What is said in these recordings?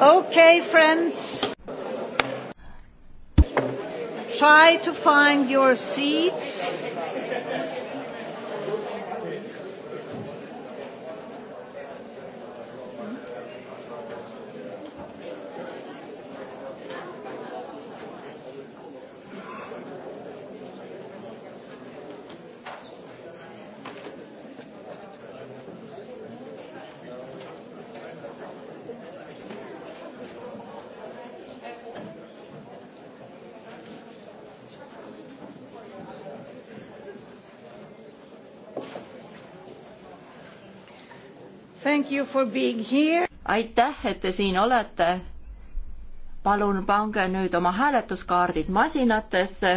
Okay, friends. Try to find your seats. aitäh, et te siin olete. palun pange nüüd oma hääletuskaardid masinatesse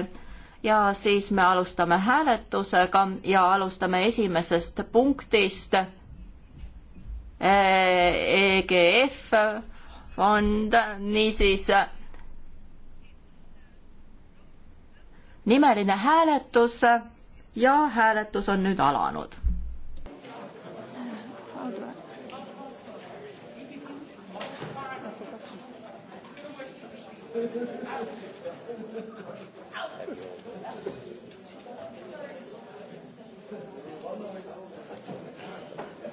ja siis me alustame hääletusega ja alustame esimesest punktist. EGF e, fond, niisiis nimeline hääletus ja hääletus on nüüd alanud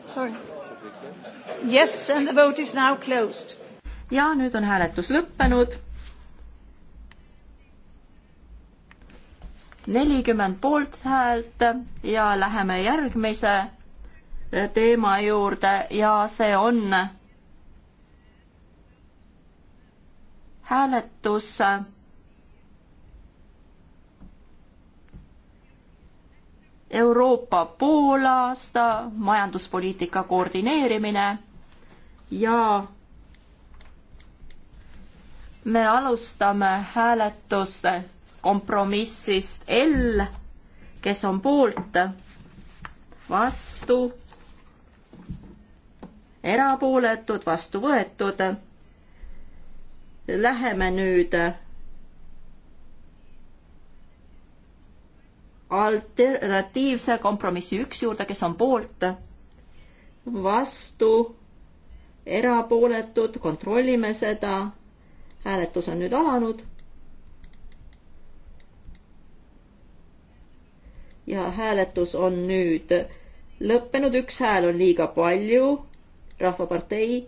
Sorry. Yes, and the vote is now closed. ja nüüd on hääletus lõppenud. nelikümmend poolthäält ja läheme järgmise teema juurde ja see on hääletus Euroopa poolaasta majanduspoliitika koordineerimine ja me alustame hääletust kompromissist L, kes on poolt, vastu, erapooletud, vastu võetud Läheme nüüd alternatiivse kompromissi üks juurde, kes on poolt, vastu, erapooletud, kontrollime seda. hääletus on nüüd alanud. ja hääletus on nüüd lõppenud, üks hääl on liiga palju. rahvapartei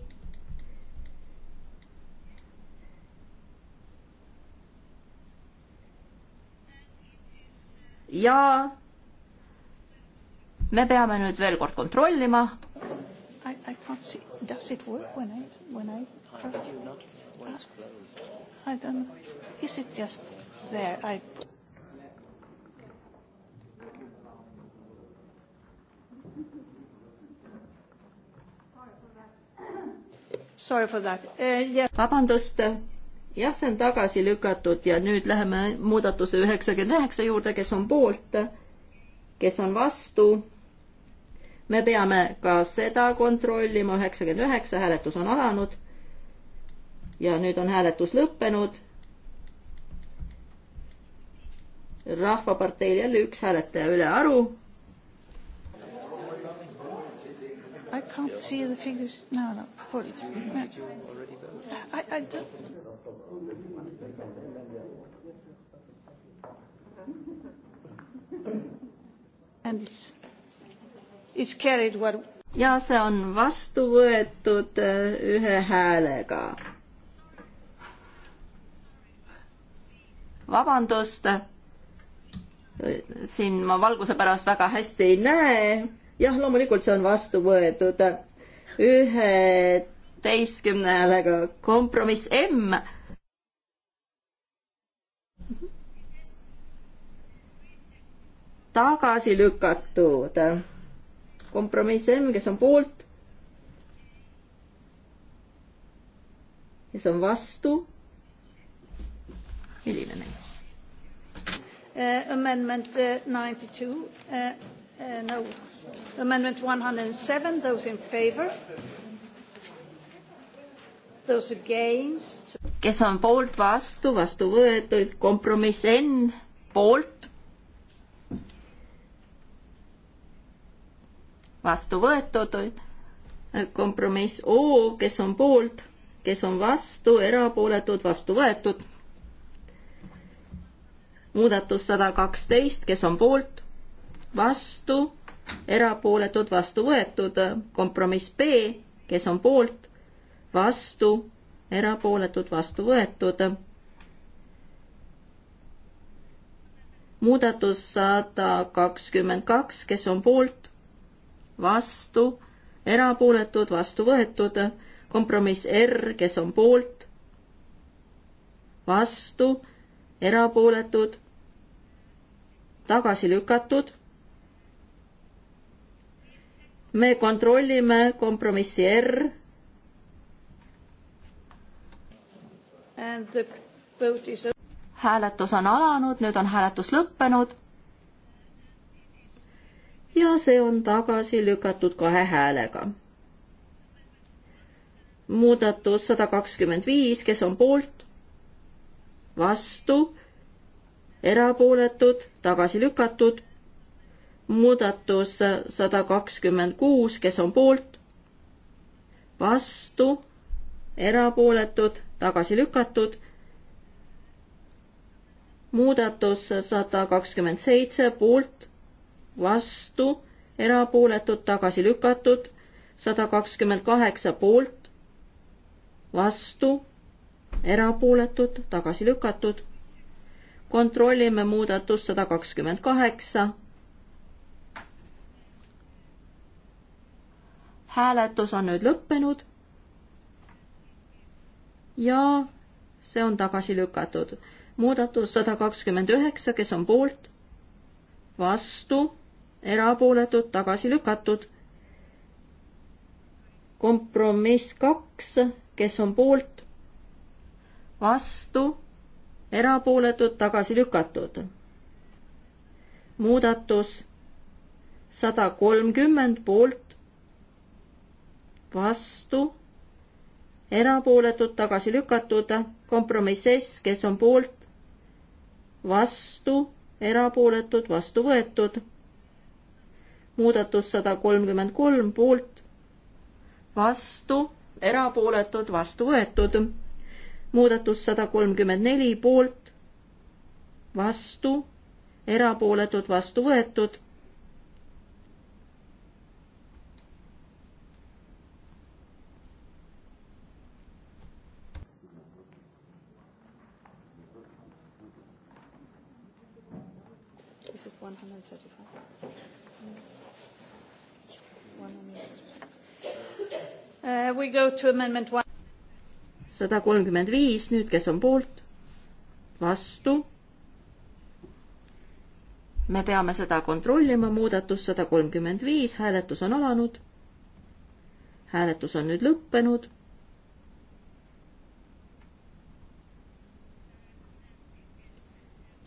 ja me peame nüüd veel kord kontrollima. I, I can't see. Does it work when I, when I? How did you not? When it's uh, closed. I don't. Is it just there? I. Sorry for that uh,. Yeah. vabandust jah, see on tagasi lükatud ja nüüd läheme muudatuse üheksakümmend üheksa juurde, kes on poolt, kes on vastu. me peame ka seda kontrollima, üheksakümmend üheksa hääletus on alanud. ja nüüd on hääletus lõppenud. rahvaparteil jälle üks hääletaja ülearu I can't see the figures. No, no. Hold it. No. Did you already vote? I, I don't. And it's, it's carried what? ja see on vastu võetud äh, ühe häälega. vabandust, äh, siin ma valguse pärast väga hästi ei näe jah, loomulikult see on vastu võetud üheteistkümne häälega kompromiss M. tagasi lükatud kompromiss M, kes on poolt, kes on vastu. milline neist? Uh, eh, amendment uh, 92 uh, uh, no Amendment 107, those in favor? Those against? kes on poolt, vastu, vastu võetud, kompromiss N, poolt. vastu võetud, kompromiss O, kes on poolt, kes on vastu, erapooletud, vastu võetud. muudatus sada kaksteist, kes on poolt, vastu erapooletud, vastu võetud, kompromiss B, kes on poolt, vastu, erapooletud, vastu võetud. muudatus sada kakskümmend kaks, kes on poolt, vastu, erapooletud, vastu võetud, kompromiss R, kes on poolt, vastu, erapooletud, tagasi lükatud me kontrollime kompromissi R. Is... hääletus on alanud, nüüd on hääletus lõppenud. ja see on tagasi lükatud kahe häälega. muudatus sada kakskümmend viis, kes on poolt, vastu, erapooletud, tagasi lükatud muudatus sada kakskümmend kuus, kes on poolt, vastu, erapooletud, tagasi lükatud. muudatus sada kakskümmend seitse, poolt, vastu, erapooletud, tagasi lükatud, sada kakskümmend kaheksa poolt, vastu, erapooletud, tagasi lükatud. kontrollime muudatust sada kakskümmend kaheksa hääletus on nüüd lõppenud. ja see on tagasi lükatud. muudatus sada kakskümmend üheksa, kes on poolt, vastu, erapooletud, tagasi lükatud. kompromiss kaks, kes on poolt, vastu, erapooletud, tagasi lükatud. muudatus sada kolmkümmend poolt, vastu, erapooletud, tagasi lükatud, kompromiss S, kes on poolt, vastu, erapooletud, vastu võetud. muudatus sada kolmkümmend kolm poolt, vastu, erapooletud, vastu võetud. muudatus sada kolmkümmend neli poolt, vastu, erapooletud, vastu võetud Uh, sada kolmkümmend viis, nüüd kes on poolt, vastu. me peame seda kontrollima, muudatus sada kolmkümmend viis, hääletus on alanud. hääletus on nüüd lõppenud.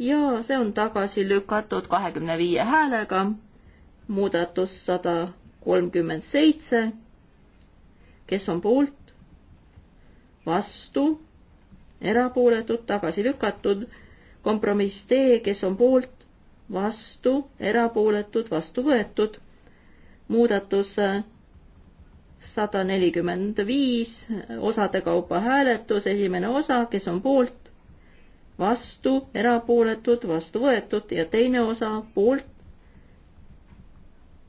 ja see on tagasi lükatud kahekümne viie häälega. muudatus sada kolmkümmend seitse kes on poolt, vastu, erapooletud, tagasi lükatud, kompromiss D, kes on poolt, vastu, erapooletud, vastu võetud, muudatus äh, sada nelikümmend viis, osade kaupa hääletus, esimene osa, kes on poolt, vastu, erapooletud, vastu võetud ja teine osa poolt,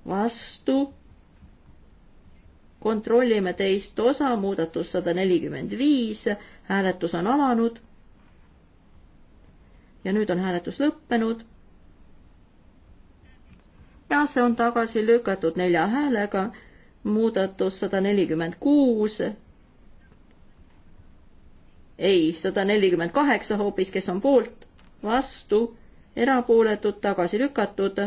vastu, kontrollime teist osa, muudatus sada nelikümmend viis, hääletus on alanud. ja nüüd on hääletus lõppenud. ja see on tagasi lükatud nelja häälega, muudatus sada nelikümmend kuus. ei, sada nelikümmend kaheksa hoopis, kes on poolt, vastu, erapooletud, tagasi lükatud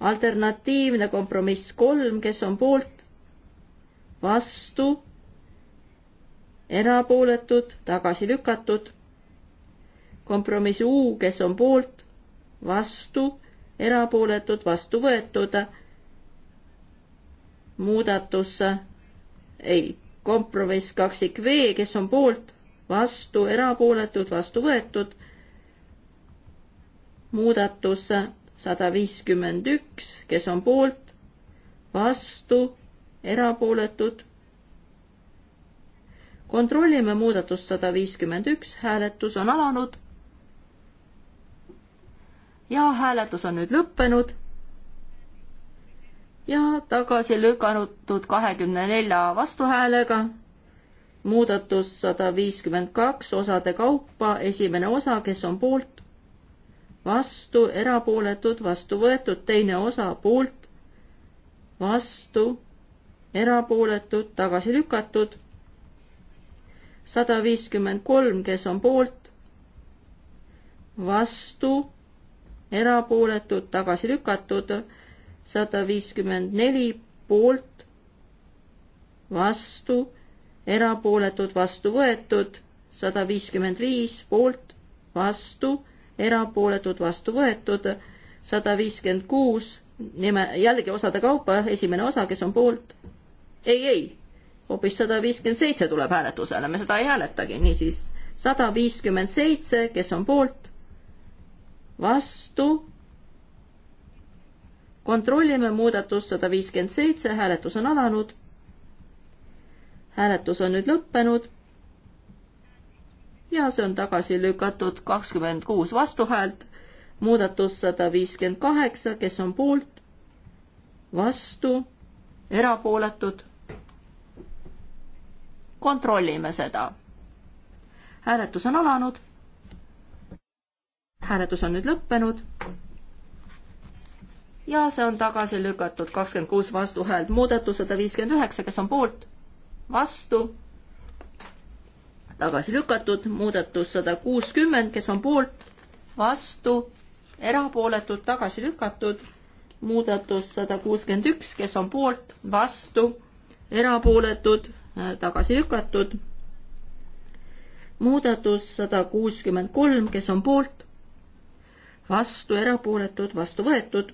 alternatiivne kompromiss kolm, kes on poolt, vastu, erapooletud, tagasi lükatud. kompromiss U, kes on poolt, vastu, erapooletud, vastu võetud. muudatus, ei, kompromiss kaksik V, kes on poolt, vastu, erapooletud, vastu võetud. muudatus sada viiskümmend üks, kes on poolt, vastu, erapooletud. kontrollime muudatust sada viiskümmend üks, hääletus on alanud. ja hääletus on nüüd lõppenud ja tagasi lükanutud kahekümne nelja vastuhäälega. muudatus sada viiskümmend kaks osade kaupa, esimene osa, kes on poolt, vastu, erapooletud, vastu võetud, teine osa poolt, vastu, erapooletud, tagasi lükatud. sada viiskümmend kolm, kes on poolt, vastu, erapooletud, tagasi lükatud. sada viiskümmend neli poolt, vastu, erapooletud, vastu võetud. sada viiskümmend viis poolt, vastu erapooletud, vastu võetud, sada viiskümmend kuus, nime, jällegi osade kaupa, esimene osa, kes on poolt, ei, ei, hoopis sada viiskümmend seitse tuleb hääletusele, me seda ei hääletagi, niisiis sada viiskümmend seitse, kes on poolt, vastu, kontrollime muudatust sada viiskümmend seitse, hääletus on alanud. hääletus on nüüd lõppenud ja see on tagasi lükatud kakskümmend kuus vastuhäält. muudatus sada viiskümmend kaheksa, kes on poolt, vastu, erapooletud. kontrollime seda. hääletus on alanud. hääletus on nüüd lõppenud. ja see on tagasi lükatud kakskümmend kuus vastuhäält, muudatus sada viiskümmend üheksa, kes on poolt, vastu tagasi lükatud, muudatus sada kuuskümmend, kes on poolt, vastu, erapooletud, tagasi lükatud, muudatus sada kuuskümmend üks, kes on poolt, vastu, erapooletud, äh, tagasi lükatud, muudatus sada kuuskümmend kolm, kes on poolt, vastu, erapooletud, vastu võetud,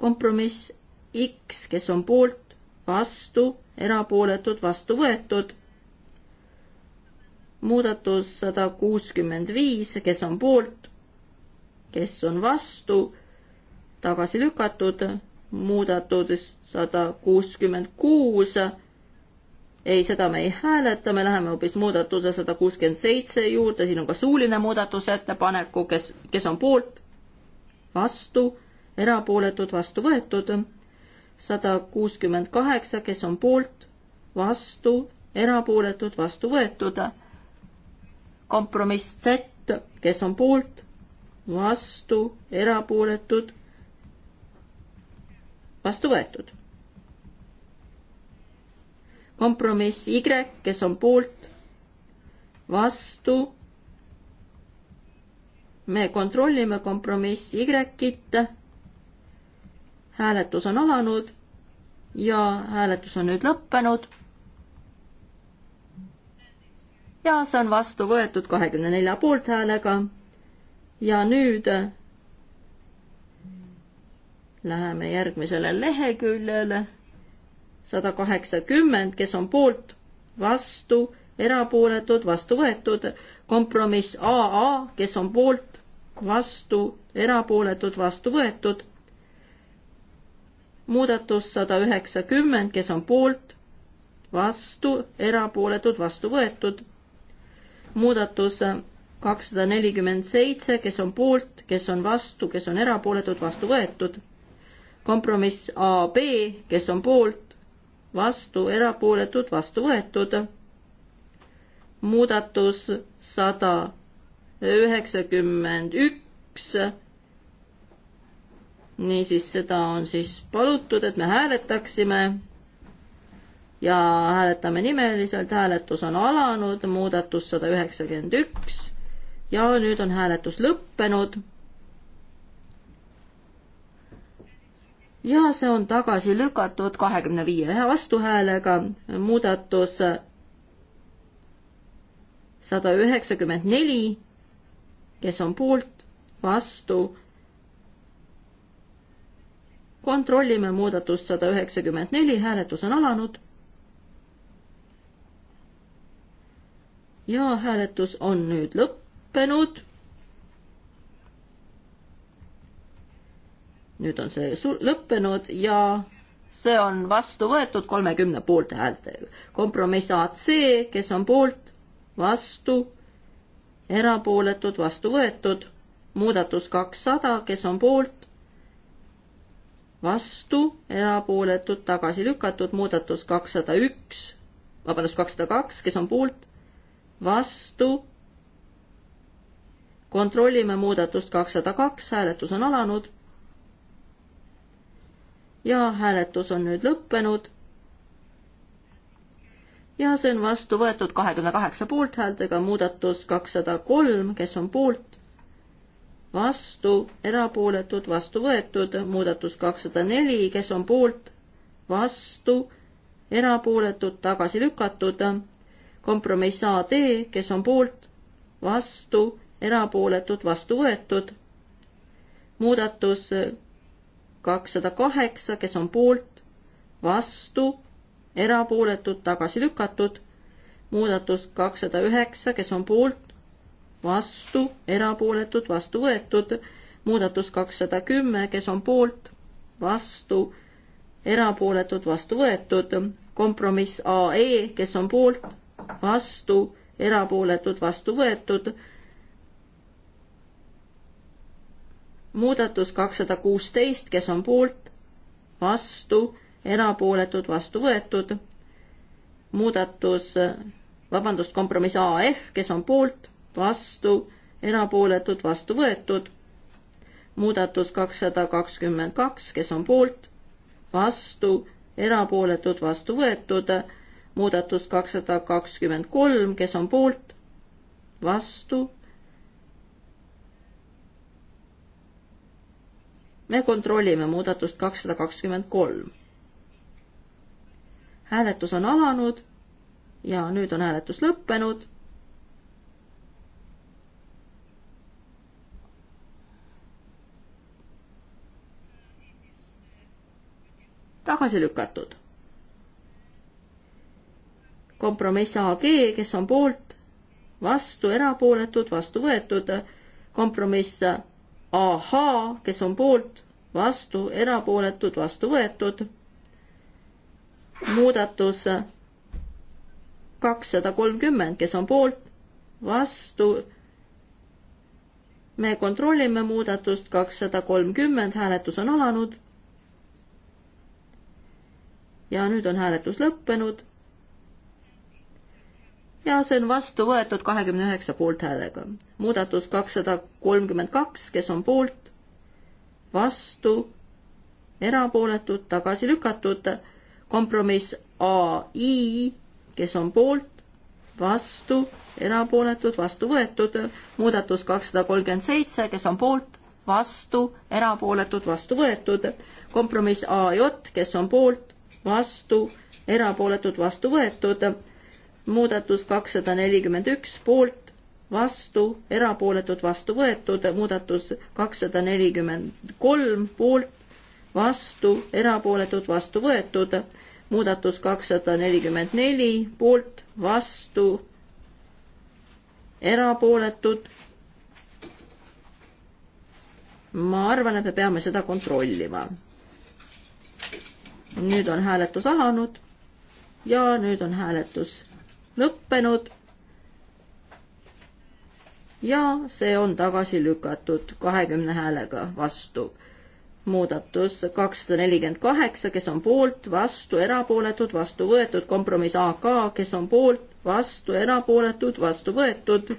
kompromiss X, kes on poolt, vastu, erapooletud, vastu võetud muudatus sada kuuskümmend viis, kes on poolt, kes on vastu, tagasi lükatud, muudatus sada kuuskümmend kuus, ei, seda me ei hääleta, me läheme hoopis muudatuse sada kuuskümmend seitse juurde, siin on ka suuline muudatusettepaneku, kes, kes on poolt, vastu, erapooletud, vastu võetud, sada kuuskümmend kaheksa, kes on poolt, vastu, erapooletud, vastu võetud kompromiss Z, kes on poolt, vastu, erapooletud, vastu võetud. kompromiss Y, kes on poolt, vastu, me kontrollime kompromiss Y-it, hääletus on alanud ja hääletus on nüüd lõppenud ja see on vastu võetud kahekümne nelja poolthäälega. ja nüüd läheme järgmisele leheküljele. sada kaheksakümmend, kes on poolt, vastu, erapooletud, vastu võetud, kompromiss AA, kes on poolt, vastu, erapooletud, vastu võetud. muudatus sada üheksakümmend, kes on poolt, vastu, erapooletud, vastu võetud muudatus kakssada nelikümmend seitse, kes on poolt, kes on vastu, kes on erapooletud, vastu võetud. kompromiss AB, kes on poolt, vastu, erapooletud, vastu võetud. muudatus sada üheksakümmend üks. niisiis, seda on siis palutud, et me hääletaksime ja hääletame nimeliselt, hääletus on alanud, muudatus sada üheksakümmend üks ja nüüd on hääletus lõppenud. ja see on tagasi lükatud kahekümne viie ühe vastuhäälega, muudatus sada üheksakümmend neli, kes on poolt, vastu. kontrollime muudatust sada üheksakümmend neli, hääletus on alanud ja hääletus on nüüd lõppenud. nüüd on see lõppenud ja see on vastu võetud kolmekümne poolthäälte. kompromiss AC, kes on poolt, vastu, erapooletud, vastu võetud, muudatus kakssada, kes on poolt, vastu, erapooletud, tagasi lükatud, muudatus kakssada üks, vabandust, kakssada kaks, kes on poolt, vastu. kontrollime muudatust kakssada kaks, hääletus on alanud. ja hääletus on nüüd lõppenud. ja see on vastu võetud kahekümne kaheksa poolthäältega, muudatus kakssada kolm, kes on poolt, vastu, erapooletud, vastu võetud, muudatus kakssada neli, kes on poolt, vastu, erapooletud, tagasi lükatud kompromiss AD, kes on poolt, vastu, erapooletud, vastu võetud. muudatus äh, kakssada kaheksa, kes on poolt, vastu, erapooletud, tagasi lükatud. muudatus kakssada üheksa, kes on poolt, vastu, erapooletud, vastu võetud. muudatus kakssada kümme, kes on poolt, vastu, erapooletud, vastu võetud. kompromiss AE, kes on poolt, vastu, erapooletud, vastu võetud. muudatus kakssada kuusteist, kes on poolt, vastu, erapooletud, vastu võetud. muudatus, vabandust, kompromiss AF, kes on poolt, vastu, erapooletud, vastu võetud. muudatus kakssada kakskümmend kaks, kes on poolt, vastu, erapooletud, vastu võetud muudatus kakssada kakskümmend kolm, kes on poolt, vastu. me kontrollime muudatust kakssada kakskümmend kolm. hääletus on alanud ja nüüd on hääletus lõppenud tagasi lükatud kompromiss AG, kes on poolt, vastu, erapooletud, vastu võetud, kompromiss AH, kes on poolt, vastu, erapooletud, vastu võetud, muudatus kakssada kolmkümmend, kes on poolt, vastu, me kontrollime muudatust kakssada kolmkümmend, hääletus on alanud. ja nüüd on hääletus lõppenud ja see on vastu võetud kahekümne üheksa poolthäälega. muudatus kakssada kolmkümmend kaks, kes on poolt, vastu, erapooletud, tagasi lükatud, kompromiss ai, kes on poolt, vastu, erapooletud, vastu võetud, muudatus kakssada kolmkümmend seitse, kes on poolt, vastu, erapooletud, vastu võetud, kompromiss aj, kes on poolt, vastu, erapooletud, vastu võetud muudatus kakssada nelikümmend üks poolt, vastu, erapooletud, vastu võetud, muudatus kakssada nelikümmend kolm poolt, vastu, erapooletud, vastu võetud, muudatus kakssada nelikümmend neli poolt, vastu, erapooletud. ma arvan, et me peame seda kontrollima. nüüd on hääletus alanud ja nüüd on hääletus lõppenud ja see on tagasi lükatud kahekümne häälega vastu. muudatus kakssada nelikümmend kaheksa, kes on poolt, vastu, erapooletud, vastu võetud, kompromiss AK, kes on poolt, vastu, erapooletud, vastu võetud.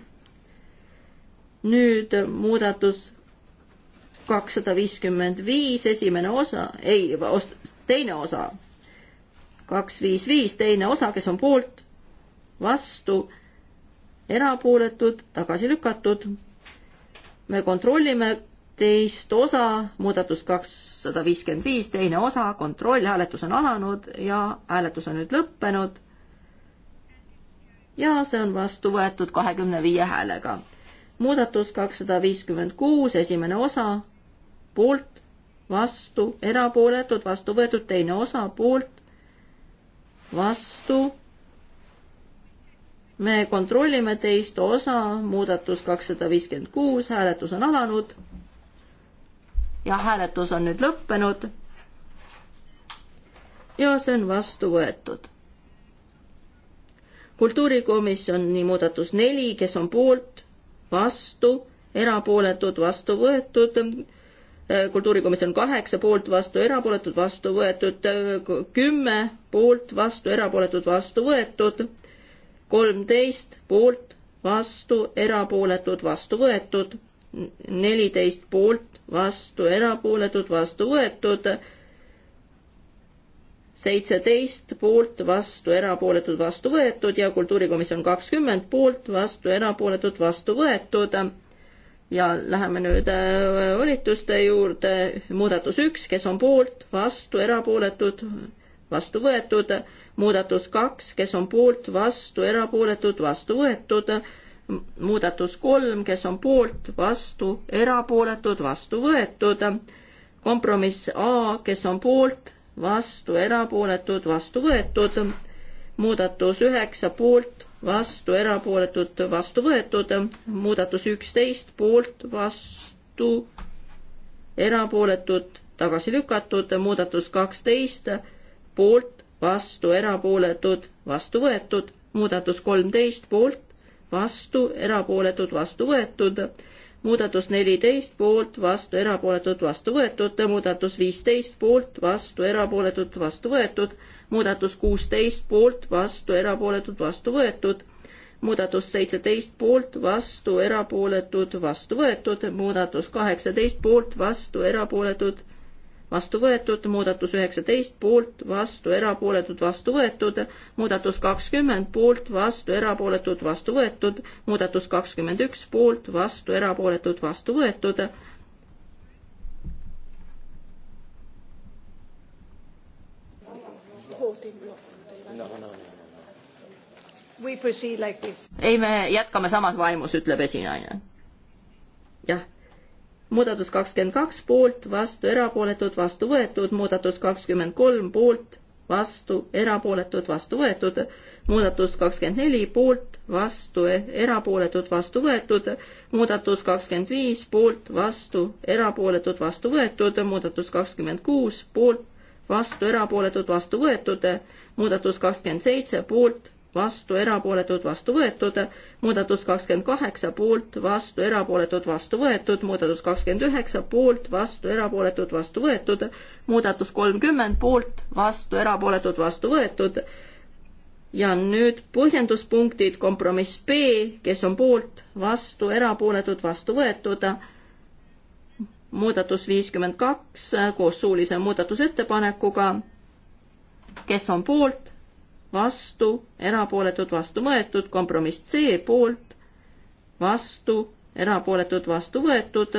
nüüd muudatus kakssada viiskümmend viis, esimene osa, ei, teine osa, kaks viis viis, teine osa, kes on poolt, vastu, erapooletud, tagasi lükatud. me kontrollime teist osa, muudatus kakssada viiskümmend viis, teine osa, kontrollhääletus on alanud ja hääletus on nüüd lõppenud. ja see on vastu võetud kahekümne viie häälega. muudatus kakssada viiskümmend kuus, esimene osa, poolt, vastu, erapooletud, vastu võetud, teine osa, poolt, vastu me kontrollime teist osa, muudatus kakssada viiskümmend kuus, hääletus on alanud. ja hääletus on nüüd lõppenud. ja see on vastu võetud. kultuurikomisjoni muudatus neli, kes on poolt, vastu, erapooletud, vastu võetud. kultuurikomisjon kaheksa poolt, vastu, erapooletud, vastu võetud, kümme poolt, vastu, erapooletud, vastu võetud kolmteist poolt, vastu, erapooletud, vastu võetud, neliteist poolt, vastu, erapooletud, vastu võetud, seitseteist poolt, vastu, erapooletud, vastu võetud ja kultuurikomisjon kakskümmend poolt, vastu, erapooletud, vastu võetud. ja läheme nüüd äh, volituste juurde, muudatus üks, kes on poolt, vastu, erapooletud, vastu võetud, muudatus kaks, kes on poolt, vastu, erapooletud, vastu võetud, muudatus kolm, kes on poolt, vastu, erapooletud, vastu võetud, kompromiss A, kes on poolt, vastu, erapooletud, vastu võetud, muudatus üheksa poolt, vastu, erapooletud, vastu võetud, muudatus üksteist poolt, vastu, erapooletud, tagasi lükatud, muudatus kaksteist poolt, vastu, erapooletud, vastu võetud, muudatus kolmteist poolt, vastu, erapooletud, vastu võetud, muudatus neliteist poolt, vastu, erapooletud, vastu võetud, muudatus viisteist poolt, vastu, erapooletud, vastu võetud, muudatus kuusteist poolt, vastu, erapooletud, vastu võetud, muudatus seitseteist poolt, vastu, erapooletud, vastu võetud, muudatus kaheksateist poolt, vastu, erapooletud, vastu võetud, muudatus üheksateist poolt, vastu, erapooletud, vastu võetud, muudatus kakskümmend poolt, vastu, erapooletud, vastu võetud, muudatus kakskümmend üks poolt, vastu, erapooletud, vastu võetud. ei, me jätkame samas vaimus, ütleb esinaine. jah muudatus kakskümmend kaks poolt, vastu, erapooletud, vastu võetud, muudatus kakskümmend kolm poolt, vastu, erapooletud, vastu võetud, muudatus kakskümmend neli poolt, vastu, erapooletud, vastu võetud, muudatus kakskümmend viis poolt, vastu, erapooletud, vastu võetud, muudatus kakskümmend kuus poolt, vastu, erapooletud, vastu võetud, muudatus kakskümmend seitse poolt, vastu, erapooletud, vastu võetud, muudatus kakskümmend kaheksa, poolt, vastu, erapooletud, vastu võetud, muudatus kakskümmend üheksa, poolt, vastu, erapooletud, vastu võetud, muudatus kolmkümmend, poolt, vastu, erapooletud, vastu võetud, ja nüüd põhjenduspunktid, kompromiss B, kes on poolt, vastu, erapooletud, vastu võetud, muudatus viiskümmend kaks koos suulise muudatusettepanekuga, kes on poolt, vastu, erapooletud, vastu võetud, kompromiss C poolt, vastu, erapooletud, vastu võetud,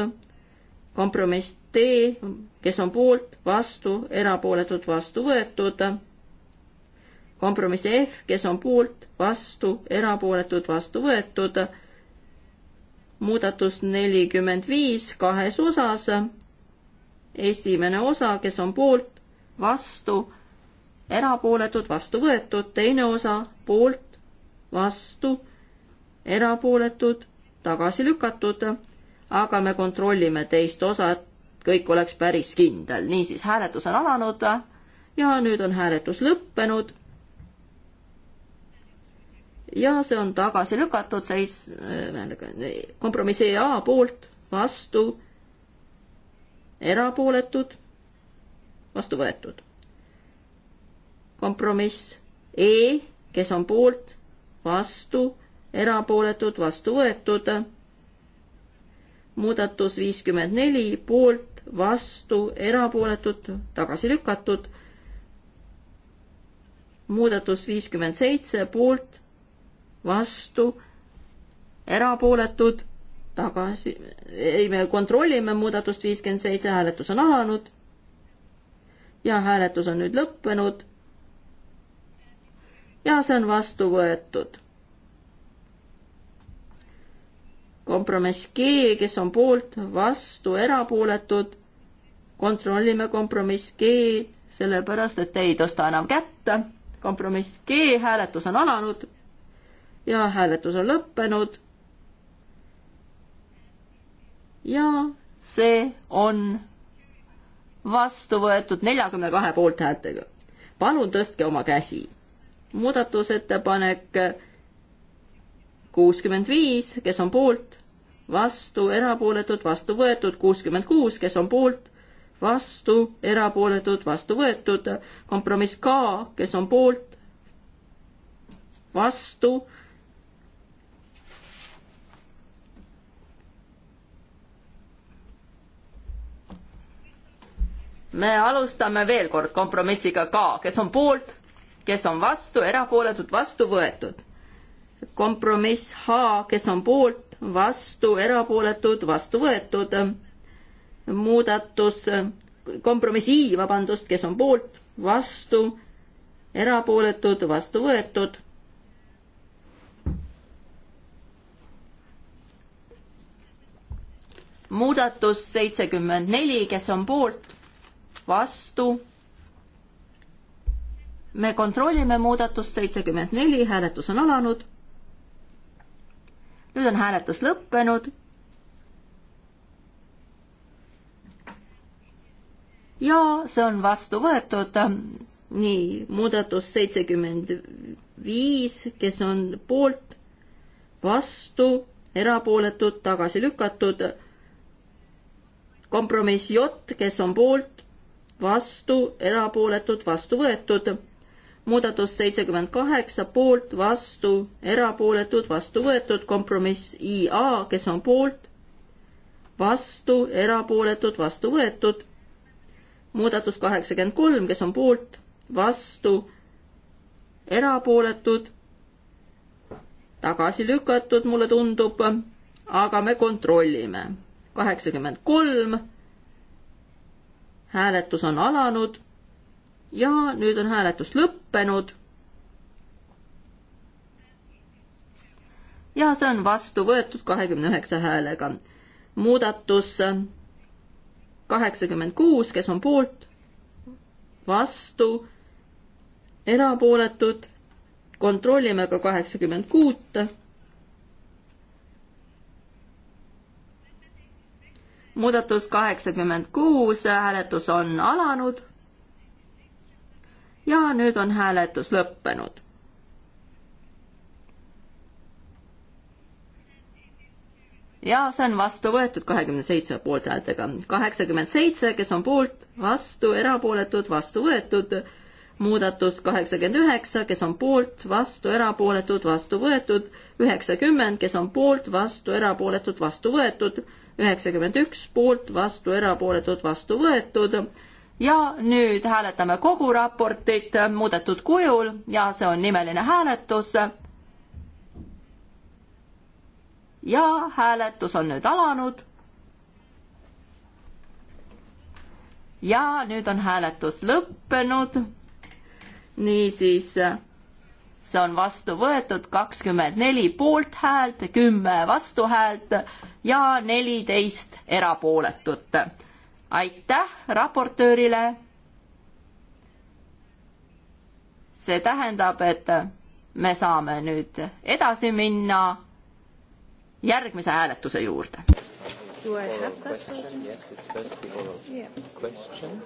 kompromiss D, kes on poolt, vastu, erapooletud, vastu võetud, kompromiss F, kes on poolt, vastu, erapooletud, vastu võetud, muudatus nelikümmend viis kahes osas, esimene osa, kes on poolt, vastu, erapooletud, vastu võetud, teine osa poolt, vastu, erapooletud, tagasi lükatud, aga me kontrollime teist osa, et kõik oleks päris kindel. niisiis, hääletus on alanud ja nüüd on hääletus lõppenud. ja see on tagasi lükatud, seis, äh, kompromissi A poolt, vastu, erapooletud, vastu võetud kompromiss E, kes on poolt, vastu, erapooletud, vastu võetud. muudatus viiskümmend neli, poolt, vastu, erapooletud, tagasi lükatud. muudatus viiskümmend seitse, poolt, vastu, erapooletud, tagasi, ei, me kontrollime muudatust viiskümmend seitse, hääletus on alanud. ja hääletus on nüüd lõppenud ja see on vastu võetud. kompromiss G, kes on poolt, vastu, erapooletud. kontrollime kompromiss G, sellepärast et ei tõsta enam kätt. kompromiss G, hääletus on alanud ja hääletus on lõppenud. ja see on vastu võetud neljakümne kahe poolthäältega. palun tõstke oma käsi muudatusettepanek kuuskümmend viis, kes on poolt, vastu, erapooletud, vastu võetud, kuuskümmend kuus, kes on poolt, vastu, erapooletud, vastu võetud, kompromiss K, kes on poolt, vastu, me alustame veel kord kompromissiga K, kes on poolt kes on vastu, erapooletud, vastu võetud. kompromiss H, kes on poolt, vastu, erapooletud, vastu võetud. muudatus, kompromiss I, vabandust, kes on poolt, vastu, erapooletud, vastu võetud muudatus seitsekümmend neli, kes on poolt, vastu, me kontrollime muudatust seitsekümmend neli, hääletus on alanud. nüüd on hääletus lõppenud. ja see on vastu võetud. nii, muudatus seitsekümmend viis, kes on poolt, vastu, erapooletud, tagasi lükatud. kompromiss J, kes on poolt, vastu, erapooletud, vastu võetud muudatus seitsekümmend kaheksa, poolt, vastu, erapooletud, vastu võetud, kompromiss IA, kes on poolt, vastu, erapooletud, vastu võetud, muudatus kaheksakümmend kolm, kes on poolt, vastu, erapooletud, tagasi lükatud, mulle tundub, aga me kontrollime. kaheksakümmend kolm, hääletus on alanud ja nüüd on hääletus lõppenud. ja see on vastu võetud kahekümne üheksa häälega. muudatus kaheksakümmend kuus, kes on poolt, vastu, erapooletud, kontrollime ka kaheksakümmend kuut. muudatus kaheksakümmend kuus, hääletus on alanud ja nüüd on hääletus lõppenud. ja see on vastu võetud kahekümne seitsme poolthäältega. kaheksakümmend seitse, kes on poolt, vastu, erapooletud, vastu võetud. muudatus kaheksakümmend üheksa, kes on poolt, vastu, erapooletud, vastu võetud. üheksakümmend, kes on poolt, vastu, erapooletud, vastu võetud. üheksakümmend üks, poolt, vastu, erapooletud, vastu võetud ja nüüd hääletame kogu raportit muudetud kujul ja see on nimeline hääletus. ja hääletus on nüüd alanud. ja nüüd on hääletus lõppenud. niisiis, see on vastu võetud kakskümmend neli poolthäält, kümme vastuhäält ja neliteist erapooletut aitäh raportöörile. see tähendab, et me saame nüüd edasi minna järgmise hääletuse juurde. Do I have that? Yes, it's first the oral yeah. question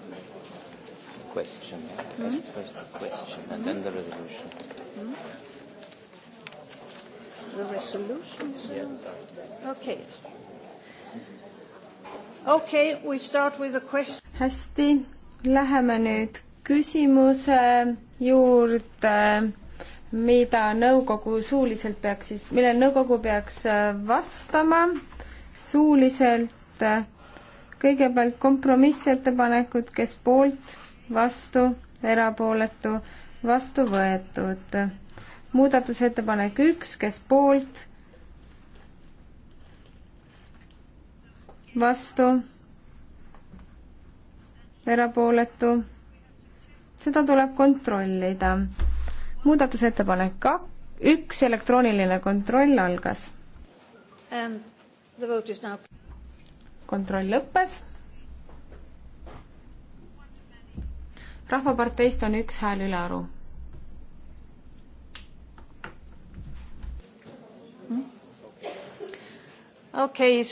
question. Yeah? Mm -hmm. First the question and mm -hmm. then the resolution. Mm -hmm. The resolution? Yes. Okay okay,. hästi, läheme nüüd küsimuse juurde, mida nõukogu suuliselt peaks siis, millele nõukogu peaks äh, vastama suuliselt. kõigepealt kompromissettepanekud, kes poolt, vastu, erapooletu, vastu võetud. muudatusettepanek üks, kes poolt vastu, erapooletu. seda tuleb kontrollida. muudatusettepanek kak-, üks elektrooniline kontroll algas. kontroll lõppes. rahvaparteist on üks hääl ülearu okei hmm? okay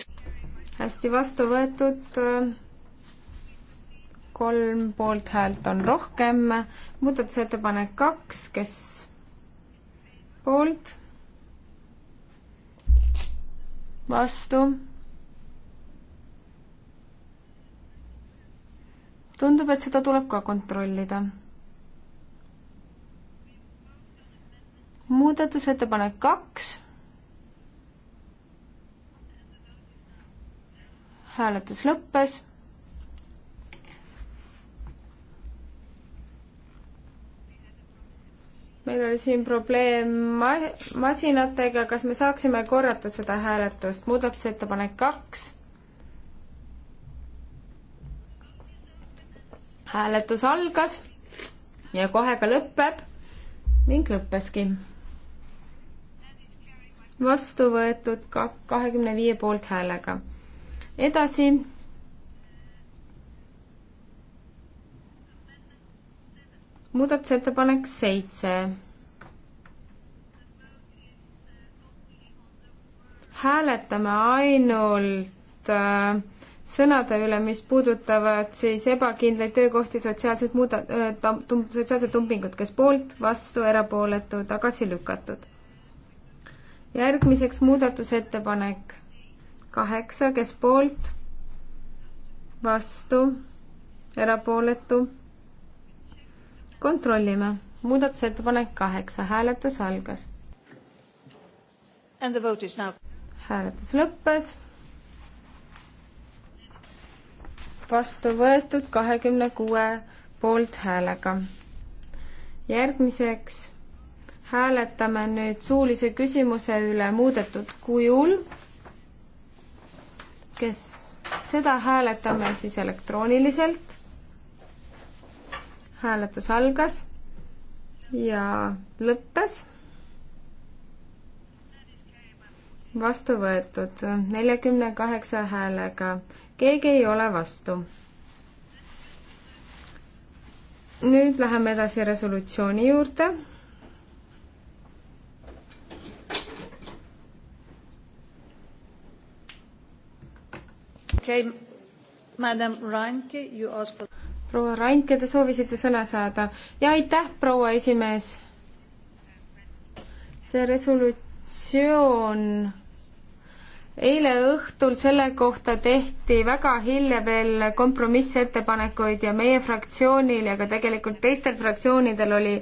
hästi vastu võetud, kolm poolthäält on rohkem, muudatusettepanek kaks, kes poolt, vastu tundub, et seda tuleb ka kontrollida. muudatusettepanek kaks. hääletus lõppes. meil oli siin probleem ma-, masinatega, kas me saaksime korrata seda hääletust, muudatusettepanek kaks. hääletus algas ja kohe ka lõpeb ning lõppeski vastu võetud ka kahekümne viie poolthäälega edasi. muudatusettepanek seitse. hääletame ainult äh, sõnade üle, mis puudutavad siis ebakindlaid töökohti, sotsiaalset muuda-, äh, tum-, sotsiaalset dumpingut, kes poolt, vastu, erapooletu, tagasi lükatud. järgmiseks muudatusettepanek kaheksa, kes poolt, vastu, erapooletu. kontrollime. muudatusettepanek kaheksa, hääletus algas. And the vote is now. hääletus lõppes. vastu võetud kahekümne kuue poolthäälega. järgmiseks hääletame nüüd suulise küsimuse üle muudetud kujul kes seda hääletame siis elektrooniliselt. hääletus algas ja lõppes. vastu võetud neljakümne kaheksa häälega, keegi ei ole vastu. nüüd läheme edasi resolutsiooni juurde okay,. For... proua Randke, te soovisite sõna saada. ja aitäh, proua esimees. see resolutsioon eile õhtul selle kohta tehti väga hilja veel kompromissettepanekuid ja meie fraktsioonil ja ka tegelikult teistel fraktsioonidel oli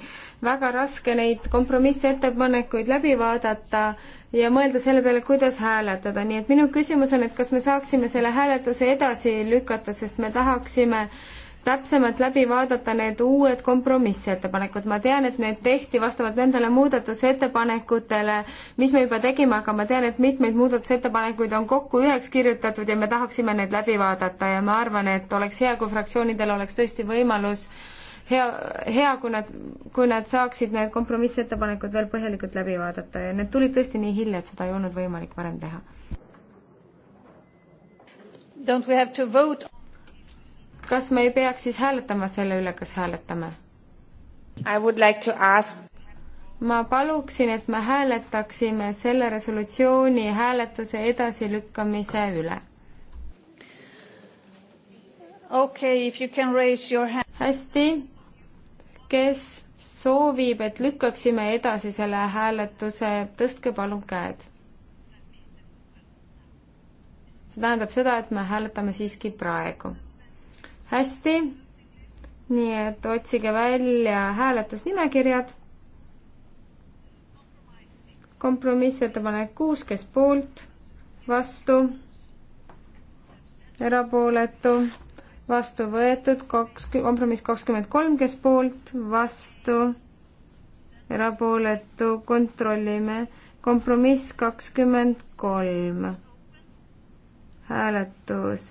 väga raske neid kompromissettepanekuid läbi vaadata ja mõelda selle peale, kuidas hääletada, nii et minu küsimus on, et kas me saaksime selle hääletuse edasi lükata, sest me tahaksime äh, täpsemalt läbi vaadata need uued kompromissettepanekud. ma tean, et need tehti vastavalt nendele muudatusettepanekutele, mis me juba tegime, aga ma tean, et mitmeid muudatusettepanekuid on kokku üheks kirjutatud ja me tahaksime need läbi vaadata ja ma arvan, et oleks hea, kui fraktsioonidel oleks tõesti võimalus hea, hea, kui nad, kui nad saaksid need kompromissettepanekud veel põhjalikult läbi vaadata ja need tulid tõesti nii hilja, et seda ei olnud võimalik varem teha. Don't we have to vote? kas me ei peaks siis hääletama selle üle, kas hääletame? I would like to ask ma paluksin, et me hääletaksime selle resolutsiooni hääletuse edasilükkamise üle. okei okay,, if you can raise your hand. hästi, kes soovib, et lükkaksime edasi selle hääletuse, tõstke palun käed. see tähendab seda, et me hääletame siiski praegu hästi, nii et otsige välja hääletusnimekirjad. kompromissettepanek kuus, kes poolt, vastu, erapooletu, vastu võetud, kaks, kompromiss kakskümmend kolm, kes poolt, vastu, erapooletu, kontrollime, kompromiss kakskümmend kolm. hääletus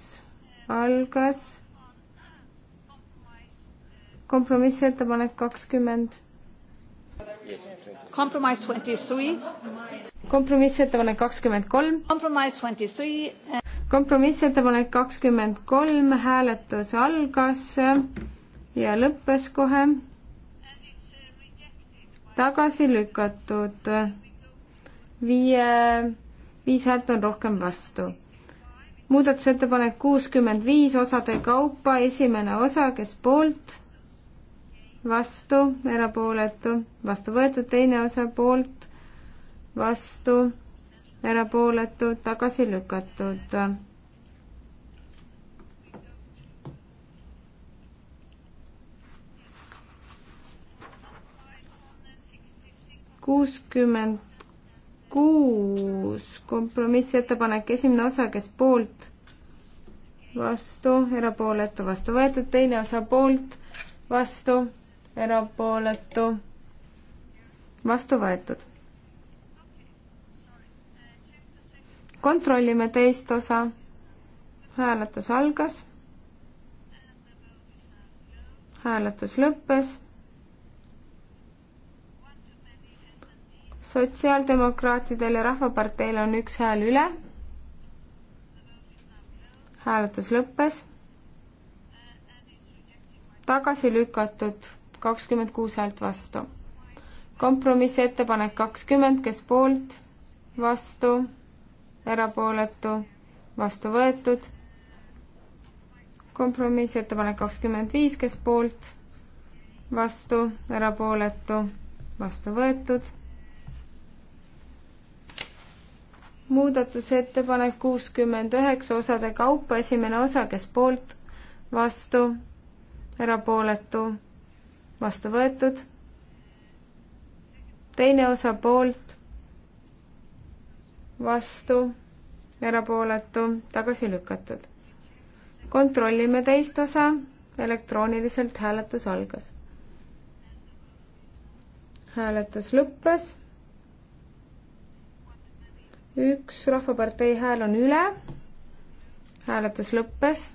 algas kompromissettepanek kakskümmend. kompromissettepanek kakskümmend kolm. Äh, kompromissettepanek kakskümmend kolm, hääletus algas ja lõppes kohe. tagasi lükatud. viie, viis häält on rohkem vastu muudatusettepanek kuuskümmend viis osade kaupa, esimene osa, kes poolt, vastu, erapooletu, vastu võetud, teine osa poolt, vastu, erapooletu, tagasi lükatud. kuuskümmend kuus kompromissettepanek, esimene osa, kes poolt, vastu, erapooletu, vastu võetud, teine osa poolt, vastu, erapooletu, vastu võetud. kontrollime teist osa. hääletus algas. hääletus lõppes. sotsiaaldemokraatidel ja Rahvaparteil on üks hääl üle. hääletus lõppes. tagasi lükatud kakskümmend kuus häält vastu. kompromissettepanek kakskümmend, kes poolt, vastu, erapooletu, vastu võetud. kompromissettepanek kakskümmend viis, kes poolt, vastu, erapooletu, vastu võetud. muudatusettepanek kuuskümmend üheksa osade kaupa, esimene osa, kes poolt, vastu, erapooletu vastu võetud. teine osa poolt, vastu, erapooletu, tagasi lükatud. kontrollime teist osa, elektrooniliselt hääletus algas. hääletus lõppes. üks Rahvapartei hääl on üle. hääletus lõppes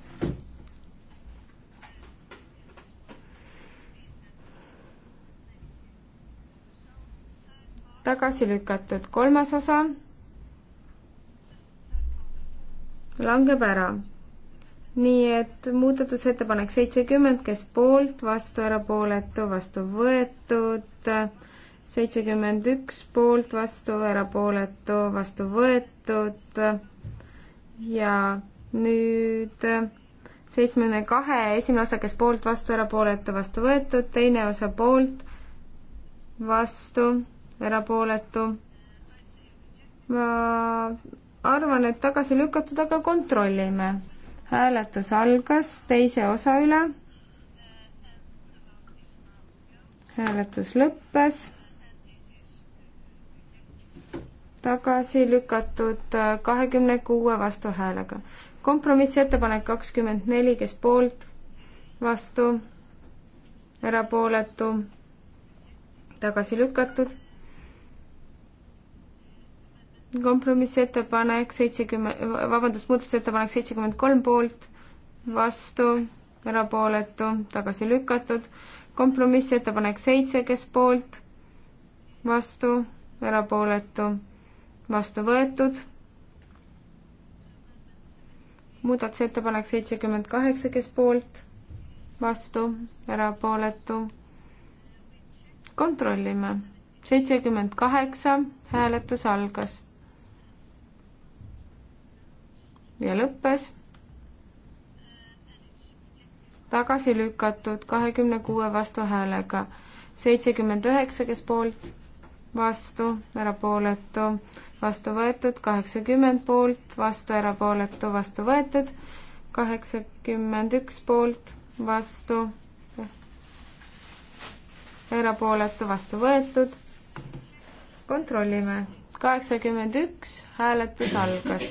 tagasi lükatud, kolmas osa langeb ära. nii et muudatusettepanek seitsekümmend, kes poolt, vastu, erapooletu, vastu võetud, seitsekümmend üks poolt, vastu, erapooletu, vastu võetud ja nüüd seitsmekümne kahe esimene osa, kes poolt, vastu, erapooletu, vastu võetud, teine osa poolt, vastu erapooletu. ma arvan, et tagasi lükatud, aga kontrollime. hääletus algas teise osa üle. hääletus lõppes tagasi lükatud äh, kahekümne kuue vastuhäälega. kompromissettepanek kakskümmend neli, kes poolt, vastu, erapooletu, tagasi lükatud kompromissettepanek seitsekümmend, vabandust, muudatusettepanek seitsekümmend kolm poolt, vastu, erapooletu, tagasi lükatud. kompromissettepanek seitse, kes poolt, vastu, erapooletu, vastu võetud. muudatusettepanek seitsekümmend kaheksa, kes poolt, vastu, erapooletu. kontrollime. seitsekümmend kaheksa, hääletus algas ja lõppes. tagasi lükatud kahekümne kuue vastuhäälega, seitsekümmend üheksa, kes poolt, vastu, erapooletu, vastu võetud, kaheksakümmend poolt, vastu, erapooletu, vastu võetud, kaheksakümmend üks poolt, vastu, erapooletu, vastu võetud. kontrollime, kaheksakümmend üks, hääletus algas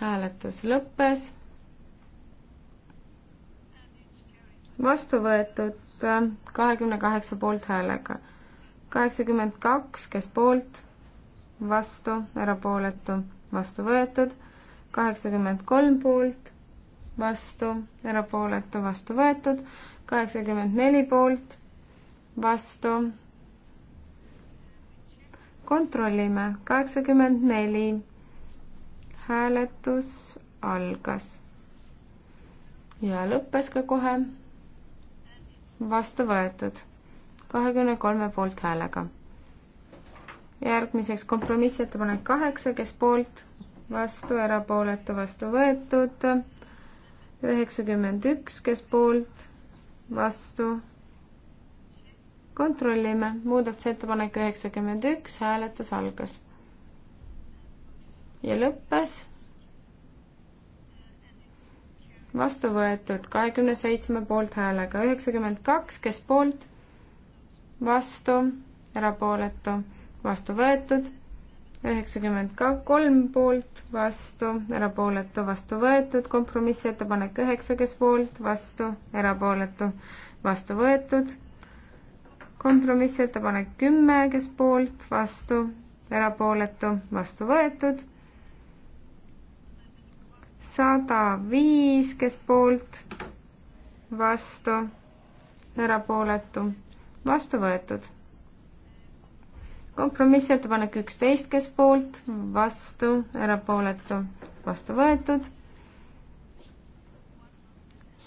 hääletus lõppes. vastu võetud äh, kahekümne kaheksa poolthäälega, kaheksakümmend kaks, kes poolt, vastu, erapooletu, vastu võetud, kaheksakümmend kolm poolt, vastu, erapooletu, vastu võetud, kaheksakümmend neli poolt, vastu. kontrollime, kaheksakümmend neli hääletus algas ja lõppes ka kohe vastu võetud kahekümne kolme poolthäälega. järgmiseks kompromissettepanek kaheksa, kes poolt, vastu, erapooletu, vastu võetud. üheksakümmend üks, kes poolt, vastu. kontrollime, muudatusettepanek üheksakümmend üks, hääletus algas ja lõppes vastu võetud kahekümne seitsme poolthäälega, üheksakümmend kaks, kes poolt, vastu, erapooletu, vastu võetud, üheksakümmend ka-, kolm poolt, vastu, erapooletu, vastu võetud, kompromissettepanek üheksa, kes poolt, vastu, erapooletu, vastu võetud, kompromissettepanek kümme, kes poolt, vastu, erapooletu, vastu võetud sada viis, kes poolt, vastu, erapooletu, vastu võetud. kompromissettepanek üksteist, kes poolt, vastu, erapooletu, vastu võetud.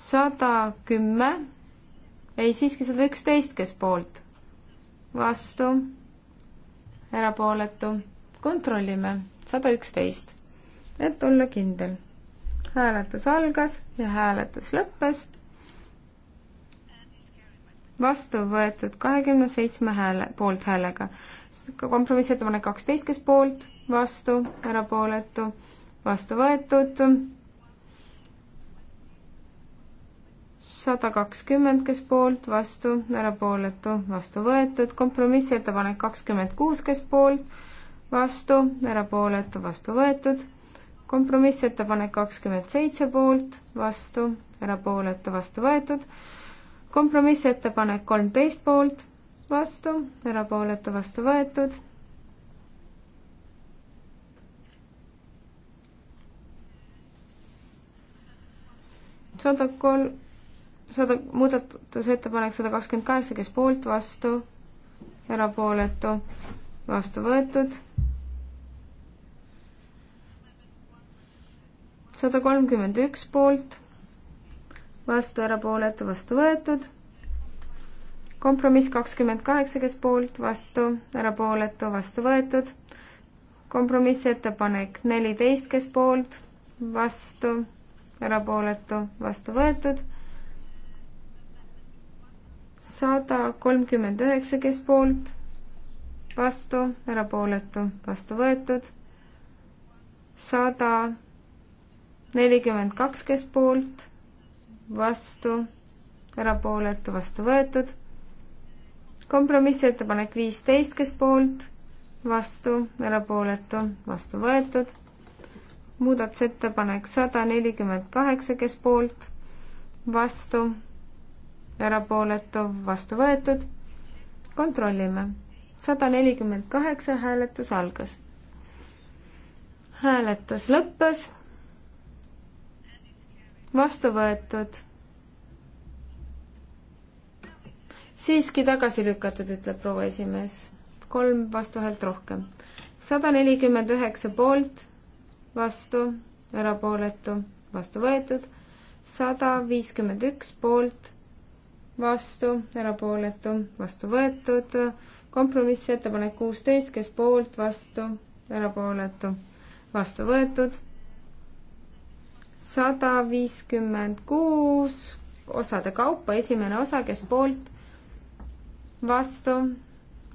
sada kümme, ei siiski sada üksteist, kes poolt, vastu, erapooletu, kontrollime, sada üksteist, et olla kindel hääletus algas ja hääletus lõppes. vastu võetud kahekümne seitsme hääle, poolthäälega. kompromissettepanek kaksteist, kes poolt, vastu, erapooletu, vastu võetud. sada kakskümmend, kes poolt, vastu, erapooletu, vastu võetud. kompromissettepanek kakskümmend kuus, kes poolt, vastu, erapooletu, vastu võetud kompromissettepanek kakskümmend seitse poolt, vastu, erapooletu, vastu võetud. kompromissettepanek kolmteist poolt, vastu, erapooletu, vastu võetud. sada kolm, sada, muudatusettepanek sada kakskümmend kaheksa, kes poolt, vastu, erapooletu, vastu võetud sada kolmkümmend üks poolt, vastu erapooletu, vastu võetud. kompromiss kakskümmend kaheksa, kes poolt, vastu, erapooletu, vastu võetud. kompromissettepanek neliteist, kes poolt, vastu, erapooletu, vastu võetud. sada kolmkümmend üheksa, kes poolt, vastu, erapooletu, vastu võetud. sada nelikümmend kaks, kes poolt, vastu, erapooletu, vastu võetud. kompromissettepanek viisteist, kes poolt, vastu, erapooletu, vastu võetud. muudatusettepanek sada nelikümmend kaheksa, kes poolt, vastu, erapooletu, vastu võetud. kontrollime. sada nelikümmend kaheksa hääletus algas. hääletus lõppes vastu võetud. siiski tagasi lükatud, ütleb proua esimees. kolm vastuhäält rohkem. sada nelikümmend üheksa poolt, vastu, erapooletu, vastu võetud. sada viiskümmend üks poolt, vastu, erapooletu, vastu võetud. kompromissettepanek kuusteist, kes poolt, vastu, erapooletu, vastu võetud sada viiskümmend kuus osade kaupa, esimene osa, kes poolt, vastu,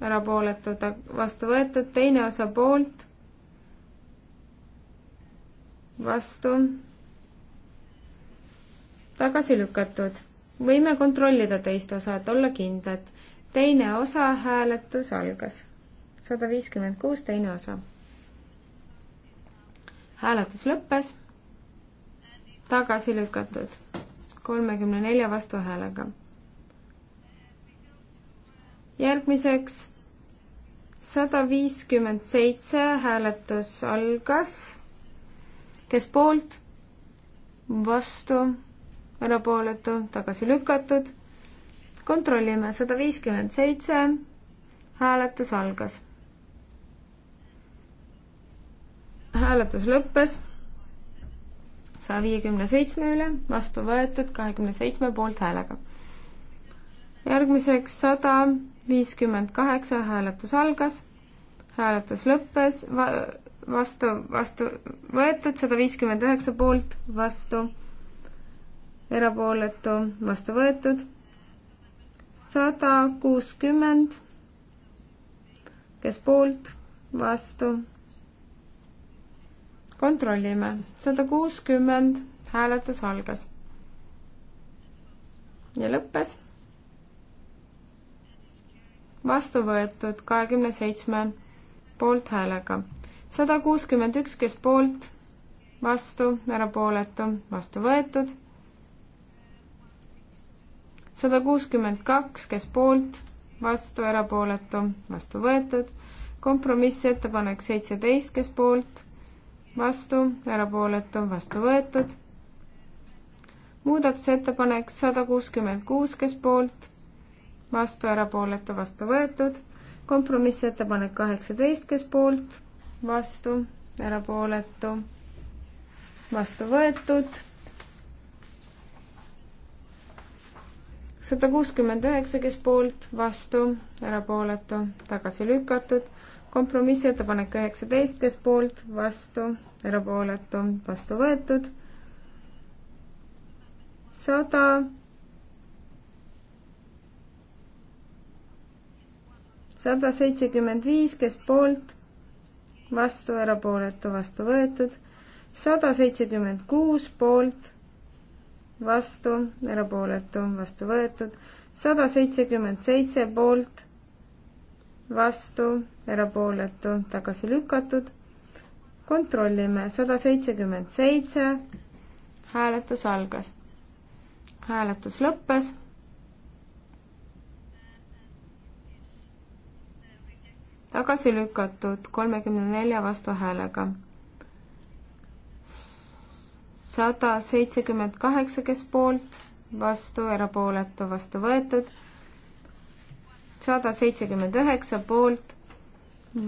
erapooletud, vastu võetud, teine osa poolt, vastu, tagasi lükatud. võime kontrollida teist osa, et olla kindlad. teine osa hääletus algas. sada viiskümmend kuus, teine osa. hääletus lõppes tagasi lükatud kolmekümne nelja vastuhäälega. järgmiseks sada viiskümmend seitse hääletus algas. kes poolt? vastu, erapooletu, tagasi lükatud. kontrollime, sada viiskümmend seitse hääletus algas. hääletus lõppes saja viiekümne seitsme üle, vastu võetud kahekümne seitsme poolthäälega. järgmiseks sada viiskümmend kaheksa, hääletus algas, hääletus lõppes, vastu, vastu võetud, sada viiskümmend üheksa poolt, vastu, erapooletu, vastu võetud, sada kuuskümmend, kes poolt, vastu kontrollime, sada kuuskümmend, hääletus algas. ja lõppes. vastu võetud kahekümne seitsme poolthäälega. sada kuuskümmend üks, kes poolt, vastu, erapooletu, vastu võetud. sada kuuskümmend kaks, kes poolt, vastu, erapooletu, vastu võetud. kompromissettepanek seitseteist, kes poolt vastu, erapooletu, vastu võetud. muudatusettepanek sada kuuskümmend kuus, kes poolt, vastu, erapooletu, vastu võetud. kompromissettepanek kaheksateist, kes poolt, vastu, erapooletu, vastu võetud. sada kuuskümmend üheksa, kes poolt, vastu, erapooletu, tagasi lükatud kompromissettepanek üheksateist, kes poolt, vastu, erapooletu, vastu võetud. sada. sada seitsekümmend viis, kes poolt, vastu, erapooletu, vastu võetud. sada seitsekümmend kuus poolt, vastu, erapooletu, vastu võetud. sada seitsekümmend seitse poolt vastu, erapooletu, tagasi lükatud. kontrollime, sada seitsekümmend seitse. hääletus algas. hääletus lõppes. tagasi lükatud kolmekümne nelja vastuhäälega. sada seitsekümmend kaheksa, kes poolt, vastu, erapooletu, vastu võetud sada seitsekümmend üheksa poolt,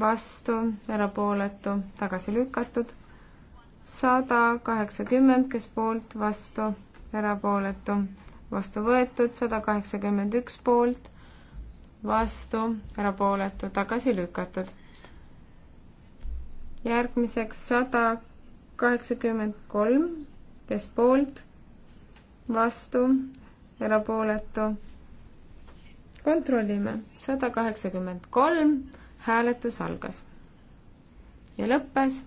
vastu, erapooletu, tagasi lükatud. sada kaheksakümmend, kes poolt, vastu, erapooletu, vastu võetud, sada kaheksakümmend üks poolt, vastu, erapooletu, tagasi lükatud. järgmiseks sada kaheksakümmend kolm, kes poolt, vastu, erapooletu kontrollime, sada kaheksakümmend kolm, hääletus algas ja lõppes.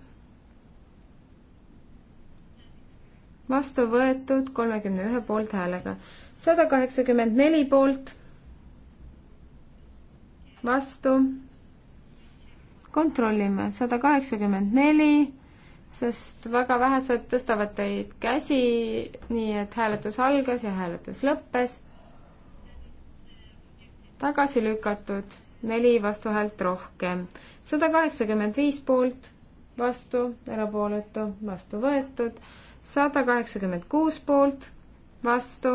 vastu võetud kolmekümne ühe poolthäälega, sada kaheksakümmend neli poolt, vastu, kontrollime, sada kaheksakümmend neli, sest väga vähesed tõstavad teid käsi, nii et hääletus algas ja hääletus lõppes tagasi lükatud, neli vastuhäält rohkem, sada kaheksakümmend viis poolt, vastu, erapooletu, vastu võetud, sada kaheksakümmend kuus poolt, vastu,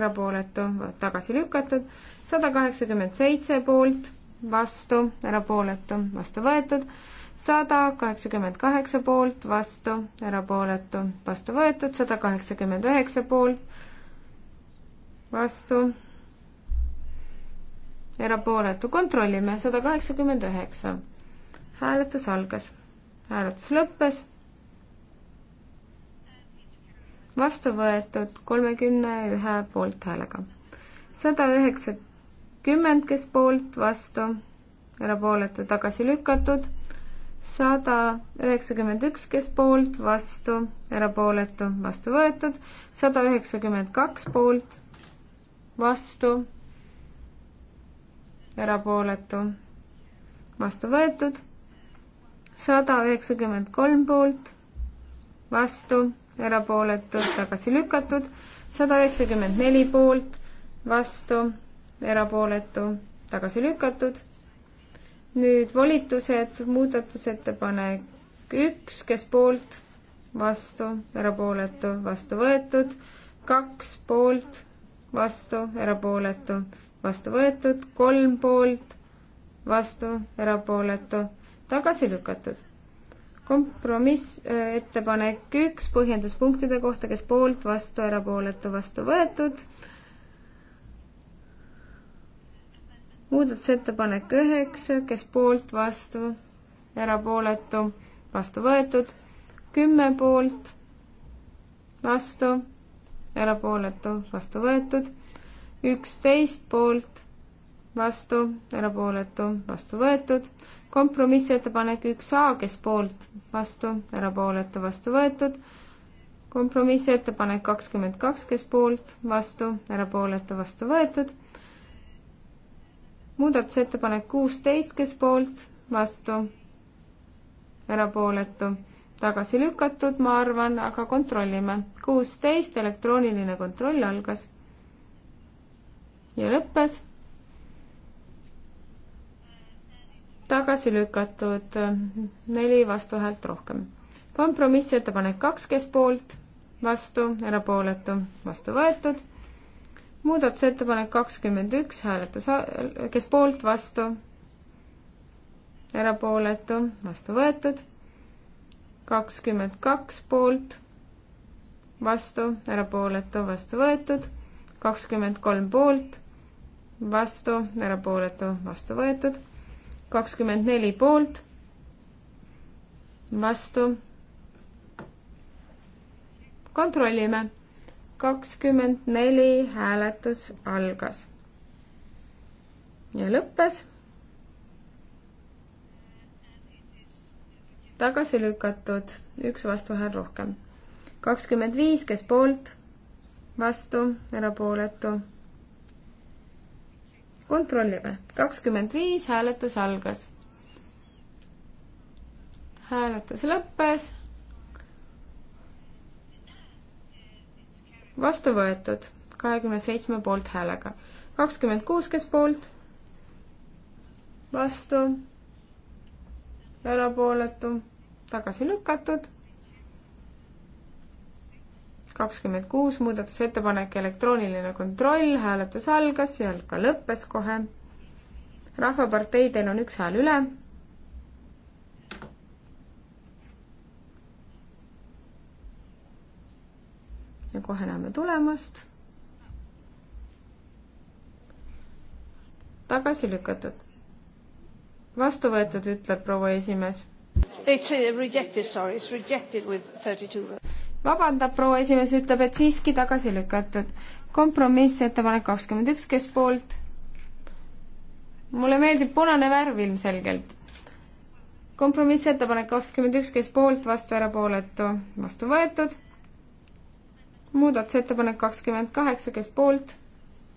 erapooletu, tagasi lükatud, sada kaheksakümmend seitse poolt, vastu, erapooletu, vastu võetud, sada kaheksakümmend kaheksa poolt, vastu, erapooletu, vastu võetud, sada kaheksakümmend üheksa poolt, vastu, erapooletu, kontrollime, sada kaheksakümmend üheksa. hääletus algas, hääletus lõppes, vastu võetud kolmekümne ühe poolthäälega. sada üheksakümmend, kes poolt, vastu, erapooletu, tagasi lükatud, sada üheksakümmend üks, kes poolt, vastu, erapooletu, vastu võetud, sada üheksakümmend kaks poolt, vastu erapooletu, vastu võetud, sada üheksakümmend kolm poolt, vastu, erapooletu, tagasi lükatud, sada üheksakümmend neli poolt, vastu, erapooletu, tagasi lükatud. nüüd volitused, muudatusettepanek üks, kes poolt, vastu, erapooletu, vastu võetud, kaks poolt, vastu, erapooletu, vastu võetud, kolm poolt, vastu, erapooletu, tagasi lükatud. kompromissettepanek äh, üks põhjenduspunktide kohta, kes poolt, vastu, erapooletu, vastu võetud. muudatusettepanek üheksa, kes poolt, vastu, erapooletu, vastu võetud, kümme poolt, vastu, erapooletu, vastu võetud üksteist poolt, vastu, erapooletu, vastu võetud. kompromissettepanek üks A, kes poolt, vastu, erapooletu, vastu võetud. kompromissettepanek kakskümmend kaks, kes poolt, vastu, erapooletu, vastu võetud. muudatusettepanek kuusteist, kes poolt, vastu, erapooletu tagasi lükatud, ma arvan, aga kontrollime. kuusteist elektrooniline kontroll algas ja lõppes. tagasi lükatud neli vastuhäält rohkem. kompromissettepanek kaks, kes poolt, vastu, erapooletu, vastu võetud. muudatusettepanek kakskümmend üks, hääletus, kes poolt, vastu, erapooletu, vastu võetud. kakskümmend kaks poolt, vastu, erapooletu, vastu võetud kakskümmend kolm poolt, vastu, erapooletu, vastu võetud, kakskümmend neli poolt, vastu. kontrollime, kakskümmend neli hääletus algas ja lõppes. tagasi lükatud, üks vastuhääl rohkem. kakskümmend viis, kes poolt vastu, erapooletu. kontrollime, kakskümmend viis, hääletus algas. hääletus lõppes. vastu võetud kahekümne seitsme poolthäälega, kakskümmend kuus, kes poolt, vastu, erapooletu, tagasi lükatud kakskümmend kuus muudatusettepanek, elektrooniline kontroll, hääletus algas ja ka lõppes kohe. rahvaparteidel on üks hääl üle. ja kohe näeme tulemust. tagasi lükatud. vastu võetud, ütleb proua esimees. It's rejected, sorry, it's rejected with thirty two votes vabandab, proua esimees ütleb, et siiski tagasi lükatud. kompromissettepanek kakskümmend üks, kes poolt? mulle meeldib punane värv ilmselgelt. kompromissettepanek kakskümmend üks, kes poolt, vastu, erapooletu, vastu võetud. muudatusettepanek kakskümmend kaheksa, kes poolt,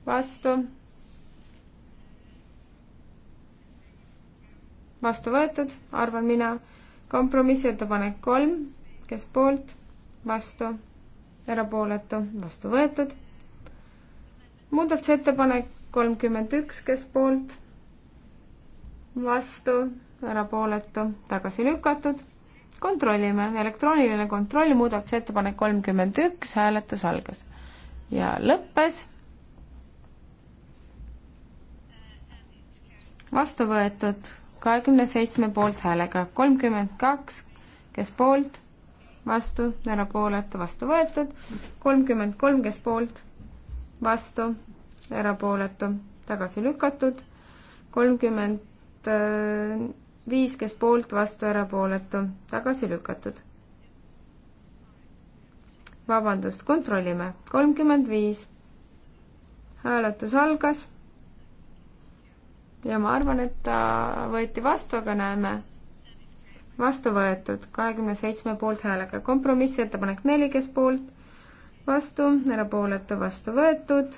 vastu, vastu võetud, arvan mina. kompromissettepanek kolm, kes poolt vastu, erapooletu, vastu võetud. muudatusettepanek kolmkümmend üks, kes poolt, vastu, erapooletu, tagasi lükatud. kontrollime, elektrooniline kontroll, muudatusettepanek kolmkümmend üks, hääletus algas ja lõppes. vastu võetud kahekümne seitsme poolthäälega, kolmkümmend kaks, kes poolt, vastu, erapooletu, vastu võetud, kolmkümmend kolm, kes poolt, vastu, erapooletu, tagasi lükatud, kolmkümmend viis, kes poolt, vastu, erapooletu, tagasi lükatud. vabandust, kontrollime, kolmkümmend viis. hääletus algas ja ma arvan, et ta võeti vastu, aga näeme vastu võetud kahekümne seitsme poolthäälega. kompromissettepanek neli, kes poolt, vastu, erapooletu, vastu võetud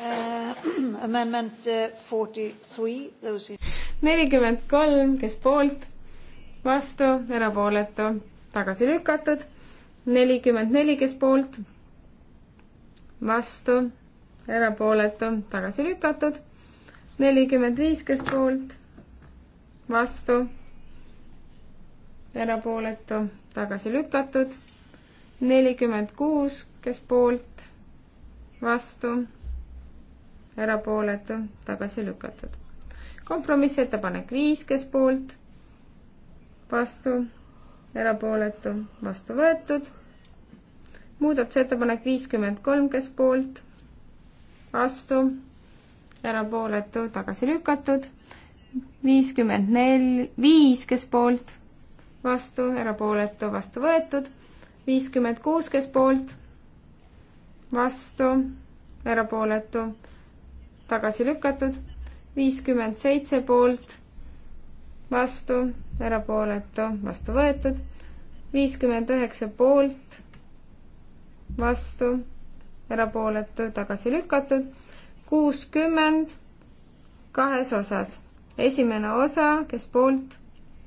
äh, Amendment äh, nelikümmend kolm, kes poolt, vastu, erapooletu, tagasi lükatud. nelikümmend neli, kes poolt, vastu, erapooletu, tagasi lükatud. nelikümmend viis, kes poolt, vastu, erapooletu, tagasi lükatud. nelikümmend kuus, kes poolt, vastu, erapooletu, tagasi lükatud. kompromissettepanek viis, kes poolt, vastu, erapooletu, vastu võetud. muudatusettepanek viiskümmend kolm, kes poolt, vastu, erapooletu, tagasi lükatud viiskümmend nel-, viis, kes poolt, vastu, erapooletu, vastu võetud, viiskümmend kuus, kes poolt, vastu, erapooletu, tagasi lükatud, viiskümmend seitse poolt, vastu, erapooletu, vastu võetud, viiskümmend üheksa poolt, vastu, erapooletu, tagasi lükatud, kuuskümmend kahes osas esimene osa, kes poolt,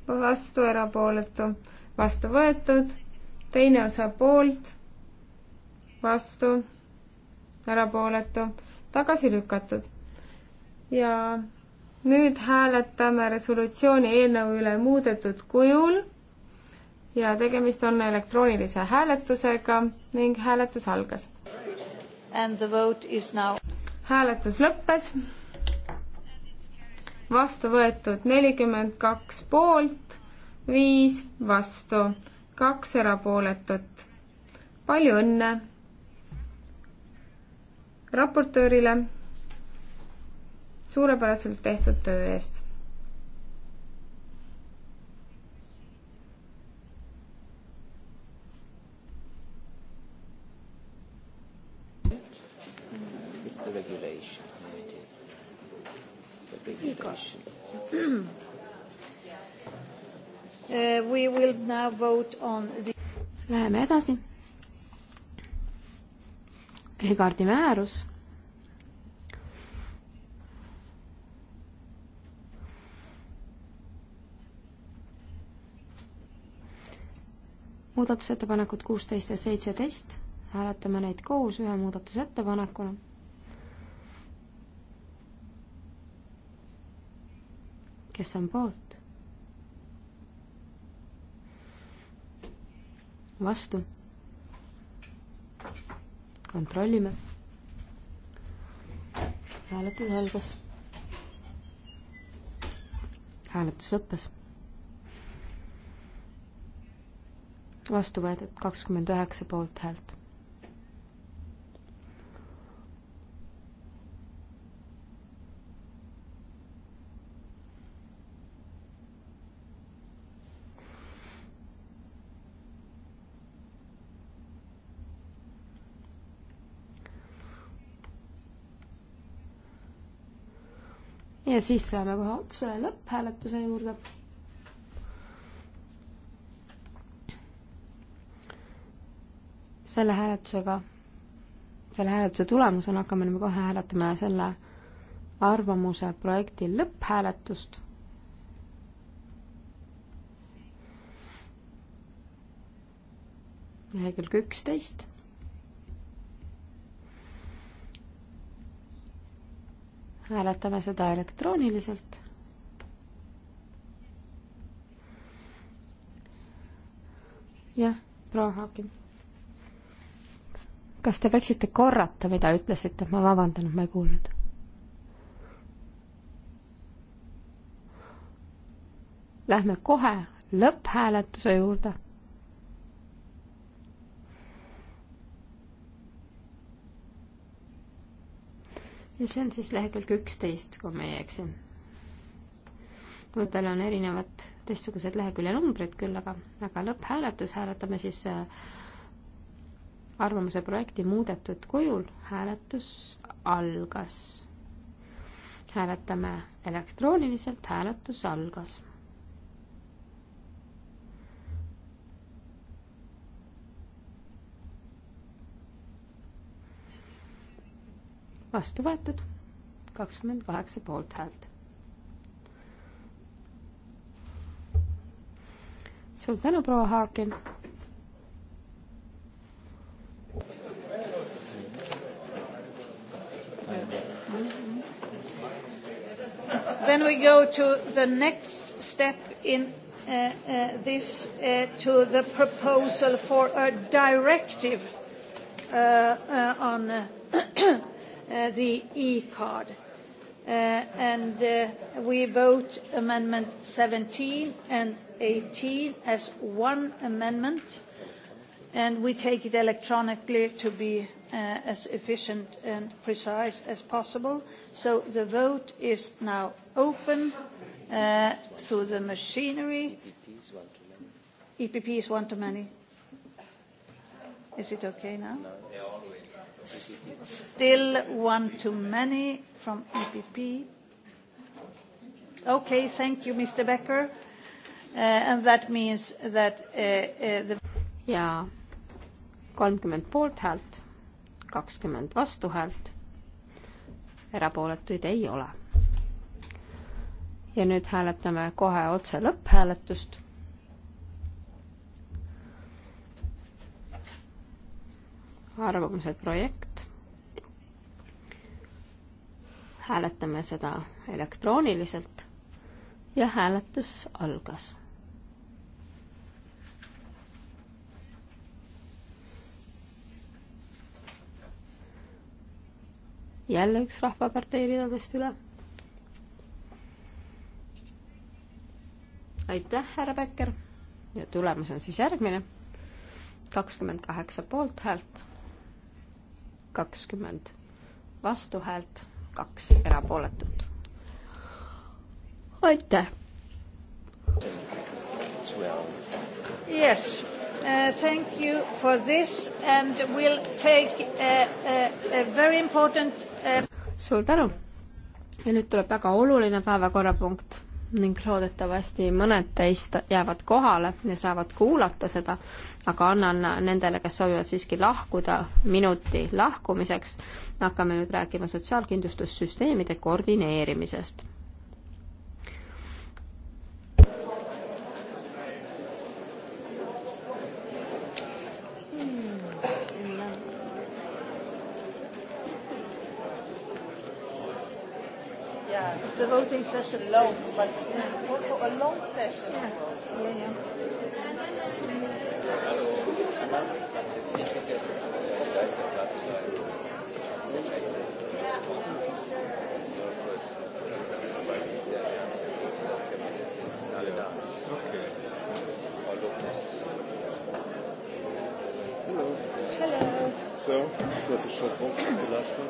vastu, erapooletu, vastu võetud, teine osa poolt, vastu, erapooletu, tagasi lükatud. ja nüüd hääletame resolutsiooni eelnõu üle muudetud kujul ja tegemist on elektroonilise hääletusega ning hääletus algas. hääletus lõppes vastu võetud nelikümmend kaks poolt, viis vastu, kaks erapooletut. palju õnne raportöörile suurepäraselt tehtud töö eest discussion. uh, we will now vote on the... Läheme edasi. e-kaardi määrus muudatusettepanekud kuusteist ja seitseteist, hääletame neid koos ühe muudatusettepanekuna. kes on poolt? vastu. kontrollime. hääletus algas. hääletus lõppes. vastu võetud kakskümmend üheksa poolthäält. ja siis läheme kohe otse lõpphääletuse juurde. selle hääletusega, selle hääletuse tulemusena hakkame nüüd kohe hääletama selle arvamuse projekti lõpphääletust lehekülg üksteist hääletame seda elektrooniliselt. jah, proua Haakin. kas te võiksite korrata, mida ütlesite, ma vabandan, et ma ei kuulnud. Lähme kohe lõpphääletuse juurde ja see on siis lehekülg üksteist, kui ma ei eksi. tal on erinevad teistsugused lehekülje numbrid küll, aga, aga lõpphääletus, hääletame siis äh, arvamuse projekti muudetud kujul, hääletus algas. hääletame elektrooniliselt, hääletus algas vastu võetud, kakskümmend kaheksa poolthäält. suur tänu, proua Harkin. Then we go to the next step in uh, uh, this, uh, to the proposal for a directive uh, uh, on uh, uh, the e-card. Uh, and uh, we vote amendment 17 and 18 as one amendment, and we take it electronically to be uh, as efficient and precise as possible. So the vote is now open uh, through the machinery. EPP is one too many. EPP is one too many. Is it okay now? No, they're always Still one too many from EPP. Okay, thank you, Mr. Becker. Uh, and that means that uh, uh, the ja kolmkümmend poolthäält, kakskümmend vastuhäält, erapooletuid ei ole. ja nüüd hääletame kohe otse lõpphääletust arvamuse projekt. hääletame seda elektrooniliselt ja hääletus algas. jälle üks Rahvapartei ridadest üle. aitäh, härra Becker ja tulemus on siis järgmine kakskümmend kaheksa poolthäält kakskümmend vastuhäält, kaks erapooletut. aitäh! Yes, uh, thank you for this and we'll take a, uh, a, uh, a very important uh... suur tänu! ja nüüd tuleb väga oluline päevakorrapunkt ning loodetavasti mõned teist jäävad kohale ja saavad kuulata seda, aga annan nendele, kes soovivad siiski lahkuda, minuti lahkumiseks. hakkame nüüd rääkima sotsiaalkindlustussüsteemide koordineerimisest the voting session long, but it's also a long session. Yeah. Yeah, yeah. Hallo. Sitzt nicht mit der Geisterplatz Okay. Hello. Hello. So, this was a short walk from the last one.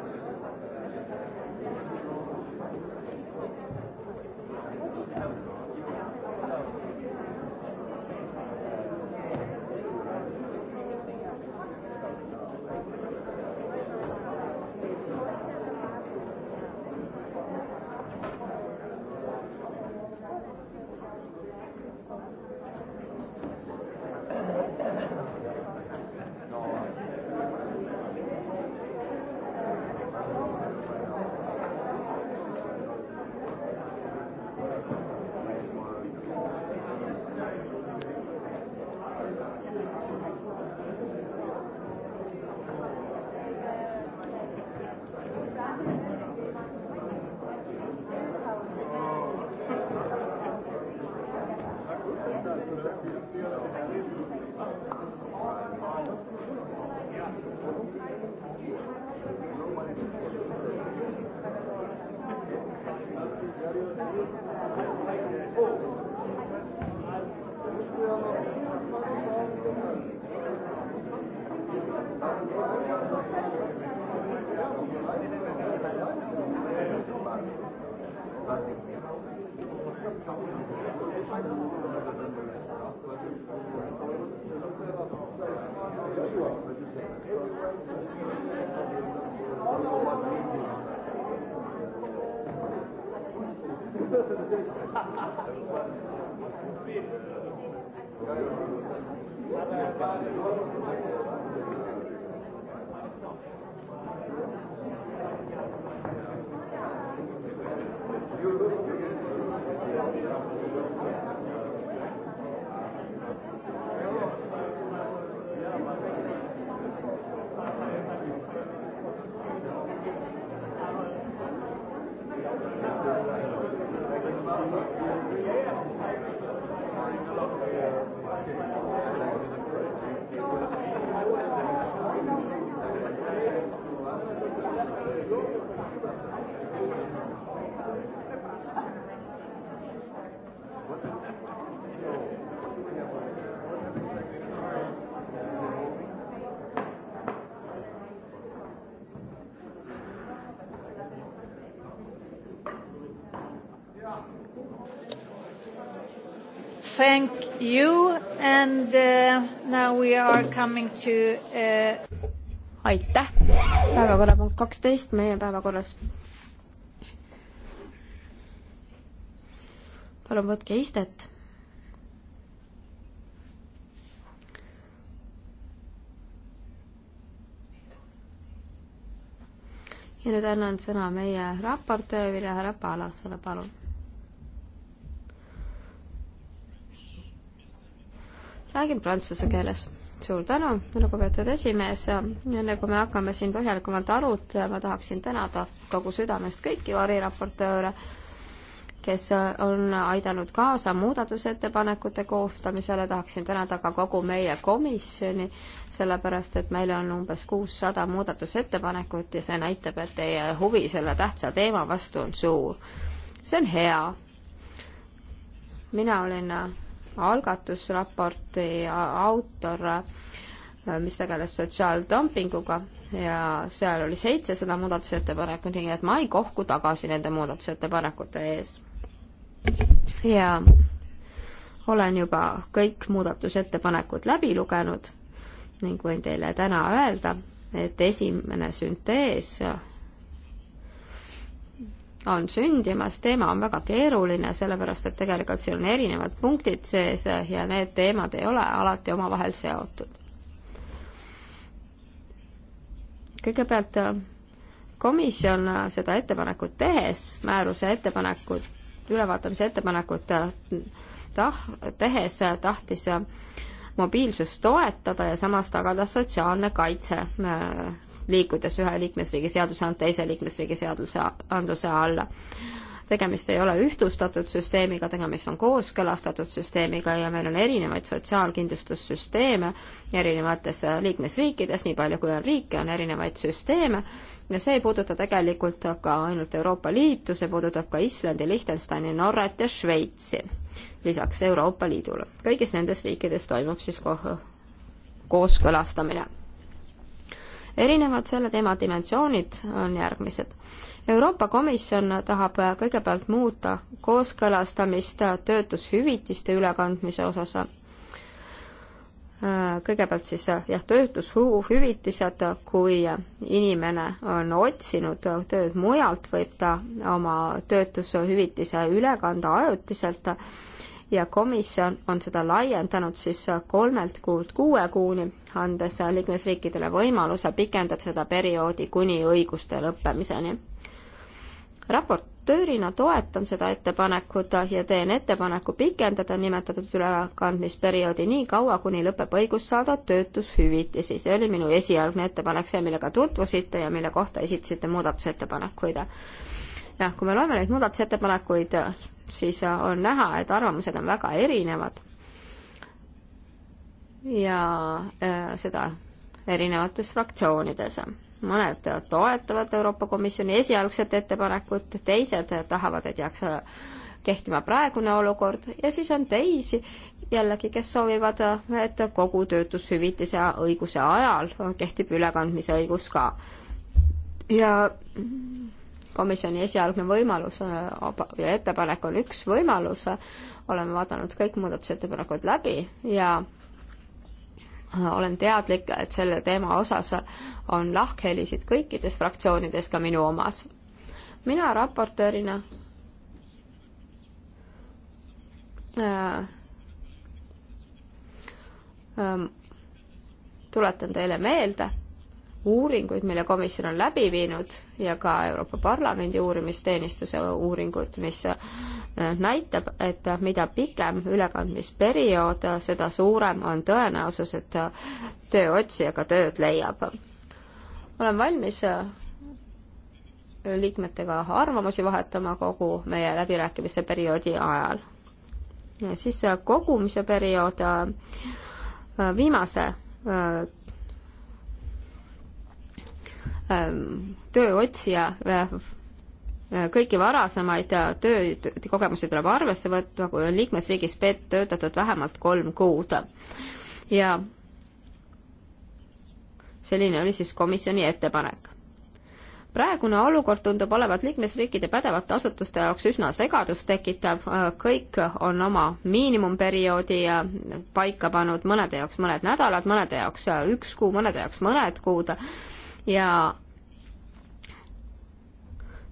thank you and uh, now we are coming to uh... aitäh, päevakorrapunkt kaksteist meie päevakorras. palun võtke istet. ja nüüd annan sõna meie raportöörile härra Paalasele, palun räägin prantsuse keeles. suur tänu, lugupeetud esimees. enne kui me hakkame siin põhjalikumalt arutlema, tahaksin tänada kogu südamest kõiki variraportööre, kes on aidanud kaasa muudatusettepanekute koostamisele, tahaksin tänada ka kogu meie komisjoni, sellepärast et meil on umbes kuussada muudatusettepanekut ja see näitab, et teie huvi selle tähtsa teema vastu on suur. see on hea. mina olin algatusraporti autor, mis tegeles sotsiaaldumpinguga ja seal oli seitsesada muudatusettepanekut, nii et ma ei kohku tagasi nende muudatusettepanekute ees. ja olen juba kõik muudatusettepanekud läbi lugenud ning võin teile täna öelda, et esimene süntees on sündimas, teema on väga keeruline, sellepärast et tegelikult siin on erinevad punktid sees ja need teemad ei ole alati omavahel seotud. kõigepealt komisjon seda ettepanekut tehes, määruse ettepanekut, ülevaatamise ettepanekut tah-, tehes tahtis mobiilsust toetada ja samas tagada sotsiaalne kaitse liikudes ühe liikmesriigi seaduse alt teise liikmesriigi seaduse, andluse alla. tegemist ei ole ühtlustatud süsteemiga, tegemist on kooskõlastatud süsteemiga ja meil on erinevaid sotsiaalkindlustussüsteeme erinevates liikmesriikides, nii palju kui on riike, on erinevaid süsteeme ja see ei puuduta tegelikult ka ainult Euroopa Liitu, see puudutab ka Islandi, Liechtensteini, Norrat ja Šveitsi, lisaks Euroopa Liidule. kõigis nendes riikides toimub siis ko kooskõlastamine erinevad, selle teema dimensioonid on järgmised. Euroopa Komisjon tahab kõigepealt muuta kooskõlastamist töötushüvitiste ülekandmise osas. kõigepealt siis jah, töötushüvitised, kui inimene on otsinud tööd mujalt, võib ta oma töötushüvitise üle kanda ajutiselt ja komisjon on seda laiendanud siis kolmelt kuult kuue kuuni, andes liikmesriikidele võimaluse pikendada seda perioodi kuni õiguste lõppemiseni. raportöörina toetan seda ettepanekut ja teen ettepaneku pikendada nimetatud ülekandmisperioodi nii kaua, kuni lõpeb õigus saada töötushüvitisi. see oli minu esialgne ettepanek, see, millega tutvusite ja mille kohta esitasite muudatusettepanekuid jah, kui me loeme neid muudatusettepanekuid siis on näha, et arvamused on väga erinevad. ja äh, seda erinevates fraktsioonides. mõned toetavad Euroopa Komisjoni esialgset ettepanekut, teised tahavad, et jääks äh, kehtima praegune olukord ja siis on teisi jällegi, kes soovivad, et kogu töötushüvitise õiguse ajal kehtib ülekandmise õigus ka. ja komisjoni esialgne võimalus äh, ja ettepanek on üks võimalus, äh, oleme vaadanud kõik muudatusettepanekud läbi ja äh, olen teadlik, et selle teema osas on lahkhelisid kõikides fraktsioonides, ka minu omas. mina raportöörina äh, äh, tuletan teile meelde uuringuid, mille komisjon on läbi viinud ja ka Euroopa Parlamendi uurimisteenistuse uuringut, mis äh, näitab, et mida pikem ülekandmisperiood, seda suurem on tõenäosus, et äh, tööotsija ka tööd leiab. olen valmis äh, liikmetega arvamusi vahetama kogu meie läbirääkimiste perioodi ajal. siis kogumise periood viimase Ähm, tööotsija äh, äh, kõiki varasemaid äh, töökogemusi tuleb arvesse võtma, kui on liikmesriigis töötatud vähemalt kolm kuud. ja selline oli siis komisjoni ettepanek. praegune olukord tundub olevat liikmesriikide pädevate asutuste jaoks üsna segadust tekitav, kõik on oma miinimumperioodi paika pannud, mõnede jaoks mõned nädalad, mõnede jaoks üks kuu, mõnede jaoks mõned kuud ja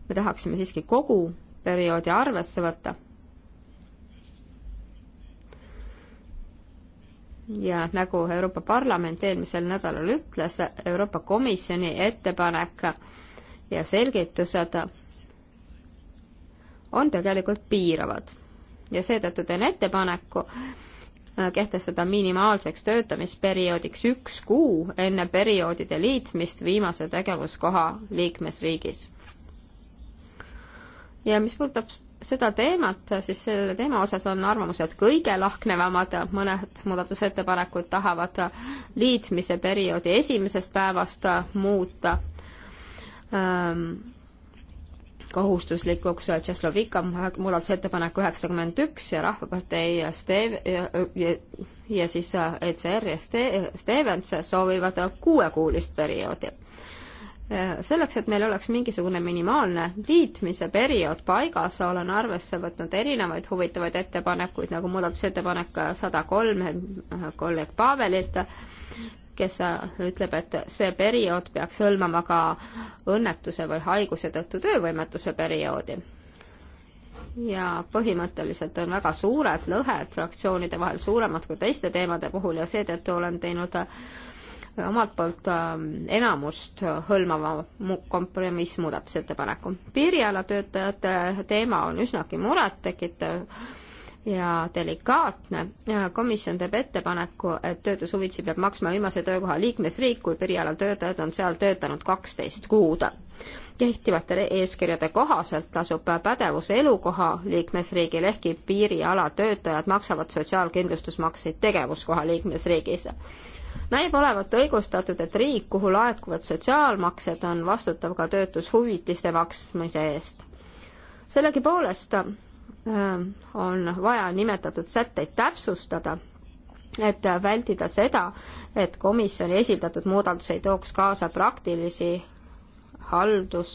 me tahaksime siiski kogu perioodi arvesse võtta. ja nagu Euroopa Parlament eelmisel nädalal ütles, Euroopa Komisjoni ettepanek ja selgitused on tegelikult piiravad ja seetõttu teen ettepaneku, Äh, kehtestada minimaalseks töötamisperioodiks üks kuu enne perioodide liitmist viimase tegevuskoha liikmesriigis. ja mis puudutab seda teemat, siis selle teema osas on arvamused kõige lahknevamad, mõned muudatusettepanekud tahavad liitmise perioodi esimesest päevast muuta ähm, kohustuslikuks Tšeslovika muudatusettepanek üheksakümmend üks ja Rahvapartei ja Stev- ja, ja siis ECR ja Ste-, Stevens soovivad kuuekuulist perioodi. Selleks, et meil oleks mingisugune minimaalne liitmise periood paigas, olen arvesse võtnud erinevaid huvitavaid ettepanekuid, nagu muudatusettepanek sada kolm kolleeg Pavelilt, kes äh, ütleb, et see periood peaks hõlmama ka õnnetuse või haiguse tõttu töövõimetuse perioodi. ja põhimõtteliselt on väga suured lõhed fraktsioonide vahel, suuremad kui teiste teemade puhul ja seetõttu olen teinud äh, omalt poolt ähm, enamust hõlmava kompromissmuudatusettepaneku. piirialatöötajate teema on üsnagi murettekitav ja delikaatne. komisjon teeb ettepaneku, et töötushuvitsi peab maksma viimase töökoha liikmesriik, kui perialal töötajad on seal töötanud kaksteist kuud. kehtivate eeskirjade kohaselt lasub pädevus elukoha liikmesriigil, ehkki piiriala töötajad maksavad sotsiaalkindlustusmakseid tegevuskoha liikmesriigis näib olevat õigustatud, et riik, kuhu laekuvad sotsiaalmaksed, on vastutav ka töötushuvitiste maksmise eest. sellegipoolest Ähm, on vaja nimetatud sätteid täpsustada, et vältida seda, et komisjoni esildatud muudatus ei tooks kaasa praktilisi haldus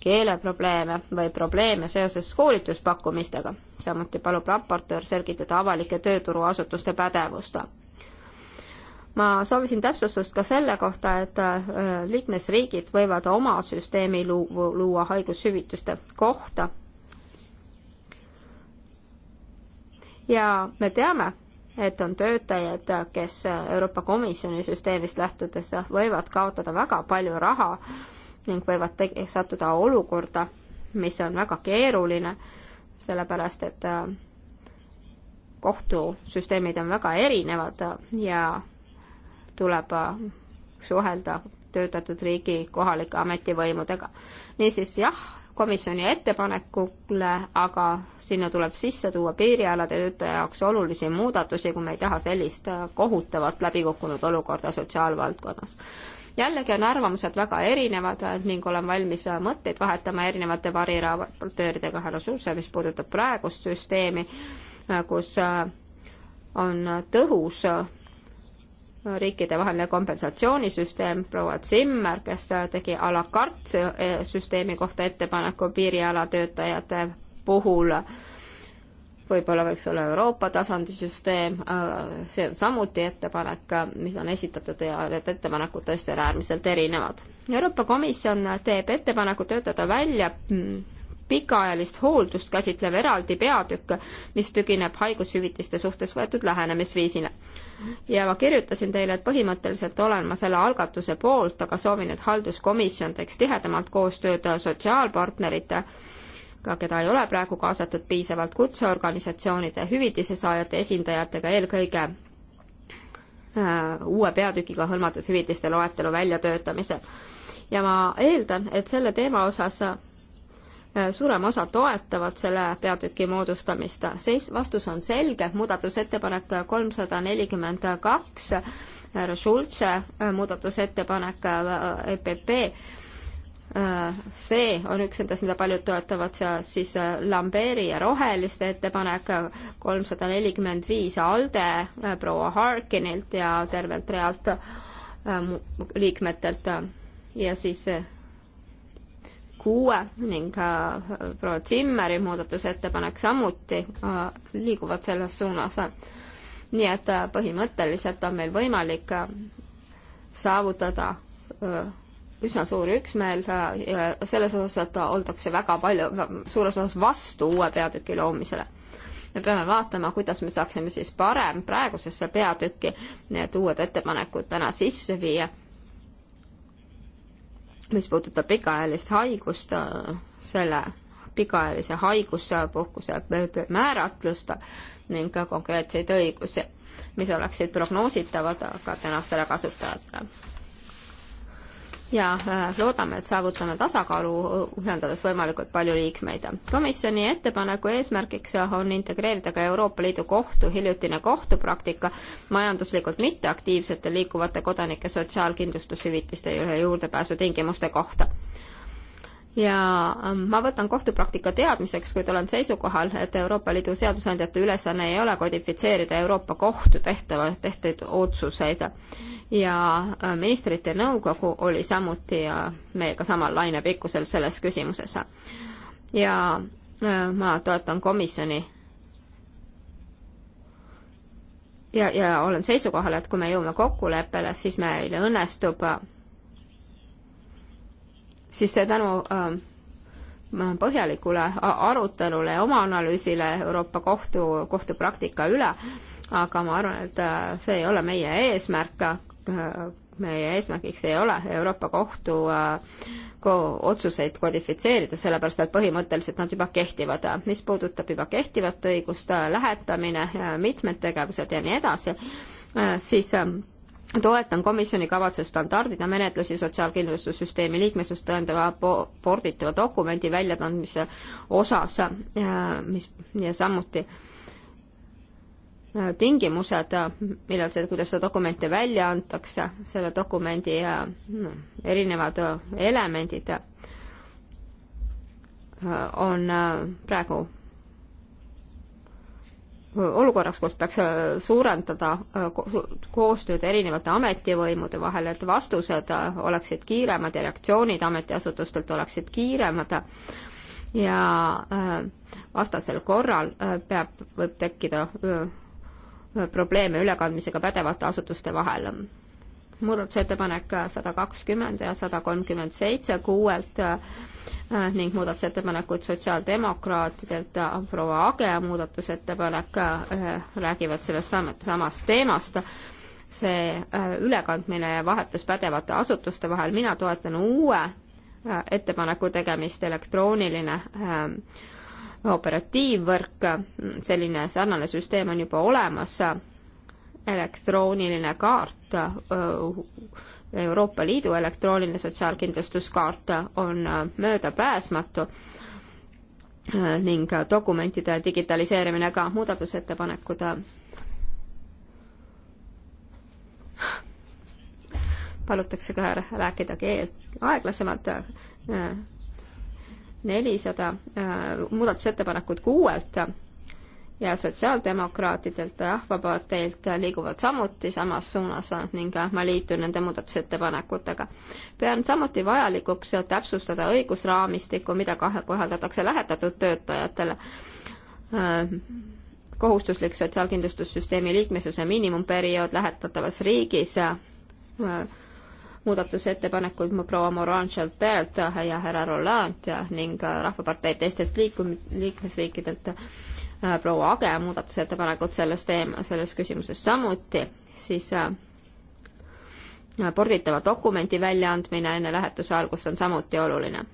keeleprobleeme või probleeme seoses koolituspakkumistega. samuti palub raportöör selgitada avalike tööturuasutuste pädevust. ma soovisin täpsustust ka selle kohta, et äh, liikmesriigid võivad oma süsteemi luua haigushüvitiste kohta ja me teame, et on töötajad, kes Euroopa Komisjoni süsteemist lähtudes võivad kaotada väga palju raha ning võivad sattuda olukorda, mis on väga keeruline, sellepärast et äh, kohtusüsteemid on väga erinevad ja tuleb äh, suhelda töötatud riigi kohalike ametivõimudega. niisiis jah, komisjoni ettepanekule, aga sinna tuleb sisse tuua piirialade töötaja jaoks olulisi muudatusi, kui me ei taha sellist kohutavat läbikukkunud olukorda sotsiaalvaldkonnas. jällegi on arvamused väga erinevad ning olen valmis mõtteid vahetama erinevate variraportööridega härra Suuse, mis puudutab praegust süsteemi, kus on tõhus riikidevaheline kompensatsioonisüsteem, proua Zimmer, kes tegi a la carte eh, süsteemi kohta ettepaneku piiriala töötajate puhul, võib-olla võiks olla Euroopa tasandi süsteem, eh, see on samuti ettepanek, mis on esitatud ja need ettepanekud tõesti on äärmiselt erinevad. Euroopa Komisjon teeb ettepaneku töötada välja mm, pikaajalist hooldust käsitlev eraldi peatükk, mis tügineb haigushüvitiste suhtes võetud lähenemisviisile. ja ma kirjutasin teile, et põhimõtteliselt olen ma selle algatuse poolt, aga soovin, et halduskomisjon teeks tihedamalt koostööd sotsiaalpartnerite ka keda ei ole praegu kaasatud piisavalt kutseorganisatsioonide, hüvitise saajate esindajatega, eelkõige äh, uue peatükiga hõlmatud hüvitiste loetelu väljatöötamisel. ja ma eeldan, et selle teema osas Äh, suurem osa toetavad selle peatüki moodustamist. seis, vastus on selge, muudatusettepanek kolmsada nelikümmend kaks, härra Schulze äh, muudatusettepanek äh, EPP, see on üks nendest, mida paljud toetavad, siis Lamberi ja Roheliste ettepanek kolmsada nelikümmend viis ALDE proua Harkinilt ja tervelt realt liikmetelt ja siis kuue ning äh, proua Zimmeri muudatusettepanek samuti äh, liiguvad selles suunas. nii et äh, põhimõtteliselt on meil võimalik saavutada üsna suur üksmeel selles osas, et oldakse väga palju, suures osas vastu uue peatüki loomisele. me peame vaatama, kuidas me saaksime siis parem praegusesse peatükki need uued ettepanekud täna sisse viia mis puudutab pikaajalist haigust, selle pikaajalise haiguspuhkuse määratlust ning ka konkreetseid õigusi, mis oleksid prognoositavad ka tänastele kasutajatele ja äh, loodame, et saavutame tasakaalu, ühendades võimalikult palju liikmeid. komisjoni ettepaneku eesmärgiks on integreerida ka Euroopa Liidu kohtu hiljutine kohtupraktika majanduslikult mitteaktiivsete liikuvate kodanike sotsiaalkindlustushüvitiste juurdepääsutingimuste kohta ja ähm, ma võtan kohtupraktika teadmiseks, kuid olen seisukohal, et Euroopa Liidu seadusandjate ülesanne ei ole kodifitseerida Euroopa Kohtu tehtava, tehtud otsuseid. ja äh, ministrite nõukogu oli samuti äh, meiega samal lainepikkusel selles küsimuses. ja äh, ma toetan komisjoni ja, ja olen seisukohal, et kui me jõuame kokkuleppele, siis meil õnnestub siis tänu ähm, äh, põhjalikule arutelule ja oma analüüsile Euroopa Kohtu, kohtupraktika üle, aga ma arvan, et äh, see ei ole meie eesmärk, äh, meie eesmärgiks ei ole Euroopa Kohtu ko otsuseid kodifitseerida, sellepärast et põhimõtteliselt nad juba kehtivad. mis puudutab juba kehtivat õigust, lähetamine, mitmed tegevused ja nii edasi, siis ähm, toetan komisjoni kavatsust standardida menetlusi sotsiaalkindlustussüsteemi liikmesust tõendava porditava dokumendi väljatandmise osas, äh, mis ja samuti äh, tingimused, millal see, kuidas seda dokumenti välja antakse, selle dokumendi äh, no, erinevad elemendid on praegu olukorraks, kus peaks äh, suurendada äh, koostööd erinevate ametivõimude vahel, et vastused äh, oleksid kiiremad ja reaktsioonid ametiasutustelt oleksid kiiremad ja vastasel korral peab, võib tekkida probleeme ülekandmisega pädevate asutuste vahel muudatusettepanek sada kakskümmend ja sada kolmkümmend seitse kuuelt äh, ning muudatusettepanekud sotsiaaldemokraatidelt äh, proua Age muudatusettepanek äh, räägivad sellest samast teemast. see ülekandmine ja vahetus pädevate asutuste vahel, mina toetan uue ettepaneku tegemist, elektrooniline operatiivvõrk, selline sarnane süsteem on juba olemas elektrooniline kaart, Euroopa Liidu elektrooniline sotsiaalkindlustuskaart on möödapääsmatu ning dokumentide digitaliseerimine ka, muudatusettepanekud palutakse ka rääkida keel aeglasemalt, nelisada muudatusettepanekut kuuelt ja sotsiaaldemokraatidelt ja Rahvaparteilt liiguvad samuti samas suunas ning ma liitun nende muudatusettepanekutega. pean samuti vajalikuks täpsustada õigusraamistikku, mida kohaldatakse lähetatud töötajatele. kohustuslik sotsiaalkindlustussüsteemi liikmesuse miinimumperiood lähetatavas riigis muudatusettepanekuid mu proua Moran Chaltelt ja härra Roland ja ning Rahvapartei teistest liikum-, liikmesriikidelt Äh, proua Age muudatusettepanekut selles teema, selles küsimuses samuti, siis äh, äh, porditava dokumenti väljaandmine enne lähetuse algust on samuti oluline.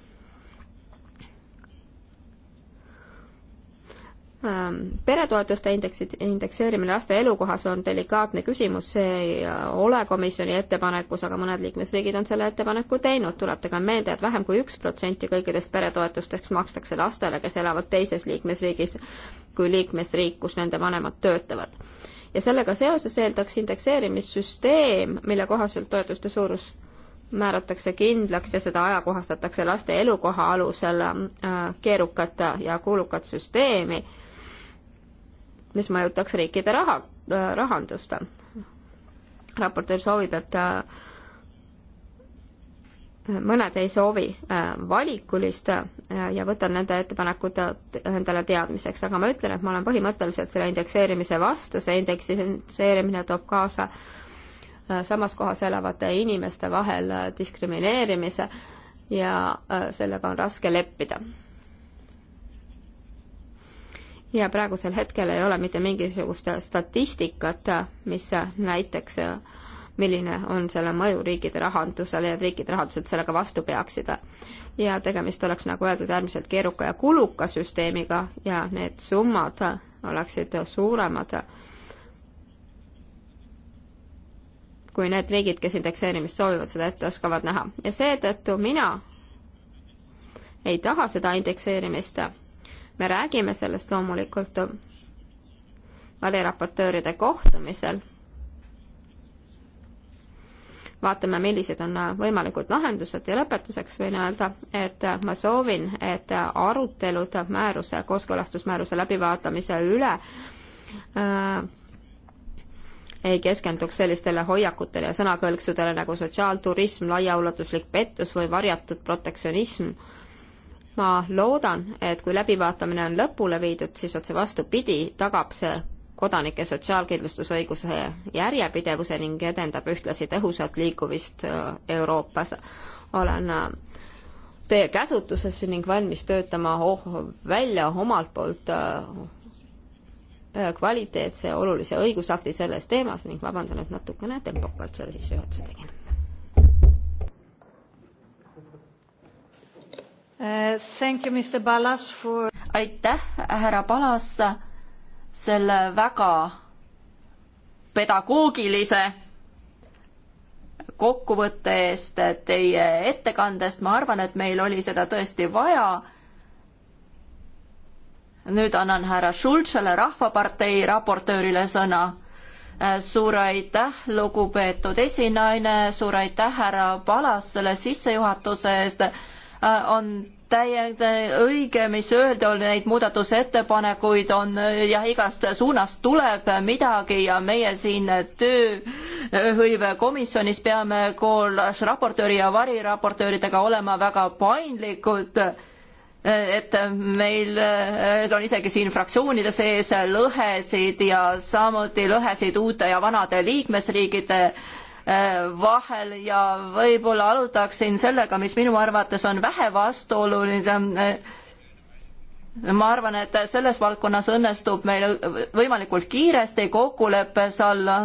Ähm, peretoetuste indeksid, indekseerimine laste elukohas on delikaatne küsimus, see ei äh, ole komisjoni ettepanekus, aga mõned liikmesriigid on selle ettepaneku teinud. tuletage meelde, et vähem kui üks protsenti kõikidest peretoetusteks makstakse lastele, kes elavad teises liikmesriigis kui liikmesriik, kus nende vanemad töötavad ja sellega seoses eeldaks indekseerimissüsteem, mille kohaselt toetuste suurus määratakse kindlaks ja seda ajakohastatakse laste elukoha alusel äh, keerukat ja kuulukat süsteemi mis mõjutaks riikide raha, äh, rahandust. raportöör soovib, et äh, mõned ei soovi äh, valikulist ja võtan nende ettepanekud endale teadmiseks, aga ma ütlen, et ma olen põhimõtteliselt selle indekseerimise vastu, see indekseerimine toob kaasa samas kohas elavate inimeste vahel diskrimineerimise ja sellega on raske leppida ja praegusel hetkel ei ole mitte mingisugust statistikat, mis näiteks, milline on selle mõju riikide rahandusele ja et riikide rahandused sellega vastu peaksid. ja tegemist oleks, nagu öeldud, äärmiselt keeruka ja kuluka süsteemiga ja need summad oleksid suuremad kui need riigid, kes indekseerimist soovivad, seda ette oskavad näha. ja seetõttu mina ei taha seda indekseerimist me räägime sellest loomulikult valiraportööride kohtumisel. vaatame, millised on võimalikud lahendused ja lõpetuseks võin öelda, et ma soovin, et arutelud määruse, kooskõlastusmääruse läbivaatamise üle äh, ei keskenduks sellistele hoiakutele ja sõnakõlksudele nagu sotsiaalturism, laiaulatuslik pettus või varjatud protektsionism äh,, ma loodan, et kui läbivaatamine on lõpule viidud, siis otse vastupidi, tagab see kodanike sotsiaalkindlustusõiguse järjepidevuse ning edendab ühtlasi tõhusat liikumist äh, Euroopas. olen äh, teie käsutuses ning valmis töötama oh, välja omalt poolt äh, kvaliteetse olulise õigusakti selles teemas ning vabandan, et natukene tempokalt selle sissejuhatuse tegin Thank you, Mr Ballas for. aitäh, härra Palas, selle väga pedagoogilise kokkuvõtte eest teie ettekandest, ma arvan, et meil oli seda tõesti vaja. nüüd annan härra Schulzele, Rahvapartei raportöörile sõna. suur aitäh, lugupeetud esinaine, suur aitäh, härra Palas, selle sissejuhatuse eest Äh, on täiega õige, mis öelda oli, neid muudatusettepanekuid on äh, jah, igast suunast tuleb midagi ja meie siin tööhõivekomisjonis peame koos raportööri ja variraportööridega olema väga paindlikud äh, et meil on isegi siin fraktsioonide sees lõhesid ja samuti lõhesid uute ja vanade liikmesriikide Äh, vahel ja võib-olla alutaksin sellega, mis minu arvates on vähe vastuolulisem. Äh, ma arvan, et selles valdkonnas õnnestub meil võimalikult kiiresti kokkuleppes olla.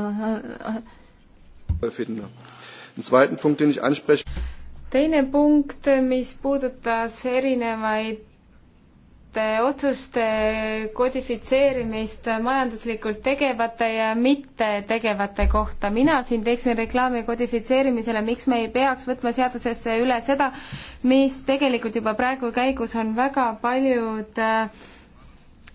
teine punkt, mis puudutas erinevaid erinevate otsuste kodifitseerimist majanduslikult tegevate ja mitte tegevate kohta. mina siin teeksin reklaami kodifitseerimisele, miks me ei peaks võtma seadusesse üle seda, mis tegelikult juba praegu käigus on väga paljud äh,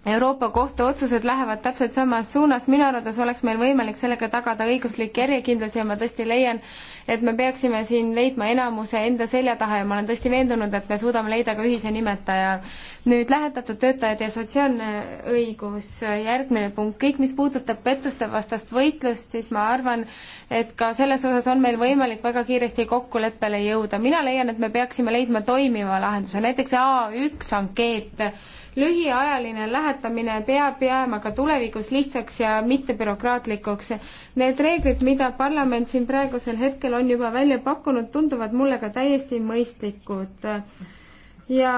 Euroopa Kohtu otsused lähevad täpselt samas suunas, minu arvates oleks meil võimalik sellega tagada õiguslik järjekindlus ja ma tõesti leian, et me peaksime siin leidma enamuse enda selja taha ja ma olen tõesti veendunud, et me suudame leida ka ühise nimetaja. nüüd lähetatud töötajad ja sotsiaalne õigus, järgmine punkt, kõik, mis puudutab pettuste vastast võitlust, siis ma arvan, et ka selles osas on meil võimalik väga kiiresti kokkuleppele jõuda. mina leian, et me peaksime leidma toimiva lahenduse, näiteks A1 ankeet lühiajaline lähetamine peab jääma ka tulevikus lihtsaks ja mittebürokraatlikuks. Need reeglid, mida parlament siin praegusel hetkel on juba välja pakkunud, tunduvad mulle ka täiesti mõistlikud ja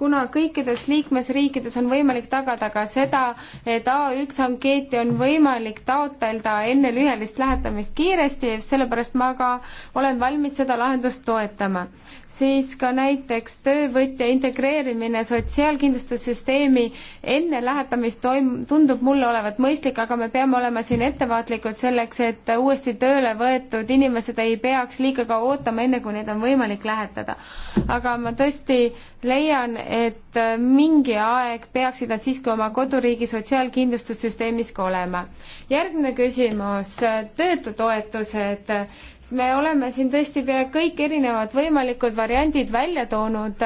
kuna kõikides liikmesriikides on võimalik tagada ka seda, et A1 ankeeti on võimalik taotleda enne lühiajalist lähetamist kiiresti, sellepärast ma ka olen valmis seda lahendust toetama siis ka näiteks töövõtja integreerimine sotsiaalkindlustussüsteemi enne lähetamist toim-, tundub mulle olevat mõistlik, aga me peame olema siin ettevaatlikud selleks, et uuesti tööle võetud inimesed ei peaks liiga kaua ootama, enne kui neid on võimalik lähetada. aga ma tõesti leian, et mingi aeg peaksid nad siiski oma koduriigi sotsiaalkindlustussüsteemis ka olema. järgmine küsimus, töötutoetused me oleme siin tõesti pea kõik erinevad võimalikud variandid välja toonud.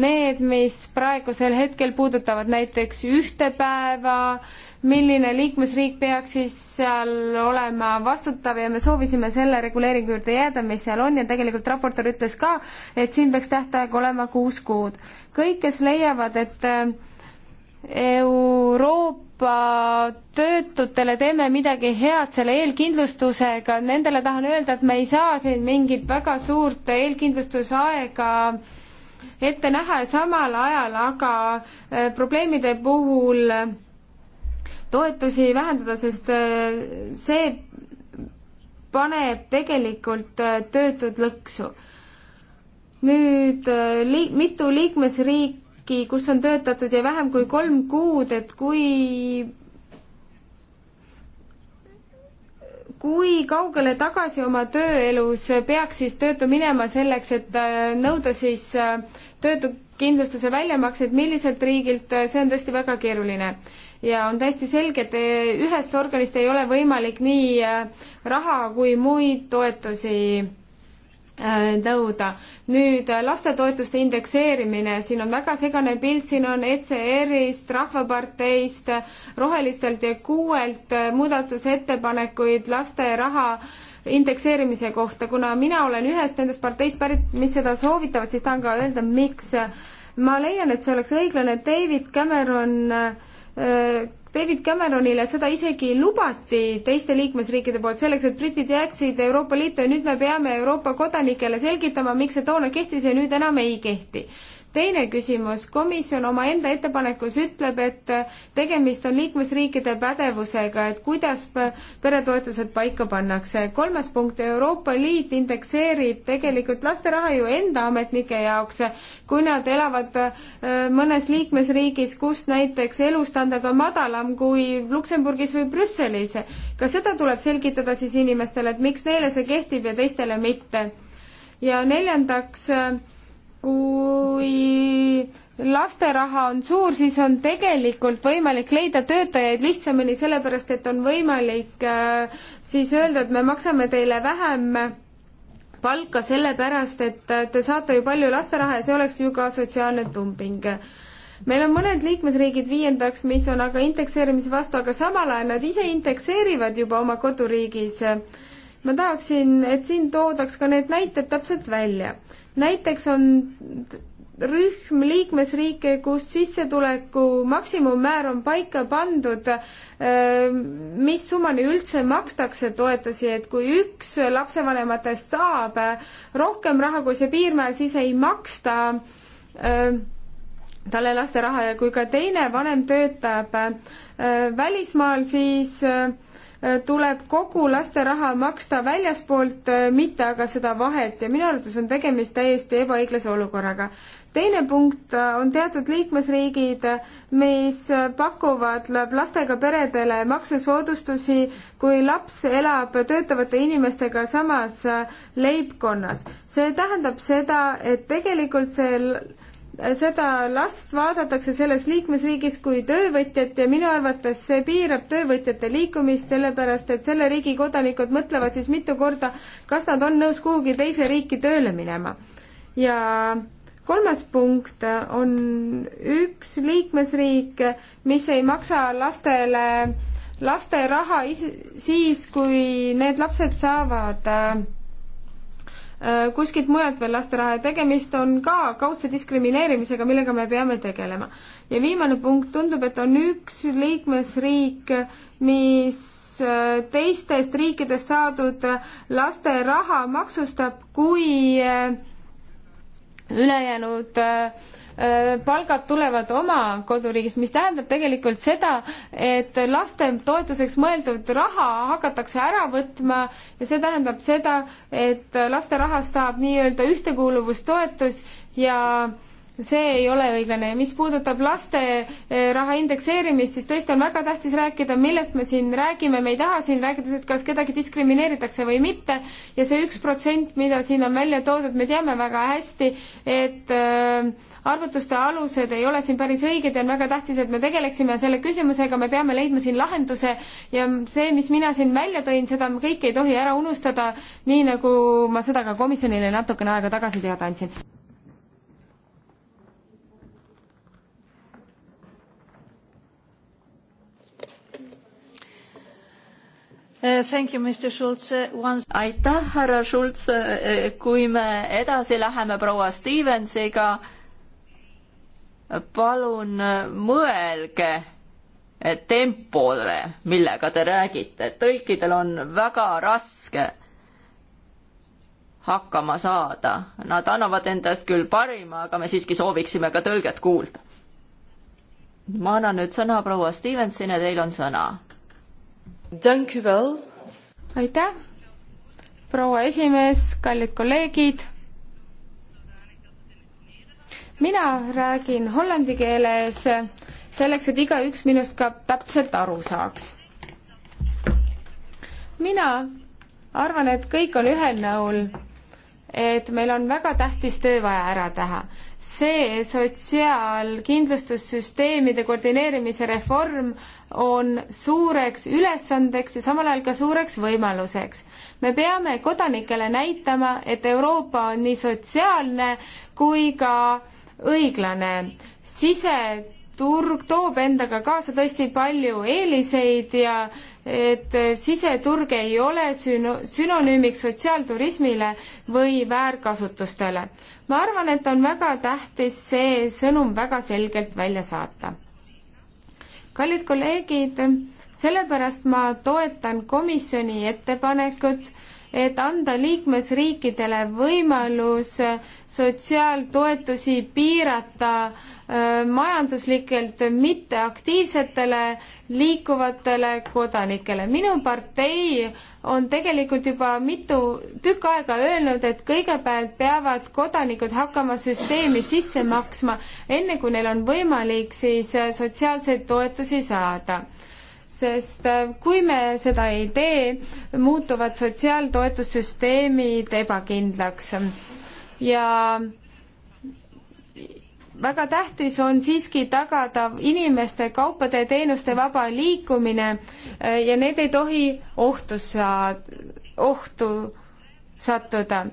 Need, mis praegusel hetkel puudutavad näiteks ühte päeva, milline liikmesriik peaks siis seal olema vastutav ja me soovisime selle reguleeringu juurde jääda, mis seal on ja tegelikult raportöör ütles ka, et siin peaks tähtaeg olema kuus kuud. kõik, kes leiavad, et Euroopa Euroopa töötutele teeme midagi head selle eelkindlustusega, nendele tahan öelda, et me ei saa siin mingit väga suurt eelkindlustusaega ette näha ja samal ajal aga äh, probleemide puhul toetusi vähendada, sest äh, see paneb tegelikult äh, töötud lõksu. nüüd liik-, mitu liikmesriiki riiki, kus on töötatud ja vähem kui kolm kuud, et kui kui kaugele tagasi oma tööelus peaks siis töötu minema selleks, et äh, nõuda siis äh, töötukindlustuse väljamakseid, milliselt riigilt, äh, see on tõesti väga keeruline. ja on täiesti selge, et ühest organist ei ole võimalik nii raha kui muid toetusi Äh, nõuda. nüüd äh, lastetoetuste indekseerimine, siin on väga segane pilt, siin on ECR-ist, Rahvaparteist, Rohelistelt ja kuuelt äh, muudatusettepanekuid laste raha indekseerimise kohta, kuna mina olen ühest nendest parteist pärit, mis seda soovitavad, siis tahan ka öelda, miks. ma leian, et see oleks õiglane, David Cameron David Cameronile seda isegi lubati teiste liikmesriikide poolt selleks, et britid jääksid Euroopa Liitu ja nüüd me peame Euroopa kodanikele selgitama, miks see toona kehtis ja nüüd enam ei kehti teine küsimus, komisjon omaenda ettepanekus ütleb, et tegemist on liikmesriikide pädevusega, et kuidas peretoetused paika pannakse. kolmas punkt, Euroopa Liit indekseerib tegelikult laste raha ju enda ametnike jaoks, kui nad elavad äh, mõnes liikmesriigis, kus näiteks elustandard on madalam kui Luksemburgis või Brüsselis. ka seda tuleb selgitada siis inimestele, et miks neile see kehtib ja teistele mitte. ja neljandaks äh, kui lasteraha on suur, siis on tegelikult võimalik leida töötajaid lihtsamini, sellepärast et on võimalik äh, siis öelda, et me maksame teile vähem palka sellepärast, et äh, te saate ju palju lasteraha ja see oleks ju ka sotsiaalne dumping meil on mõned liikmesriigid viiendaks, mis on aga indekseerimise vastu, aga samal ajal nad ise indekseerivad juba oma koduriigis äh, ma tahaksin, et siin toodaks ka need näited täpselt välja. näiteks on rühm liikmesriike, kus sissetuleku maksimummäär on paika pandud, mis summani üldse makstakse toetusi, et kui üks lapsevanematest saab rohkem raha kui see piirmäär, siis ei maksta talle lasteraha ja kui ka teine vanem töötab välismaal, siis Äh, tuleb kogu lasteraha maksta väljaspoolt, äh, mitte aga seda vahet ja minu arvates on tegemist täiesti ebaõiglase olukorraga. teine punkt äh, on teatud liikmesriigid, mis pakuvad lastega peredele maksusoodustusi, kui laps elab töötavate inimestega samas leibkonnas. see tähendab seda, et tegelikult see seda last vaadatakse selles liikmesriigis kui töövõtjat ja minu arvates see piirab töövõtjate liikumist, sellepärast et selle riigi kodanikud mõtlevad siis mitu korda, kas nad on nõus kuhugi teise riiki tööle minema. ja kolmas punkt on üks liikmesriik, mis ei maksa lastele, laste raha siis, kui need lapsed saavad äh, Äh, kuskilt mujalt veel lasteraha ja tegemist on ka kaudse diskrimineerimisega, millega me peame tegelema. ja viimane punkt, tundub, et on üks liikmesriik, mis äh, teistest riikidest saadud äh, lasteraha maksustab, kui ülejäänud äh, Äh, palgad tulevad oma koduriigist, mis tähendab tegelikult seda, et laste toetuseks mõeldud raha hakatakse ära võtma ja see tähendab seda, et laste rahast saab nii-öelda ühtekuuluvustoetus ja see ei ole õiglane ja mis puudutab laste äh, raha indekseerimist, siis tõesti on väga tähtis rääkida, millest me siin räägime, me ei taha siin rääkida, et kas kedagi diskrimineeritakse või mitte ja see üks protsent, mida siin on välja toodud, me teame väga hästi, et äh, arvutuste alused ei ole siin päris õiged ja on väga tähtis, et me tegeleksime selle küsimusega, me peame leidma siin lahenduse ja see, mis mina siin välja tõin, seda me kõik ei tohi ära unustada, nii nagu ma seda ka komisjonile natukene aega tagasi teada andsin. Uh, you, Once... aitäh, härra Schulz, kui me edasi läheme proua Stevensiga palun äh, mõelge äh, tempole, millega te räägite, tõlkidel on väga raske hakkama saada, nad annavad endast küll parima, aga me siiski sooviksime ka tõlget kuulda. ma annan nüüd sõna proua Stevensonile, teil on sõna. aitäh, proua esimees, kallid kolleegid mina räägin hollandi keeles selleks, et igaüks minust ka täpselt aru saaks. mina arvan, et kõik on ühel nõul, et meil on väga tähtis töö vaja ära teha. see sotsiaalkindlustussüsteemide koordineerimise reform on suureks ülesandeks ja samal ajal ka suureks võimaluseks. me peame kodanikele näitama, et Euroopa on nii sotsiaalne kui ka õiglane. siseturg toob endaga kaasa tõesti palju eeliseid ja et siseturg ei ole süno-, sünonüümiks sotsiaalturismile või väärkasutustele. ma arvan, et on väga tähtis see sõnum väga selgelt välja saata. kallid kolleegid, sellepärast ma toetan komisjoni ettepanekut et anda liikmesriikidele võimalus sotsiaaltoetusi piirata majanduslikelt mitteaktiivsetele liikuvatele kodanikele. minu partei on tegelikult juba mitu tükk aega öelnud, et kõigepealt peavad kodanikud hakkama süsteemi sisse maksma, enne kui neil on võimalik siis sotsiaalseid toetusi saada sest äh, kui me seda ei tee, muutuvad sotsiaaltoetussüsteemid ebakindlaks ja väga tähtis on siiski tagada inimeste, kaupade ja teenuste vaba liikumine äh, ja need ei tohi ohtu saa-, ohtu sattuda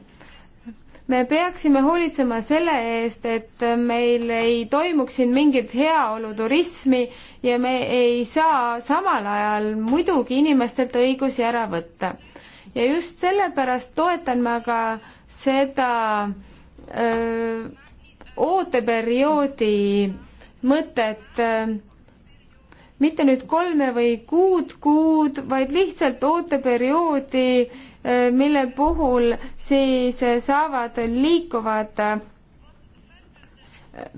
me peaksime hoolitsema selle eest, et meil ei toimuks siin mingit heaoluturismi ja me ei saa samal ajal muidugi inimestelt õigusi ära võtta. ja just sellepärast toetan ma ka seda öö, ooteperioodi mõtet öö, mitte nüüd kolme või kuud kuud, vaid lihtsalt ooteperioodi, eh, mille puhul siis eh, saavad liikuvad eh,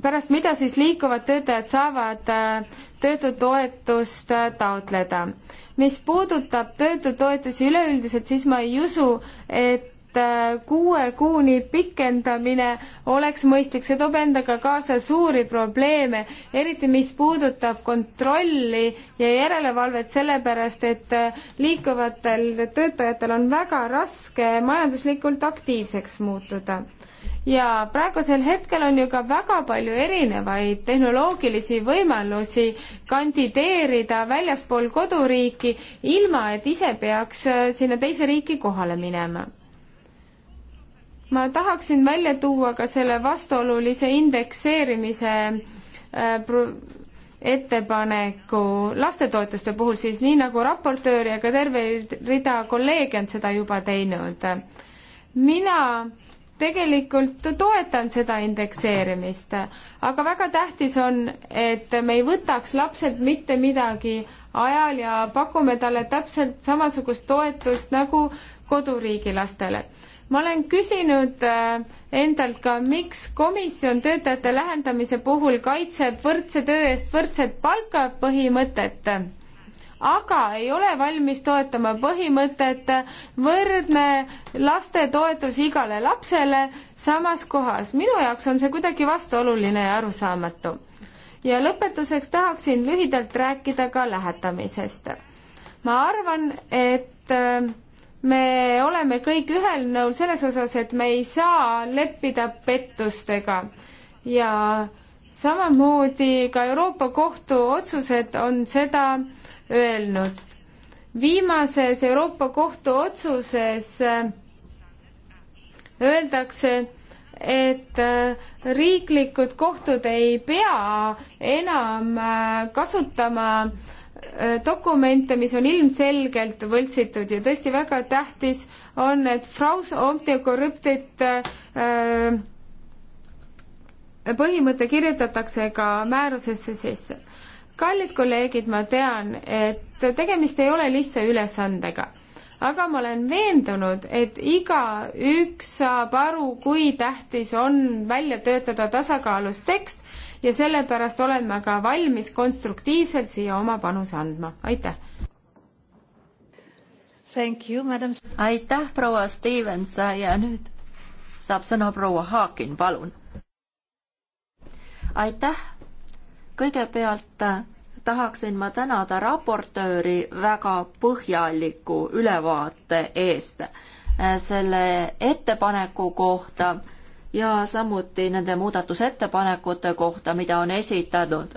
pärast mida siis liikuvad töötajad saavad töötutoetust taotleda. mis puudutab töötutoetusi üleüldiselt, siis ma ei usu, et Äh, kuue kuuni pikendamine oleks mõistlik, see toob endaga kaasa suuri probleeme, eriti mis puudutab kontrolli ja järelevalvet, sellepärast et äh, liikuvatel töötajatel on väga raske majanduslikult aktiivseks muutuda ja praegusel hetkel on ju ka väga palju erinevaid tehnoloogilisi võimalusi kandideerida väljaspool koduriiki, ilma et ise peaks äh, sinna teise riiki kohale minema ma tahaksin välja tuua ka selle vastuolulise indekseerimise äh, ettepaneku lastetoetuste puhul siis, nii nagu raportöör ja ka terve rida kolleege on seda juba teinud. mina tegelikult toetan seda indekseerimist, aga väga tähtis on, et me ei võtaks lapselt mitte midagi ajal ja pakume talle täpselt samasugust toetust nagu koduriigi lastele ma olen küsinud äh, endalt ka, miks komisjon töötajate lähendamise puhul kaitseb võrdse töö eest võrdset palka põhimõtet, aga ei ole valmis toetama põhimõtet võrdne lastetoetus igale lapsele samas kohas. minu jaoks on see kuidagi vastuoluline ja arusaamatu. ja lõpetuseks tahaksin lühidalt rääkida ka lähetamisest. ma arvan, et äh, me oleme kõik ühel nõul selles osas, et me ei saa leppida pettustega ja samamoodi ka Euroopa Kohtu otsused on seda öelnud. viimases Euroopa Kohtu otsuses äh, öeldakse, et äh, riiklikud kohtud ei pea enam äh, kasutama äh, Äh, dokumente, mis on ilmselgelt võltsitud ja tõesti väga tähtis on, et Fraus Omtekorruptit äh, põhimõte kirjutatakse ka määrusesse sisse. kallid kolleegid, ma tean, et tegemist ei ole lihtsa ülesandega, aga ma olen veendunud, et igaüks saab aru, kui tähtis on välja töötada tasakaalus tekst ja sellepärast olen ma ka valmis konstruktiivselt siia oma panuse andma, aitäh! aitäh, proua Stevens ja nüüd saab sõna proua Haakin, palun. aitäh. kõigepealt äh, tahaksin ma tänada raportööri väga põhjaliku ülevaate eest äh, selle ettepaneku kohta ja samuti nende muudatusettepanekute kohta, mida on esitatud.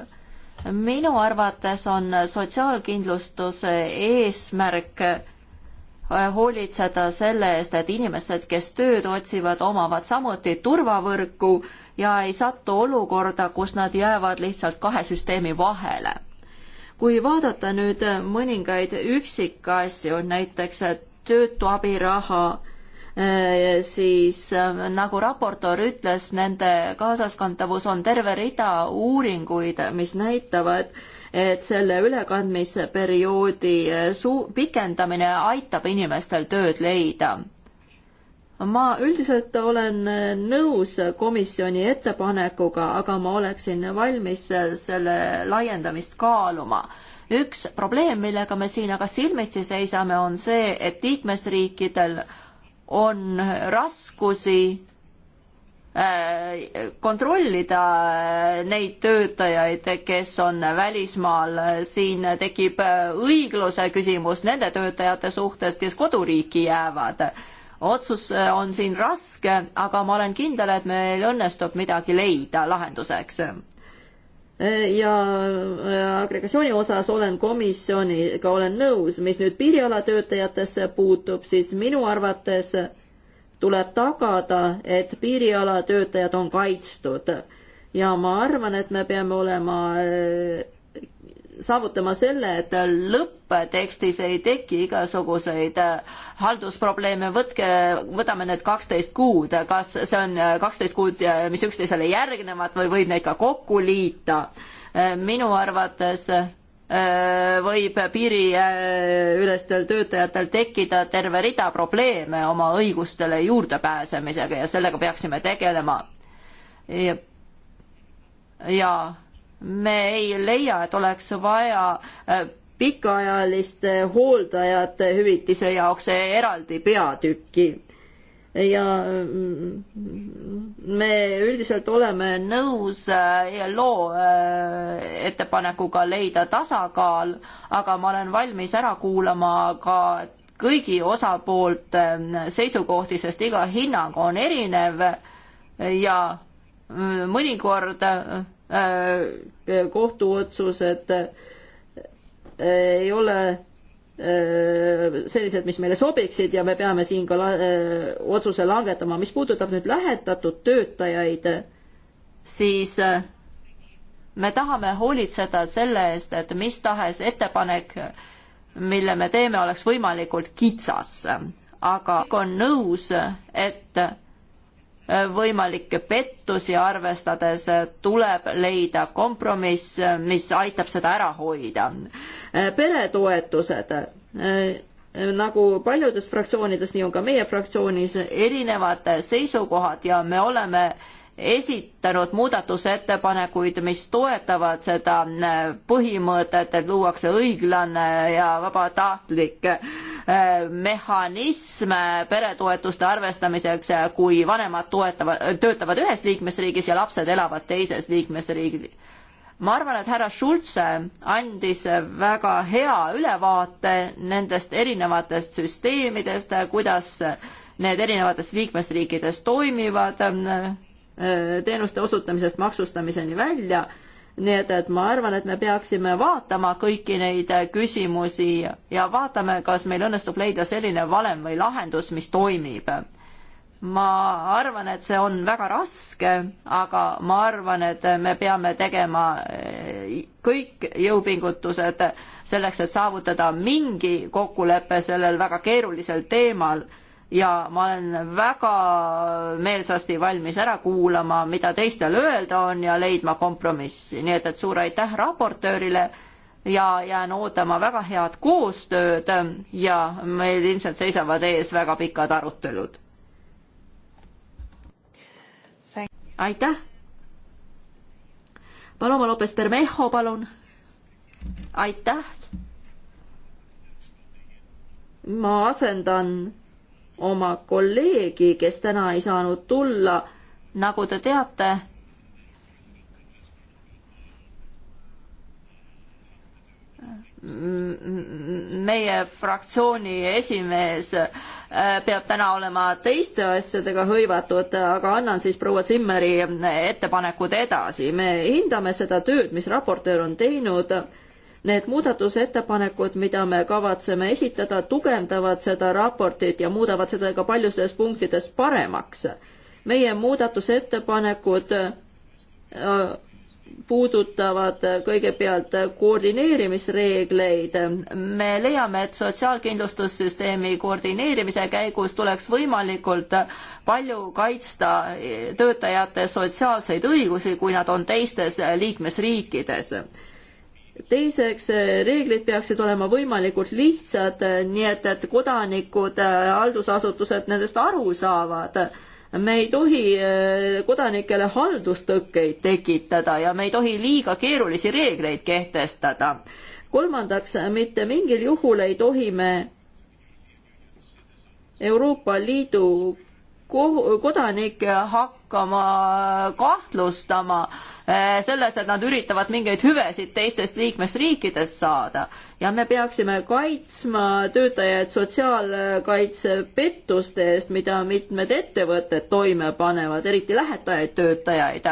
minu arvates on sotsiaalkindlustuse eesmärk äh, hoolitseda selle eest, et inimesed, kes tööd otsivad, omavad samuti turvavõrku ja ei satu olukorda, kus nad jäävad lihtsalt kahe süsteemi vahele. kui vaadata nüüd mõningaid üksikasju, näiteks töötu abiraha, Äh, siis ähm, nagu raportöör ütles, nende kaasaskantavus on terve rida uuringuid, mis näitavad, et selle ülekandmisperioodi äh, suu-, pikendamine aitab inimestel tööd leida ma üldiselt olen äh, nõus komisjoni ettepanekuga, aga ma oleksin valmis selle laiendamist kaaluma. üks probleem, millega me siin aga silmitsi seisame, on see, et liikmesriikidel on raskusi äh, kontrollida äh, neid töötajaid, kes on välismaal, siin tekib äh, õigluse küsimus nende töötajate suhtes, kes koduriiki jäävad. otsus on siin raske, aga ma olen kindel, et meil õnnestub midagi leida lahenduseks ja äh, agregatsiooni osas olen komisjoniga, olen nõus, mis nüüd piirialatöötajatesse puutub, siis minu arvates tuleb tagada, et piirialatöötajad on kaitstud ja ma arvan, et me peame olema äh, saavutama selle, et lõpptekstis ei teki igasuguseid äh, haldusprobleeme, võtke, võtame need kaksteist kuud, kas see on äh, kaksteist kuud, äh, mis üksteisele järgnevad või võib neid ka kokku liita. minu arvates võib piiriülestel töötajatel tekkida terve rida probleeme oma õigustele juurdepääsemisega ja sellega peaksime tegelema. ja, ja me ei leia, et oleks vaja äh, pikaajaliste hooldajate hüvitise jaoks eraldi peatükki. ja mm, me üldiselt oleme nõus äh, ILO äh, ettepanekuga leida tasakaal, aga ma olen valmis ära kuulama ka kõigi osapoolte seisukohti, sest iga hinnang on erinev ja mm, mõnikord Äh, kohtuotsused äh, ei ole äh, sellised, mis meile sobiksid ja me peame siin ka la otsuse langetama. mis puudutab nüüd lähetatud töötajaid, siis me tahame hoolitseda selle eest, et mis tahes ettepanek, mille me teeme, oleks võimalikult kitsas. aga on nõus, et võimalikke pettusi arvestades tuleb leida kompromiss, mis aitab seda ära hoida. peretoetused, nagu paljudes fraktsioonides, nii on ka meie fraktsioonis, erinevad seisukohad ja me oleme esitanud muudatusettepanekuid, mis toetavad seda äh, põhimõtet, et luuakse õiglane ja vabatahtlik äh, mehhanism äh, peretoetuste arvestamiseks, kui vanemad toetavad, töötavad ühes liikmesriigis ja lapsed elavad teises liikmesriigis ma arvan, et härra Schulze andis väga hea ülevaate nendest erinevatest süsteemidest, kuidas need erinevates liikmesriikides toimivad Äh, teenuste osutamisest maksustamiseni välja. nii et, et ma arvan, et me peaksime vaatama kõiki neid küsimusi ja vaatame, kas meil õnnestub leida selline valem või lahendus, mis toimib. ma arvan, et see on väga raske, aga ma arvan, et me peame tegema äh, kõik jõupingutused selleks, et saavutada mingi kokkulepe sellel väga keerulisel teemal ja ma olen väga meelsasti valmis ära kuulama, mida teistel öelda on ja leidma kompromissi, nii et, et suur aitäh raportöörile ja jään ootama väga head koostööd ja meil ilmselt seisavad ees väga pikad arutelud. aitäh. Paloma Lopez-Bermejo, palun. aitäh. ma asendan oma kolleegi, kes täna ei saanud tulla. nagu te teate, meie fraktsiooni esimees äh, peab täna olema teiste asjadega hõivatud, aga annan siis proua Zimmeri ettepanekud edasi. me hindame seda tööd, mis raportöör on teinud Need muudatusettepanekud, mida me kavatseme esitada, tugevdavad seda raportit ja muudavad seda ka paljudes punktides paremaks. meie muudatusettepanekud äh, puudutavad kõigepealt koordineerimisreegleid. me leiame, et sotsiaalkindlustussüsteemi koordineerimise käigus tuleks võimalikult palju kaitsta töötajate sotsiaalseid õigusi, kui nad on teistes liikmesriikides teiseks, eh, reeglid peaksid olema võimalikult lihtsad, eh, nii et, et kodanikud, eh, haldusasutused nendest aru saavad. me ei tohi kodanikele haldustõkkeid tekitada ja me ei tohi liiga keerulisi reegleid kehtestada. kolmandaks, mitte mingil juhul ei tohi me Euroopa Liidu kodanikke hakkama kahtlustama eh, selles, et nad üritavad mingeid hüvesid teistest liikmesriikidest saada ja me peaksime kaitsma töötajaid sotsiaalkaitsepettuste eest, mida mitmed ettevõtted toime panevad, eriti lähetajaid töötajaid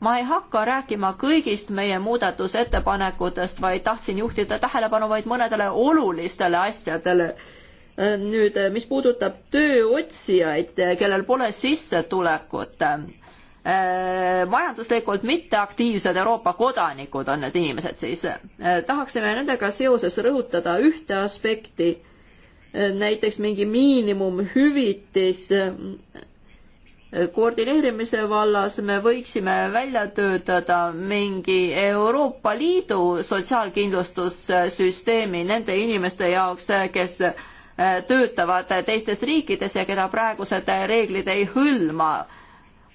ma ei hakka rääkima kõigist meie muudatusettepanekutest, vaid tahtsin juhtida tähelepanu vaid mõnedele olulistele asjadele nüüd, mis puudutab tööotsijaid, kellel pole sissetulekut, äh, majanduslikult mitteaktiivsed Euroopa kodanikud on need inimesed siis. Äh, tahaksime nendega seoses rõhutada ühte aspekti, äh, näiteks mingi miinimumhüvitis koordineerimise vallas me võiksime välja töötada mingi Euroopa Liidu sotsiaalkindlustussüsteemi nende inimeste jaoks, kes töötavad teistes riikides ja keda praegused reeglid ei hõlma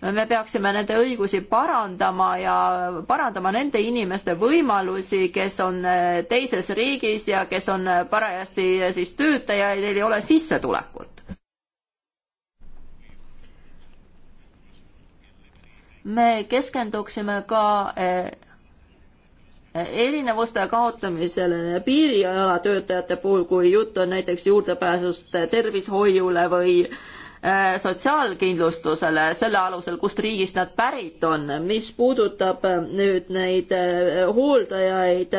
me peaksime nende õigusi parandama ja parandama nende inimeste võimalusi, kes on teises riigis ja kes on parajasti siis töötaja ja neil ei ole sissetulekut. me keskenduksime ka erinevuste kaotamisele piiriala töötajate puhul, kui jutt on näiteks juurdepääsust tervishoiule või äh, sotsiaalkindlustusele selle alusel, kust riigist nad pärit on. mis puudutab äh, nüüd neid äh, hooldajaid,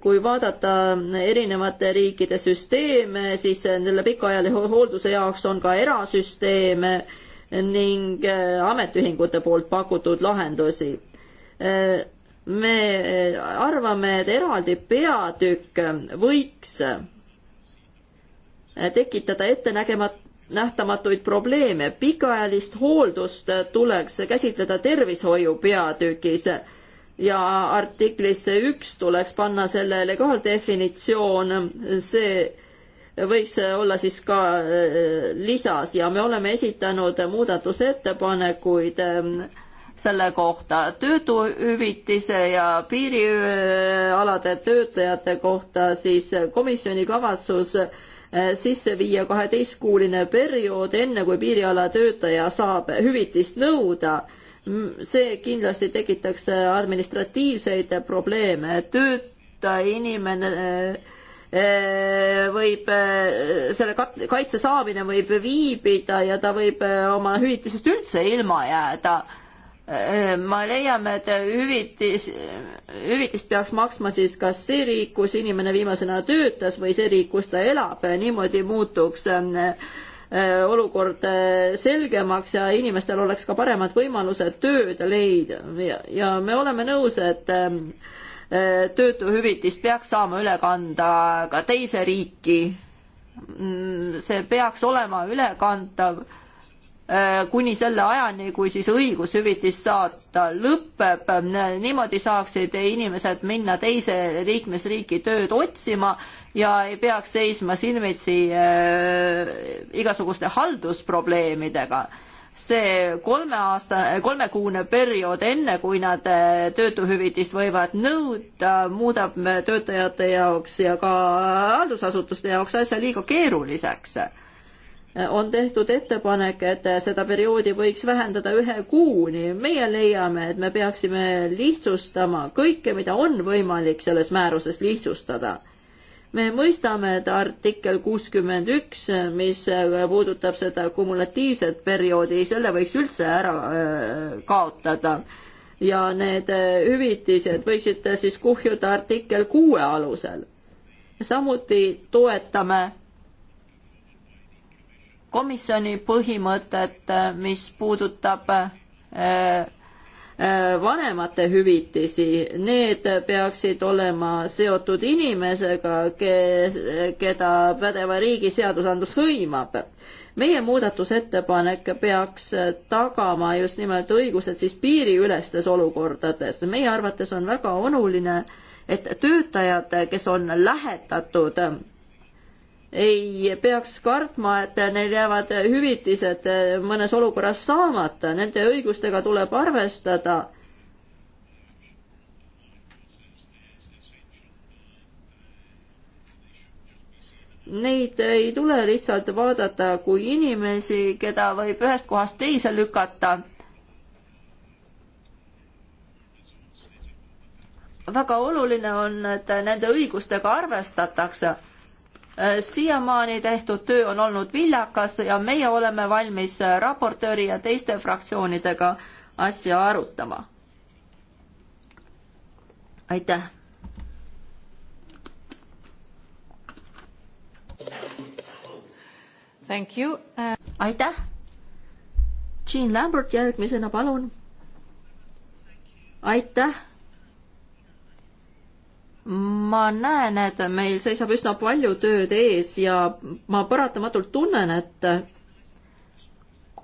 kui vaadata erinevate riikide süsteeme, siis selle pikaajalise hoolduse jaoks on ka erasüsteeme ning ametiühingute poolt pakutud lahendusi me eh, arvame, et eraldi peatükk eh, võiks eh, tekitada ettenägemat-, nähtamatuid probleeme. pikaajalist hooldust tuleks käsitleda tervishoiu peatükis ja artiklisse üks tuleks panna selle legaaldefinitsioon, see võiks olla siis ka lisas ja me oleme esitanud muudatusettepanekuid äh, selle kohta, töötuhüvitise ja piirialade töötajate kohta siis komisjoni kavatsus eh, sisse viia kaheteistkuuline periood, enne kui piiriala töötaja saab hüvitist nõuda. see kindlasti tekitaks administratiivseid probleeme, tööta inimene eh, võib, eh, selle kaitse saamine võib viibida ja ta võib oma hüvitisest üldse ilma jääda Äh, ma leiame, et hüvitis, hüvitist peaks maksma siis kas see riik, kus inimene viimasena töötas või see riik, kus ta elab, niimoodi muutuks äh, äh, olukord selgemaks ja inimestel oleks ka paremad võimalused tööd leida ja, ja me oleme nõus, et töötuhüvitist peaks saama üle kanda ka teise riiki. Mm, see peaks olema ülekantav Äh, kuni selle ajani, kui siis õigus hüvitist saata lõpeb, äh, niimoodi saaksid inimesed minna teise liikmesriiki tööd otsima ja ei peaks seisma silmitsi äh, igasuguste haldusprobleemidega see kolme aasta, kolmekuune periood, enne kui nad töötuhüvitist võivad nõuda, muudab töötajate jaoks ja ka haldusasutuste jaoks asja liiga keeruliseks on tehtud ettepanek, et seda perioodi võiks vähendada ühe kuuni. meie leiame, et me peaksime lihtsustama kõike, mida on võimalik selles määruses lihtsustada. me mõistame, et artikkel kuuskümmend üks, mis puudutab seda kumulatiivset perioodi, selle võiks üldse ära äh, kaotada ja need äh, hüvitised võiksid siis kuhjuda artikkel kuue alusel. samuti toetame komisjoni põhimõtet, mis puudutab äh, äh, vanemate hüvitisi, need peaksid olema seotud inimesega, kes, keda pädeva riigi seadusandlus hõimab. meie muudatusettepanek peaks tagama just nimelt õigused siis piiriülestes olukordades. meie arvates on väga oluline, et töötajad, kes on lähetatud ei peaks kartma, et neil jäävad hüvitised eh, mõnes olukorras saamata, nende õigustega tuleb arvestada. Neid ei tule lihtsalt vaadata kui inimesi, keda võib ühest kohast teise lükata väga oluline on, et nende õigustega arvestatakse Äh, siiamaani tehtud töö on olnud viljakas ja meie oleme valmis äh, raportööri ja teiste fraktsioonidega asja arutama. aitäh. Thank you uh.... aitäh. Jean Lambert järgmisena, palun. aitäh ma näen, et meil seisab üsna palju tööd ees ja ma paratamatult tunnen, et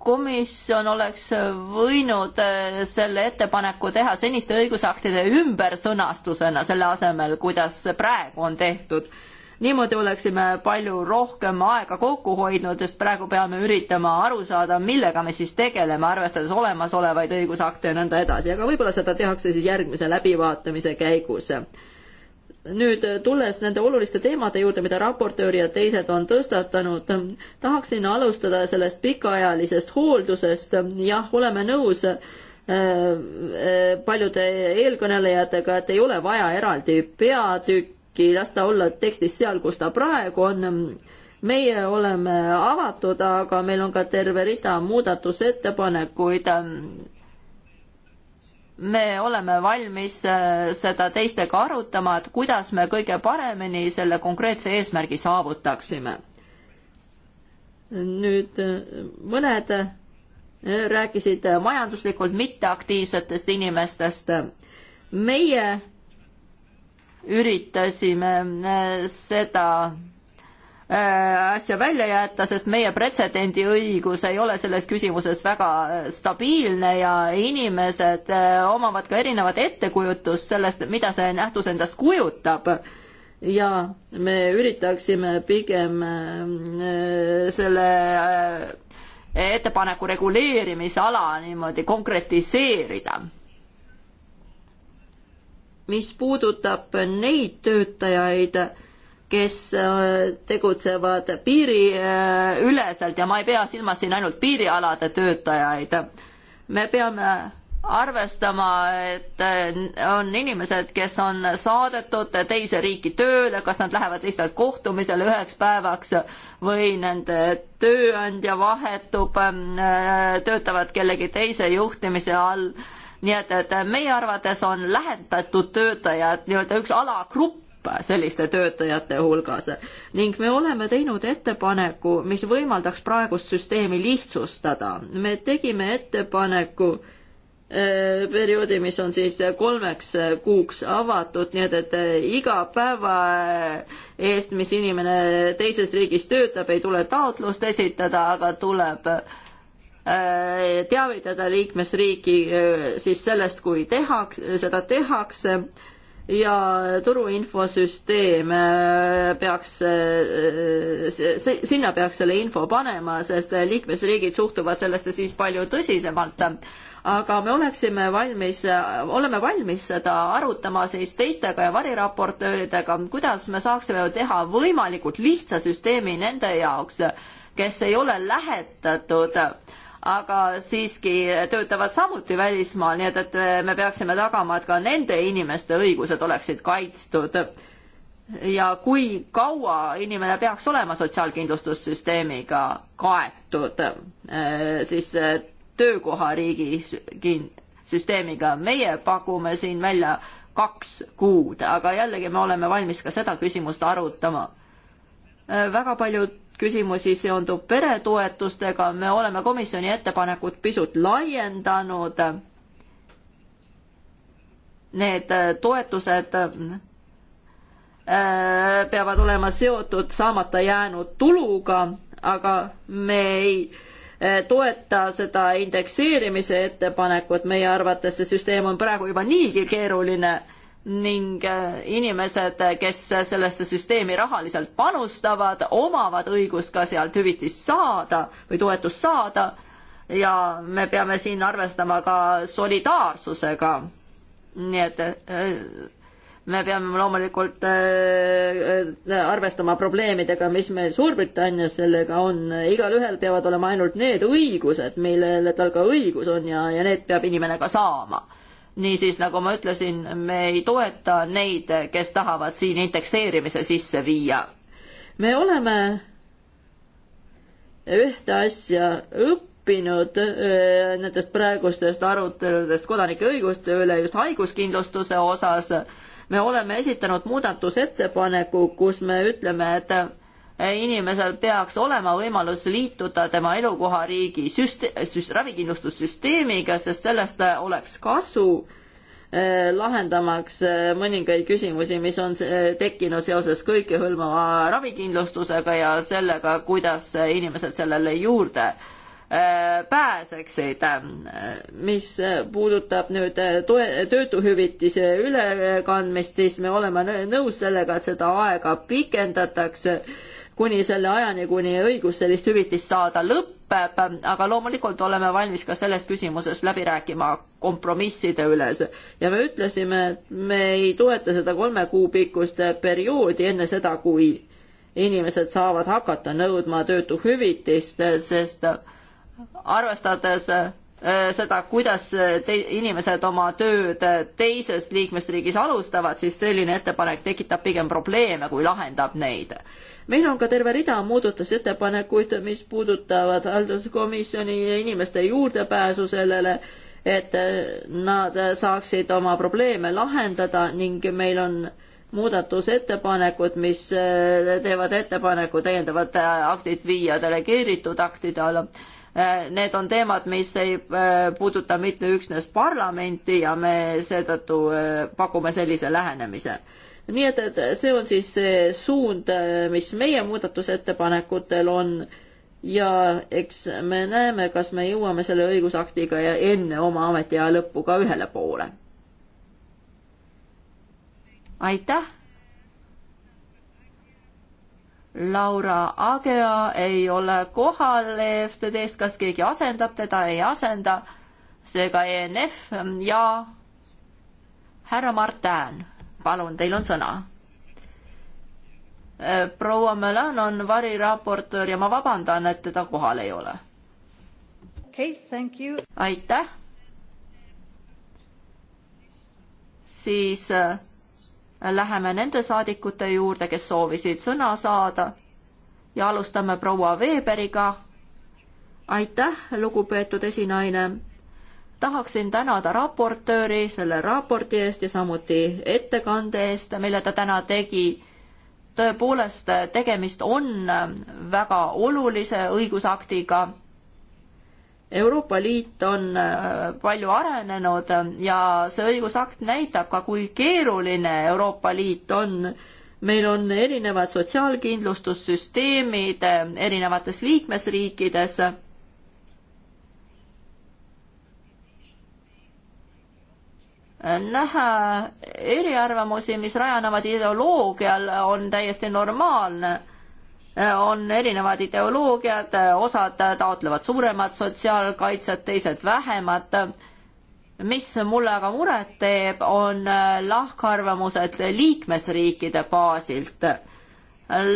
komisjon oleks võinud eh, selle ettepaneku teha seniste õigusaktide ümbersõnastusena, selle asemel, kuidas praegu on tehtud. niimoodi oleksime palju rohkem aega kokku hoidnud, sest praegu peame üritama aru saada, millega me siis tegeleme, arvestades olemasolevaid õigusakte ja nõnda edasi, aga võib-olla seda tehakse siis järgmise läbivaatamise käigus nüüd äh, tulles nende oluliste teemade juurde, mida raportöör ja teised on tõstatanud, tahaksin alustada sellest pikaajalisest hooldusest. jah, oleme nõus äh, äh, paljude eelkõnelejatega, et ei ole vaja eraldi peatükki, las ta olla tekstis seal, kus ta praegu on. meie oleme avatud, aga meil on ka terve rida muudatusettepanekuid ähm, me oleme valmis äh, seda teistega arutama, et kuidas me kõige paremini selle konkreetse eesmärgi saavutaksime. nüüd äh, mõned äh, rääkisid majanduslikult mitteaktiivsetest inimestest. meie üritasime seda Äh, asja välja jätta, sest meie pretsedendiõigus ei ole selles küsimuses väga äh, stabiilne ja inimesed äh, omavad ka erinevat ettekujutust sellest, mida see nähtus endast kujutab. ja me üritaksime pigem selle ettepaneku reguleerimisala niimoodi konkretiseerida mis puudutab neid töötajaid, kes äh, tegutsevad piiriüleselt ja ma ei pea silmas siin ainult piirialade töötajaid. me peame arvestama, et äh, on inimesed, kes on saadetud teise riiki tööle, kas nad lähevad lihtsalt kohtumisele üheks päevaks või nende tööandja vahetub, äh, töötavad kellegi teise juhtimise all. nii et, et meie arvates on lähetatud töötajad nii-öelda üks alagrupp, selliste töötajate hulgas ning me oleme teinud ettepaneku, mis võimaldaks praegust süsteemi lihtsustada. me tegime ettepaneku eh, perioodi, mis on siis kolmeks kuuks avatud, nii et, et eh, iga päeva eh, eest, mis inimene teises riigis töötab, ei tule taotlust esitada, aga tuleb teavitada liikmesriiki siis sellest, kui tehakse, seda tehakse ja turuinfosüsteem äh, peaks, äh, sinna peaks selle info panema, sest liikmesriigid suhtuvad sellesse siis palju tõsisemalt. aga me oleksime valmis, äh, oleme valmis seda arutama siis teistega ja variraportööridega, kuidas me saaksime teha võimalikult lihtsa süsteemi nende jaoks, kes ei ole lähetatud aga siiski töötavad samuti välismaal, nii et, et me peaksime tagama, et ka nende inimeste õigused oleksid kaitstud. ja kui kaua inimene peaks olema sotsiaalkindlustussüsteemiga kaetud, eh, siis eh, töökohariigi süsteemiga, meie pakume siin välja kaks kuud, aga jällegi me oleme valmis ka seda küsimust arutama. Eh, väga paljud küsimusi seondub peretoetustega, me oleme komisjoni ettepanekut pisut laiendanud. Need toetused äh, peavad olema seotud saamata jäänud tuluga, aga me ei äh, toeta seda indekseerimise ettepanekut, meie arvates see süsteem on praegu juba niigi keeruline ning äh, inimesed, kes sellesse süsteemi rahaliselt panustavad, omavad õigust ka sealt hüvitist saada või toetust saada ja me peame siin arvestama ka solidaarsusega. nii et äh, me peame loomulikult äh, arvestama probleemidega, mis meil Suurbritannias sellega on, igalühel peavad olema ainult need õigused, millele tal ka õigus on ja, ja need peab inimene ka saama niisiis, nagu ma ütlesin, me ei toeta neid, kes tahavad siin indekseerimise sisse viia. me oleme ühte asja õppinud äh, nendest praegustest aruteludest kodanike õiguste üle just haiguskindlustuse osas. me oleme esitanud muudatusettepaneku, kus me ütleme, et inimesel peaks olema võimalus liituda tema elukohariigi süste-, süst-, ravikindlustussüsteemiga, sest sellest oleks kasu eh, lahendamaks eh, mõningaid küsimusi, mis on eh, tekkinud seoses kõikehõlmava ravikindlustusega ja sellega, kuidas inimesed sellele juurde pääseksid. mis puudutab nüüd toe, töötuhüvitise ülekandmist, siis me oleme nõus sellega, et seda aega pikendatakse kuni selle ajani, kuni õigus sellist hüvitist saada lõpeb, aga loomulikult oleme valmis ka selles küsimuses läbi rääkima kompromisside üles. ja me ütlesime, et me ei toeta seda kolme kuu pikkust perioodi enne seda, kui inimesed saavad hakata nõudma töötuhüvitist, sest arvestades Äh, seda, kuidas äh, te-, inimesed oma tööd äh, teises liikmesriigis alustavad, siis selline ettepanek tekitab pigem probleeme, kui lahendab neid. meil on ka terve rida muudatusettepanekuid, mis puudutavad halduskomisjoni inimeste juurdepääsu sellele, et nad saaksid oma probleeme lahendada ning meil on muudatusettepanekud, mis teevad ettepaneku täiendavad aktid viia delegeeritud aktide alla Äh, need on teemad, mis ei äh, puuduta mitte üksnes parlamenti ja me seetõttu äh, pakume sellise lähenemise nii et, et see on siis see suund, mis meie muudatusettepanekutel on ja eks me näeme, kas me jõuame selle õigusaktiga ja enne oma ametiaja lõppu ka ühele poole. aitäh Laura Agea ei ole kohal EFTD-st, kas keegi asendab teda, ei asenda, seega ENF ja härra Martin, palun, teil on sõna. Äh, proua Mölan on variraportöör ja ma vabandan, et teda kohal ei ole. okei okay,, thank you. aitäh. siis äh, läheme nende saadikute juurde, kes soovisid sõna saada ja alustame proua Veeberiga. aitäh, lugupeetud esinaine. tahaksin tänada raportööri selle raporti eest ja samuti ettekande eest, mille ta täna tegi. tõepoolest, tegemist on väga olulise õigusaktiga Euroopa Liit on äh, palju arenenud ja see õigusakt näitab ka, kui keeruline Euroopa Liit on. meil on erinevad sotsiaalkindlustussüsteemid äh, erinevates liikmesriikides. näha eriarvamusi, mis rajanevad ideoloogial, on täiesti normaalne on erinevad ideoloogiad, osad taotlevad suuremat sotsiaalkaitset, teised vähemat. mis mulle aga muret teeb, on lahkarvamused liikmesriikide baasilt.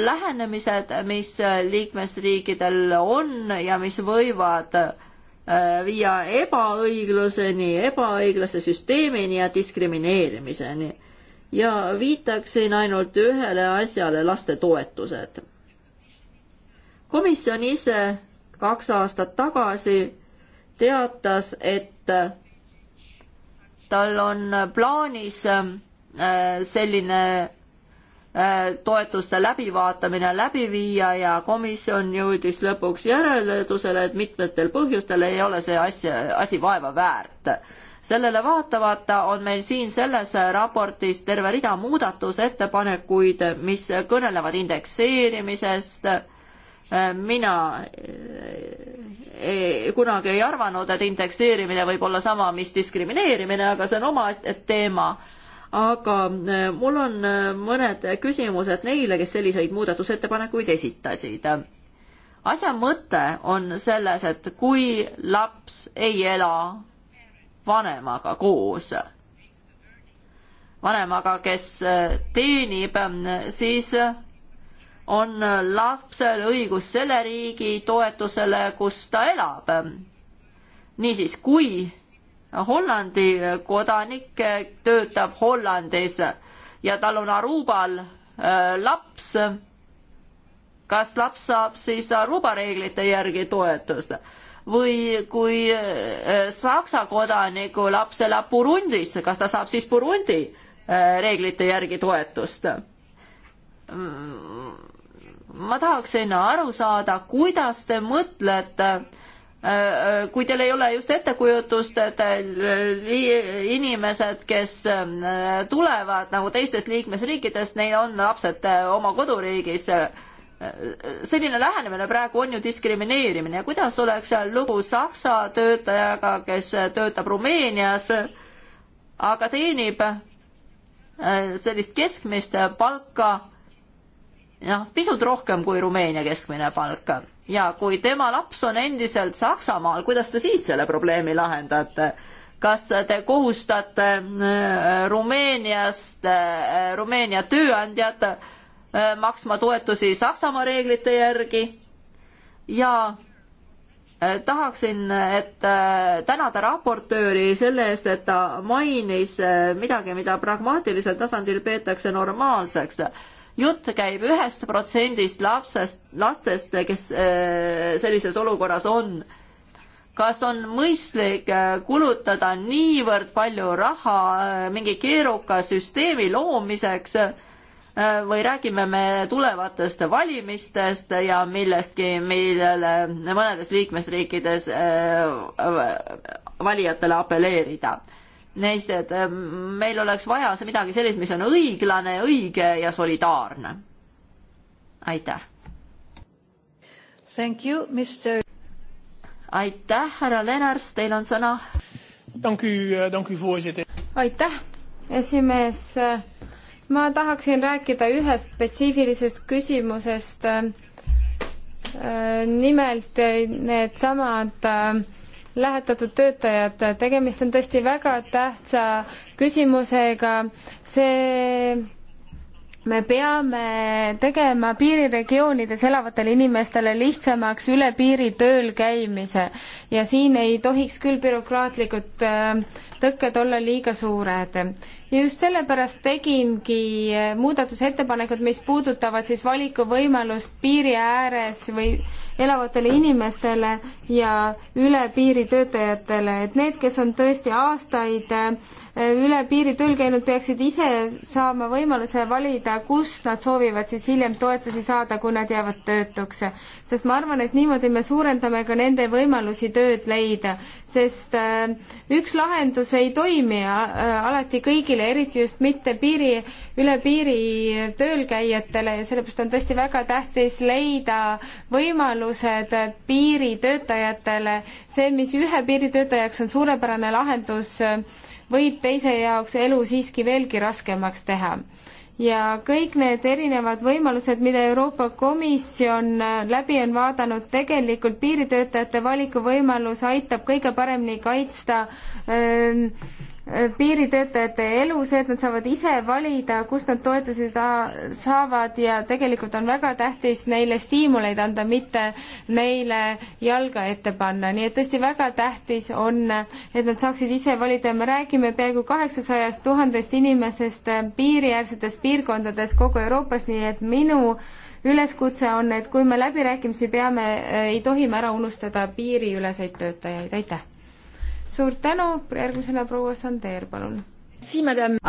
lähenemised, mis liikmesriikidel on ja mis võivad äh, viia ebaõigluseni, ebaõiglase süsteemini ja diskrimineerimiseni. ja viitaksin ainult ühele asjale, lastetoetused komisjon ise eh, kaks aastat tagasi teatas, et eh, tal on plaanis eh, selline toetuste läbivaatamine läbi viia ja komisjon jõudis lõpuks järeldusele, et mitmetel põhjustel ei ole see asja, asi vaeva väärt. sellele vaatamata on meil siin selles raportis terve rida muudatusettepanekuid, mis kõnelevad indekseerimisest, mina ei, eh, eh, kunagi ei arvanud, et indekseerimine võib olla sama, mis diskrimineerimine, aga see on omaette teema. aga eh, mul on mõned küsimused neile, kes selliseid muudatusettepanekuid esitasid. asja mõte on selles, et kui laps ei ela vanemaga koos, vanemaga, kes teenib, siis on lapsel õigus selle riigi toetusele, kus ta elab. niisiis, kui Hollandi kodanik töötab Hollandis ja tal on Arubal äh, laps, kas laps saab siis Aruba reeglite järgi toetust? või kui äh, Saksa kodaniku laps elab Burundis, kas ta saab siis Burundi äh, reeglite järgi toetust? Mm, ma tahaksin aru saada, kuidas te mõtlete, äh, kui teil ei ole just ettekujutust, et äh, inimesed, kes äh, tulevad nagu teistest liikmesriikidest, neil on lapsed oma koduriigis selline lähenemine praegu on ju diskrimineerimine ja kuidas oleks seal lugu Saksa töötajaga, kes töötab Rumeenias, aga teenib sellist keskmist palka noh, pisut rohkem kui Rumeenia keskmine palk. ja kui tema laps on endiselt Saksamaal, kuidas te siis selle probleemi lahendate? kas te kohustate äh, Rumeeniast, äh, Rumeenia tööandjad äh, maksma toetusi Saksamaa reeglite järgi? ja tahaksin, et tänada raportööri selle eest, et ta mainis midagi, mida pragmaatilisel tasandil peetakse normaalseks jutt käib ühest protsendist lapsest, lastest, kes äh, sellises olukorras on. kas on mõistlik äh, kulutada niivõrd palju raha äh, mingi keeruka süsteemi loomiseks või räägime me tulevatest valimistest ja millestki, millele mõnedes liikmesriikides valijatele apelleerida neist, et äh, meil oleks vaja midagi sellist, mis on õiglane, õige ja solidaarne. aitäh. Thank you, Mr. aitäh, härra Lennarts, teil on sõna. Äh, aitäh, esimees. ma tahaksin rääkida ühest spetsiifilisest küsimusest. Äh, nimelt needsamad äh, lähetatud töötajad, tegemist on tõesti väga tähtsa küsimusega, see me peame tegema piiriregioonides elavatele inimestele lihtsamaks üle piiri tööl käimise ja siin ei tohiks küll bürokraatlikud äh, tõkked olla liiga suured. ja just sellepärast tegingi äh, muudatusettepanekud, mis puudutavad siis valikuvõimalust piiri ääres või elavatele inimestele ja üle piiri töötajatele, et need, kes on tõesti aastaid äh, üle piiri tööl käinud peaksid ise saama võimaluse valida, kust nad soovivad siis hiljem toetusi saada, kui nad jäävad töötuks. sest ma arvan, et niimoodi me suurendame ka nende võimalusi tööd leida, sest äh, üks lahendus ei toimi äh, alati kõigile, eriti just mitte piiri, üle piiri tööl käijatele ja sellepärast on tõesti väga tähtis leida võimalused piiritöötajatele, see, mis ühe piiritöötaja jaoks on suurepärane lahendus, äh, võib teise jaoks elu siiski veelgi raskemaks teha. ja kõik need erinevad võimalused, mida Euroopa Komisjon äh, läbi on vaadanud, tegelikult piiritöötajate valikuvõimalus aitab kõige paremini kaitsta öö, ähm, piiritöötajate elu, see, et nad saavad ise valida, kust nad toetusi saa-, saavad ja tegelikult on väga tähtis neile stiimuleid anda, mitte neile jalga ette panna, nii et tõesti väga tähtis on, et nad saaksid ise valida ja me räägime peaaegu kaheksasajast tuhandest inimesest piiriäärsetes piirkondades kogu Euroopas, nii et minu üleskutse on, et kui me läbirääkimisi peame, ei tohi me ära unustada piiriüleseid töötajaid, aitäh! suur tänu, järgmisena proua Sander, palun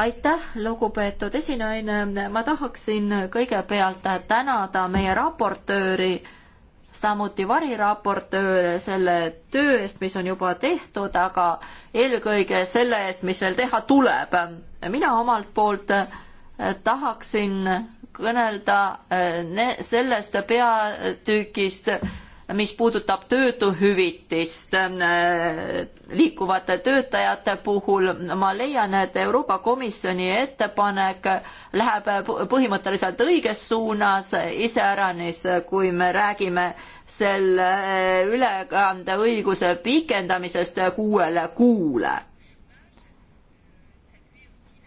aitäh, lugupeetud esinaine, ma tahaksin kõigepealt tänada meie raportööri, samuti variraportööre selle töö eest, mis on juba tehtud, aga eelkõige selle eest, mis veel teha tuleb. mina omalt poolt eh, tahaksin kõnelda eh, sellest peatükist, mis puudutab töötuhüvitist äh, liikuvate töötajate puhul, ma leian, et Euroopa Komisjoni ettepanek läheb põhimõtteliselt õiges suunas, iseäranis kui me räägime selle äh, ülekandeõiguse pikendamisest kuuele kuule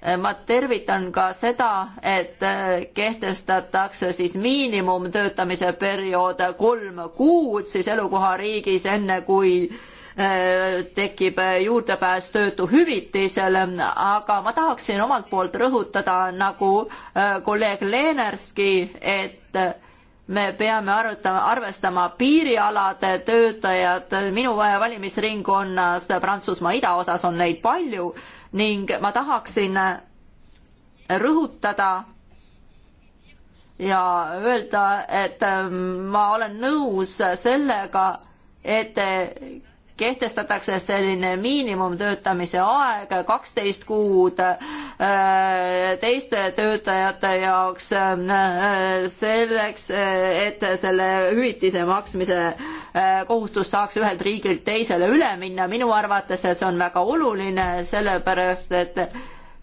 Äh, ma tervitan ka seda, et äh, kehtestatakse siis miinimumtöötamise periood kolm kuud siis elukohariigis, enne kui äh, tekib juurdepääs töötuhüvitisele, aga ma tahaksin omalt poolt rõhutada, nagu kolleeg Leenerski, et me peame arutama, arvestama piirialade töötajad, minu valimisringkonnas Prantsusmaa idaosas on neid palju ning ma tahaksin rõhutada ja öelda, et ähm, ma olen nõus sellega, et kehtestatakse selline miinimumtöötamise aeg, kaksteist kuud äh, teiste töötajate jaoks äh, selleks, äh, et selle hüvitise maksmise kohustus saaks ühelt riigilt teisele üle minna. minu arvates, et see on väga oluline, sellepärast et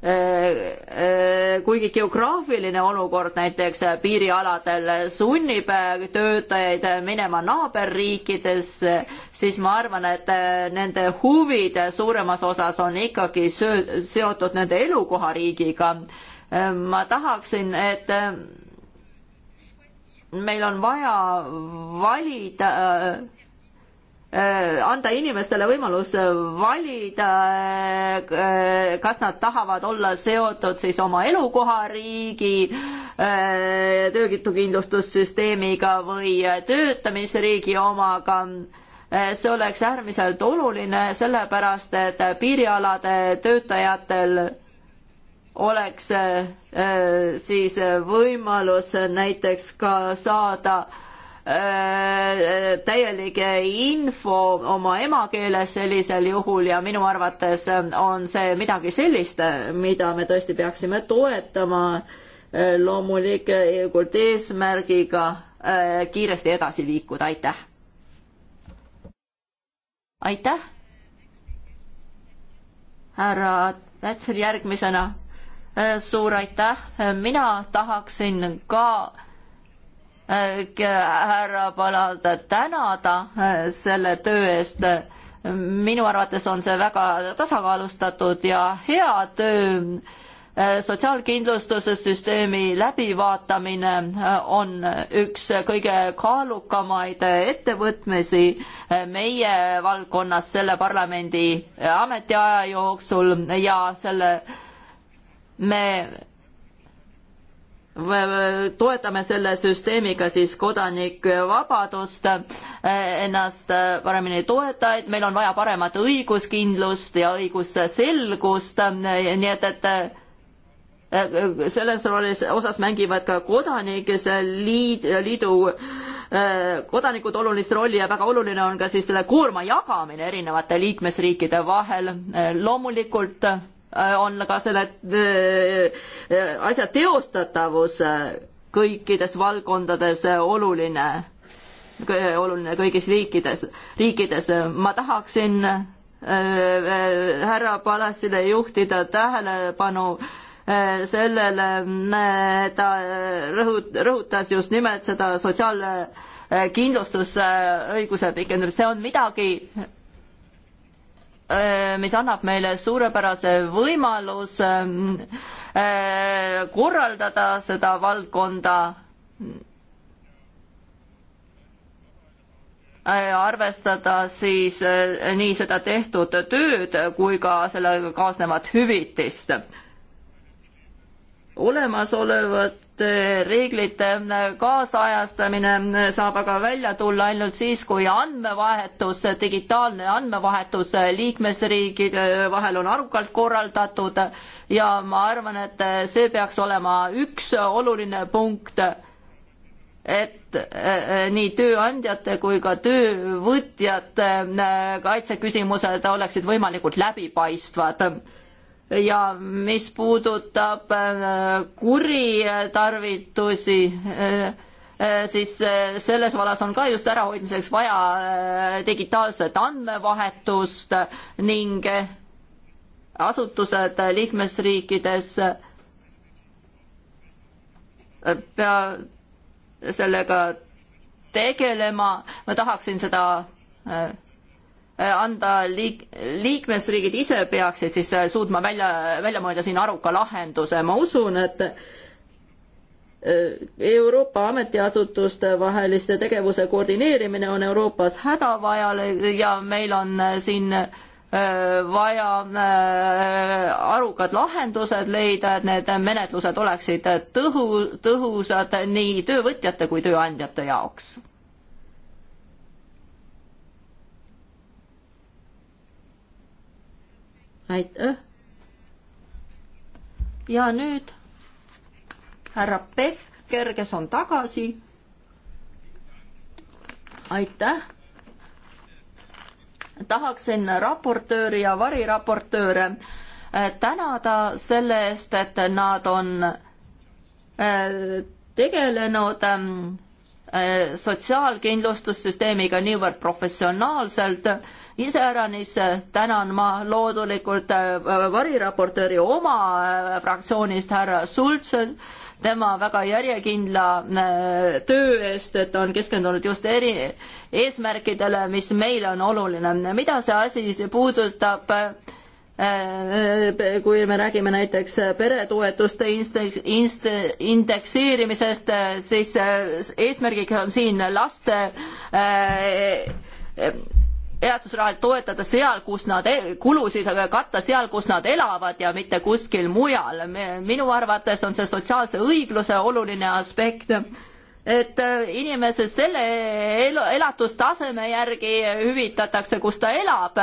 Äh, äh, kuigi geograafiline olukord näiteks piirialadel sunnib äh, töötajaid minema naaberriikidesse, siis ma arvan, et nende huvid suuremas osas on ikkagi söö-, seotud nende elukohariigiga. ma tahaksin, et meil on vaja valida Äh, anda inimestele võimalus äh, valida, äh, kas nad tahavad olla seotud siis oma elukohariigi töötukindlustussüsteemiga või töötamisriigi omaga see oleks äärmiselt oluline, sellepärast et piirialade töötajatel oleks siis võimalus näiteks ka saada Äh, äh, täielik info oma emakeeles sellisel juhul ja minu arvates ähm, on see midagi sellist, äh, mida me tõesti peaksime toetama loomulikult eesmärgiga kiiresti edasi liikuda, aitäh. aitäh. härra Tätsel järgmisena. suur aitäh, mina tahaksin ka Äh, härra Palad tänada äh, selle töö eest. minu arvates on see väga tasakaalustatud ja hea töö äh, sotsiaalkindlustussüsteemi läbivaatamine on üks kõige kaalukamaid ettevõtmisi meie valdkonnas selle parlamendi ametiaja jooksul ja selle me toetame selle süsteemiga siis kodanike vabadust, eh, ennast eh, paremini toetajaid, meil on vaja paremat õiguskindlust ja õigusselgust, eh, nii et, et selles rollis, osas mängivad ka kodanikes liid, liidu kodanikud olulist rolli ja väga oluline on ka siis selle koorma jagamine erinevate liikmesriikide vahel. loomulikult on ka selle äh, asja teostatavus kõikides valdkondades oluline, oluline kõigis riikides, riikides. ma tahaksin äh, härra Palassile juhtida tähelepanu äh, sellele, ta rõhut-, rõhutas just nimelt seda sotsiaal- kindlustusõiguse pikendamine, see on midagi, Äh, mis annab meile suurepärase võimaluse äh, korraldada seda valdkonda äh, arvestada siis nii seda tehtud tööd kui ka sellega kaasnevat hüvitist. olemasolevad Eh, reeglite eh, kaasajastamine eh, saab aga välja tulla ainult siis, kui andmevahetus, digitaalne andmevahetus liikmesriikide vahel on arukalt korraldatud ja ma arvan, et see peaks olema üks oluline punkt et nii tööandjate kui ka töövõtjate kaitseküsimused oleksid võimalikult läbipaistvad ja mis puudutab äh, kuritarvitusi, äh, äh, siis selles vallas on ka just ärahoidmiseks vaja digitaalset andmevahetust ning asutused liikmesriikides pea sellega tegelema, ma tahaksin seda Äh, anda liik-, liikmesriigid ise peaksid siis äh, suutma välja, välja mõelda siin aruka lahenduse, ma usun, et äh, Euroopa ametiasutuste vaheliste tegevuse koordineerimine on Euroopas hädavajalik ja meil on siin vaja arukad lahendused leida, et need menetlused oleksid tõhu, tõhusad nii töövõtjate kui tööandjate jaoks aitäh. ja nüüd härra Pekker, kes on tagasi. aitäh. tahaksin raportööri ja variraportööre eh, tänada selle eest, et nad on eh, tegelenud ehm, Äh, sotsiaalkindlustussüsteemiga niivõrd professionaalselt. iseäranis äh, tänan ma loodulikult äh, variraportööri oma fraktsioonist, härra Sultsen, tema väga järjekindla töö eest, et on keskendunud just eri eesmärkidele, mis meile on oluline. mida see asi puudutab? Äh, äh, kui me räägime näiteks peretoetuste inst-, indekseerimisest, äh, siis eesmärgiks on siin laste elatusrahad toetada seal, kus nad, e-, kulusid katta seal, kus nad elavad ja mitte kuskil mujal. minu arvates on see sotsiaalse õigluse oluline aspekt et inimese selle elatustaseme järgi hüvitatakse, kus ta elab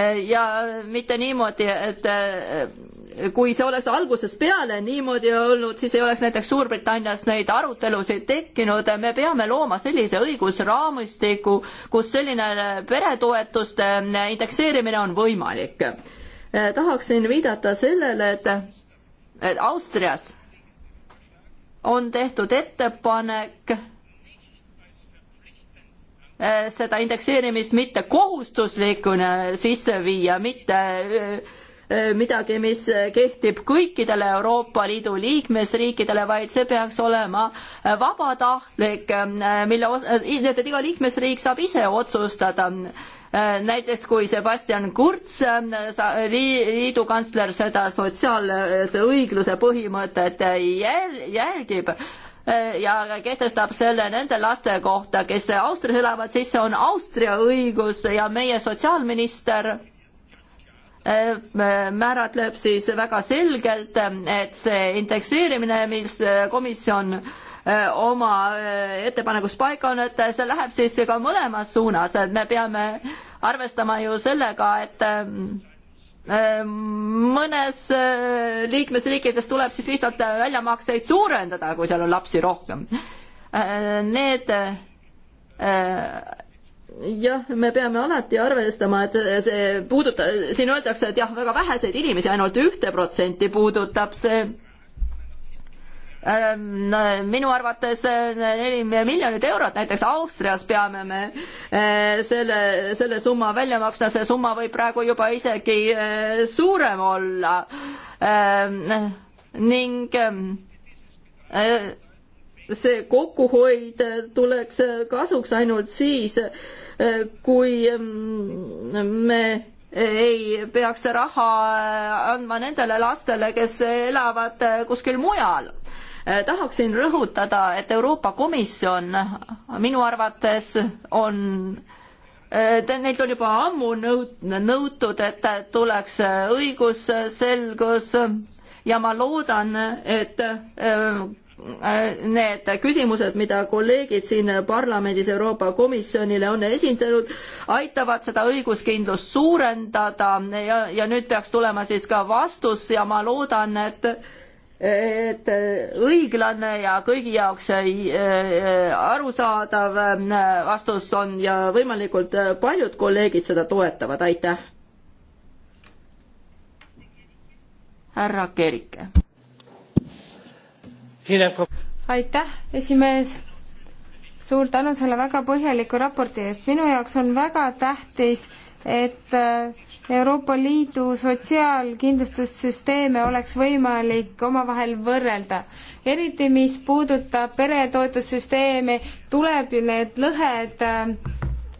Eh, ja mitte niimoodi, et eh, kui see oleks algusest peale niimoodi olnud, siis ei oleks näiteks Suurbritannias neid arutelusid tekkinud, me peame looma sellise õigusraamistiku, kus selline peretoetuste indekseerimine on võimalik. Eh, tahaksin viidata sellele, et, et Austrias on tehtud ettepanek Äh, seda indekseerimist mitte kohustuslikuna sisse viia, mitte äh, äh, midagi, mis kehtib kõikidele Euroopa Liidu liikmesriikidele, vaid see peaks olema vabatahtlik, mille os-, nii et iga liikmesriik saab ise otsustada. näiteks kui Sebastian Kurz, liidu kantsler, seda sotsiaalse õigluse põhimõtet jälgib, Äh, ja kehtestab selle nende laste kohta, kes Austrias elavad, siis see on Austria õigus ja meie sotsiaalminister äh, määratleb siis väga selgelt, et see indekseerimine, mis äh, komisjon oma ettepanekus paika on, et see läheb siis ka mõlemas suunas, et me peame arvestama ju sellega, et Ehm, mõnes eh, liikmesriikides tuleb siis lihtsalt eh, väljamakseid suurendada, kui seal on lapsi rohkem. Ehm, need eh, jah, me peame alati arvestama, et see puudutab, siin öeldakse, et jah, väga väheseid inimesi ainult, ainult ühte protsenti puudutab see Ähm, minu arvates äh, neli miljonit eurot näiteks Austrias peame me äh, selle, selle summa välja maksma, see summa võib praegu juba isegi äh, suurem olla. Ähm, ning ähm, see kokkuhoid tuleks kasuks ainult siis, kui me ei peaks raha andma nendele lastele, kes elavad kuskil mujal Äh, tahaksin rõhutada, et Euroopa Komisjon minu arvates on äh, Neilt on juba ammu nõut-, nõutud, et tuleks õigusselgus ja ma loodan, et äh, need küsimused, mida kolleegid siin parlamendis Euroopa Komisjonile on esindanud, aitavad seda õiguskindlust suurendada ja, ja nüüd peaks tulema siis ka vastus ja ma loodan, et et äh, õiglane ja kõigi jaoks äh, arusaadav äh, vastus on ja võimalikult paljud kolleegid seda toetavad, aitäh. härra Kerike. aitäh, esimees. suur tänu selle väga põhjaliku raporti eest, minu jaoks on väga tähtis, et äh, Euroopa Liidu sotsiaalkindlustussüsteeme oleks võimalik omavahel võrrelda. eriti, mis puudutab peretoetussüsteemi, tuleb ju need lõhed äh,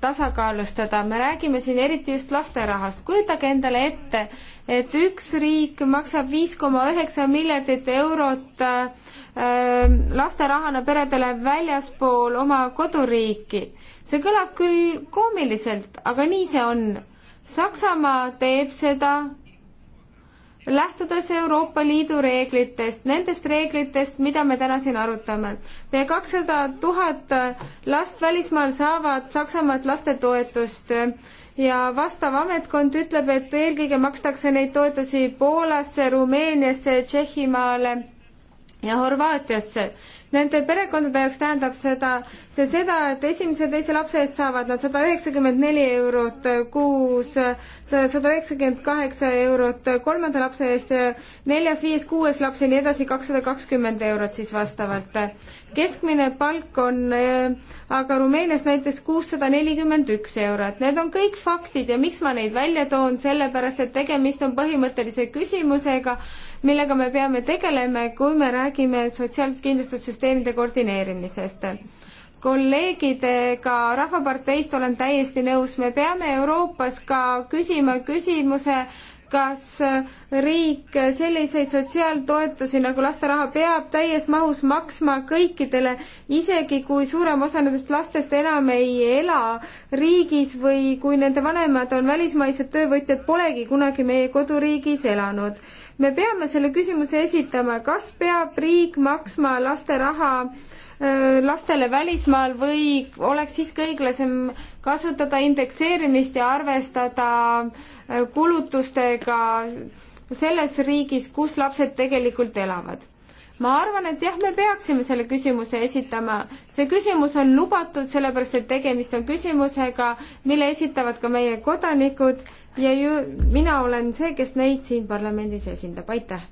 tasakaalustada, me räägime siin eriti just lasterahast, kujutage endale ette, et üks riik maksab viis koma üheksa miljardit eurot äh, äh lasterahana peredele väljaspool oma koduriiki see kõlab küll koomiliselt, aga nii see on. Saksamaa teeb seda lähtudes Euroopa Liidu reeglitest, nendest reeglitest, mida me täna siin arutame. pea kakssada tuhat last välismaal saavad Saksamaalt lastetoetust ja vastav ametkond ütleb, et eelkõige makstakse neid toetusi Poolasse, Rumeeniasse, Tšehhimaale ja Horvaatiasse. Nende perekondade jaoks tähendab seda, see seda, et esimese ja teise lapse eest saavad nad sada üheksakümmend neli eurot kuus, sada üheksakümmend kaheksa eurot kolmanda lapse eest, neljas, viies, kuues laps ja nii edasi, kakssada kakskümmend eurot siis vastavalt. keskmine palk on eh, aga Rumeenias näiteks kuussada nelikümmend üks eurot. Need on kõik faktid ja miks ma neid välja toon, sellepärast et tegemist on põhimõttelise küsimusega, millega me peame tegelema, kui me räägime sotsiaalkindlustussüsteemide koordineerimisest kolleegidega Rahvaparteist olen täiesti nõus, me peame Euroopas ka küsima küsimuse, kas riik selliseid sotsiaaltoetusi nagu lasteraha peab täies mahus maksma kõikidele, isegi kui suurem osa nendest lastest enam ei ela riigis või kui nende vanemad on välismaised töövõtjad, polegi kunagi meie koduriigis elanud. me peame selle küsimuse esitama, kas peab riik maksma lasteraha äh, Äh, lastele välismaal või oleks siiski õiglasem kasutada indekseerimist ja arvestada äh, kulutustega selles riigis, kus lapsed tegelikult elavad? ma arvan, et jah, me peaksime selle küsimuse esitama. see küsimus on lubatud, sellepärast et tegemist on küsimusega, mille esitavad ka meie kodanikud ja ju mina olen see, kes neid siin parlamendis esindab, aitäh.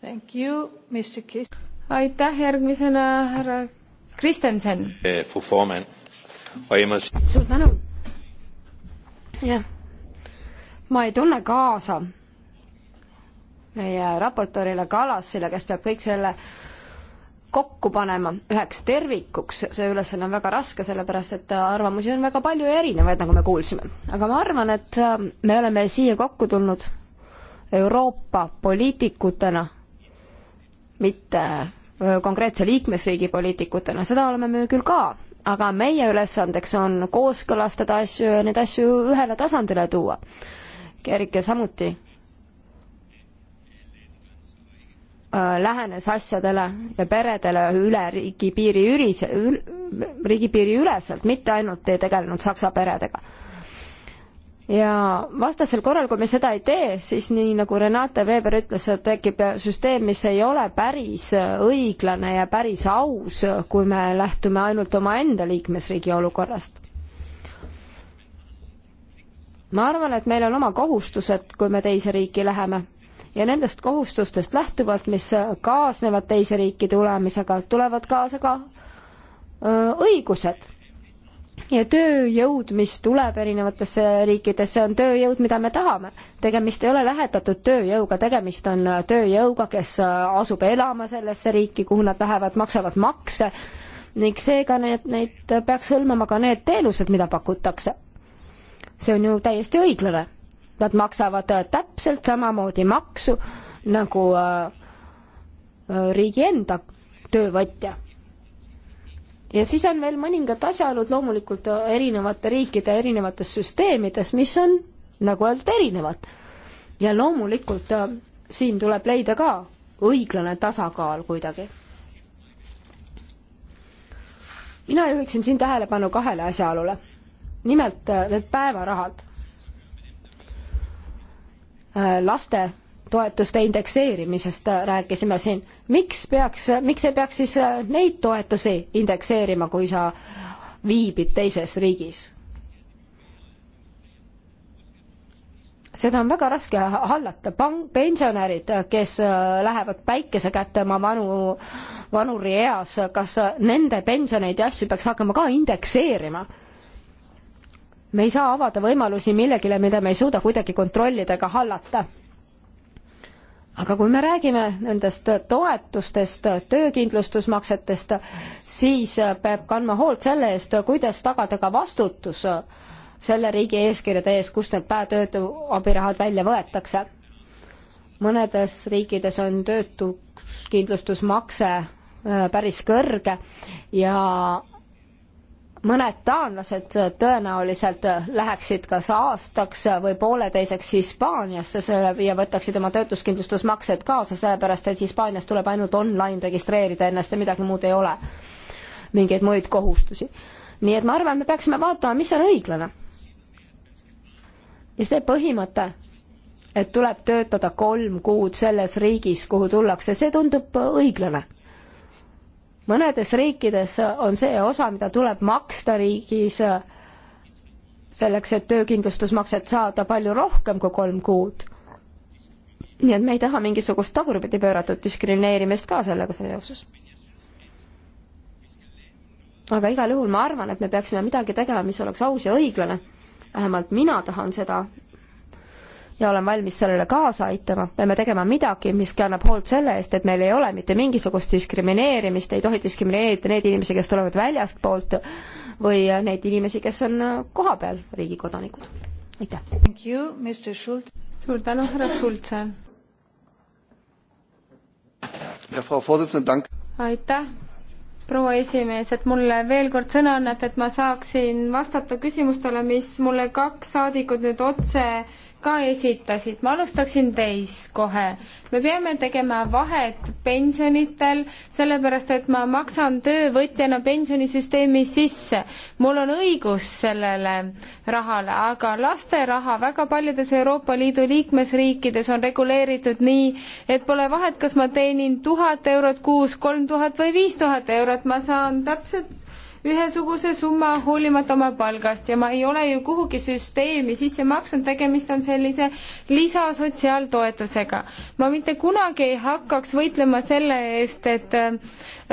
Thank you, Mr Kis- aitäh, järgmisena härra Kristensen. suur tänu. jah, ma ei tunne kaasa meie raportöörile Kalasile, kes peab kõik selle kokku panema üheks tervikuks, see ülesanne on väga raske, sellepärast et arvamusi on väga palju ja erinevaid, nagu me kuulsime. aga ma arvan, et ähm, me oleme siia kokku tulnud Euroopa poliitikutena, mitte konkreetse liikmesriigi poliitikutena, seda oleme me küll ka, aga meie ülesandeks on kooskõlastada asju ja neid asju ühele tasandile tuua. Erike samuti lähenes asjadele ja peredele üle riigipiiri ürise, riigipiiri üleselt, mitte ainult ei tegelenud saksa peredega ja vastasel korral, kui me seda ei tee, siis nii nagu Renate Veber ütles, tekib süsteem, mis ei ole päris õiglane ja päris aus, kui me lähtume ainult omaenda liikmesriigi olukorrast. ma arvan, et meil on oma kohustused, kui me teise riiki läheme ja nendest kohustustest lähtuvalt, mis kaasnevad teise riiki tulemisega, tulevad kaasa ka öö, äh, õigused ja tööjõud, mis tuleb erinevatesse riikidesse, on tööjõud, mida me tahame. tegemist ei ole lähetatud tööjõuga, tegemist on tööjõuga, kes asub elama sellesse riiki, kuhu nad lähevad, maksavad makse ning seega need, neid peaks hõlmama ka need teenused, mida pakutakse. see on ju täiesti õiglane. Nad maksavad täpselt samamoodi maksu nagu äh, äh, riigi enda töövõtja ja siis on veel mõningad asjaolud loomulikult erinevate riikide erinevates süsteemides, mis on nagu öeldud, erinevad. ja loomulikult äh, siin tuleb leida ka õiglane tasakaal kuidagi. mina juhiksin siin tähelepanu kahele asjaolule. nimelt äh, need päevarahad. Äh, laste toetuste indekseerimisest rääkisime siin, miks peaks, miks ei peaks siis neid toetusi indekseerima, kui sa viibid teises riigis? seda on väga raske hallata, pang-, pensionärid, kes äh, lähevad päikese kätte oma vanu, vanurieas, kas nende pensioneid ja asju peaks hakkama ka indekseerima? me ei saa avada võimalusi millegile, mida me ei suuda kuidagi kontrollida ega hallata aga kui me räägime nendest toetustest, töökindlustusmaksetest, siis peab kandma hoolt selle eest, kuidas tagada ka vastutus selle riigi eeskirjade ees, kust need päätöötu abirahad välja võetakse. mõnedes riikides on töötuskindlustusmakse äh, päris kõrge ja mõned taanlased tõenäoliselt läheksid kas aastaks või pooleteiseks Hispaaniasse selle ja võtaksid oma töötuskindlustusmaksed kaasa, sellepärast et Hispaanias tuleb ainult online registreerida ennast ja midagi muud ei ole. mingeid muid kohustusi. nii et ma arvan, me peaksime vaatama, mis on õiglane. ja see põhimõte, et tuleb töötada kolm kuud selles riigis, kuhu tullakse, see tundub õiglane mõnedes riikides on see osa, mida tuleb maksta riigis äh, selleks, et töökindlustusmakset saada palju rohkem kui kolm kuud. nii et me ei taha mingisugust tagurpidi pööratud diskrimineerimist ka sellega seoses. aga igal juhul ma arvan, et me peaksime midagi tegema, mis oleks aus ja õiglane. vähemalt mina tahan seda ja olen valmis sellele kaasa aitama, peame tegema midagi, mis kannab hoolt selle eest, et meil ei ole mitte mingisugust diskrimineerimist, ei tohi diskrimineerida neid inimesi, kes tulevad väljastpoolt või neid inimesi, kes on kohapeal riigi kodanikud. aitäh! suur tänu, härra Schulze! aitäh, proua esimees, et mulle veel kord sõna annate, et ma saaksin vastata küsimustele, mis mulle kaks saadikut nüüd otse ka esitasid. ma alustaksin teist kohe. me peame tegema vahet pensionitel, sellepärast et ma maksan töövõtjana pensionisüsteemi sisse. mul on õigus sellele rahale, aga lasteraha väga paljudes Euroopa Liidu liikmesriikides on reguleeritud nii, et pole vahet, kas ma teenin tuhat eurot kuus, kolm tuhat või viis tuhat eurot, ma saan täpselt ühesuguse summa hoolimata oma palgast ja ma ei ole ju kuhugi süsteemi sisse maksnud, tegemist on sellise lisasotsiaaltoetusega. ma mitte kunagi ei hakkaks võitlema selle eest, et öö,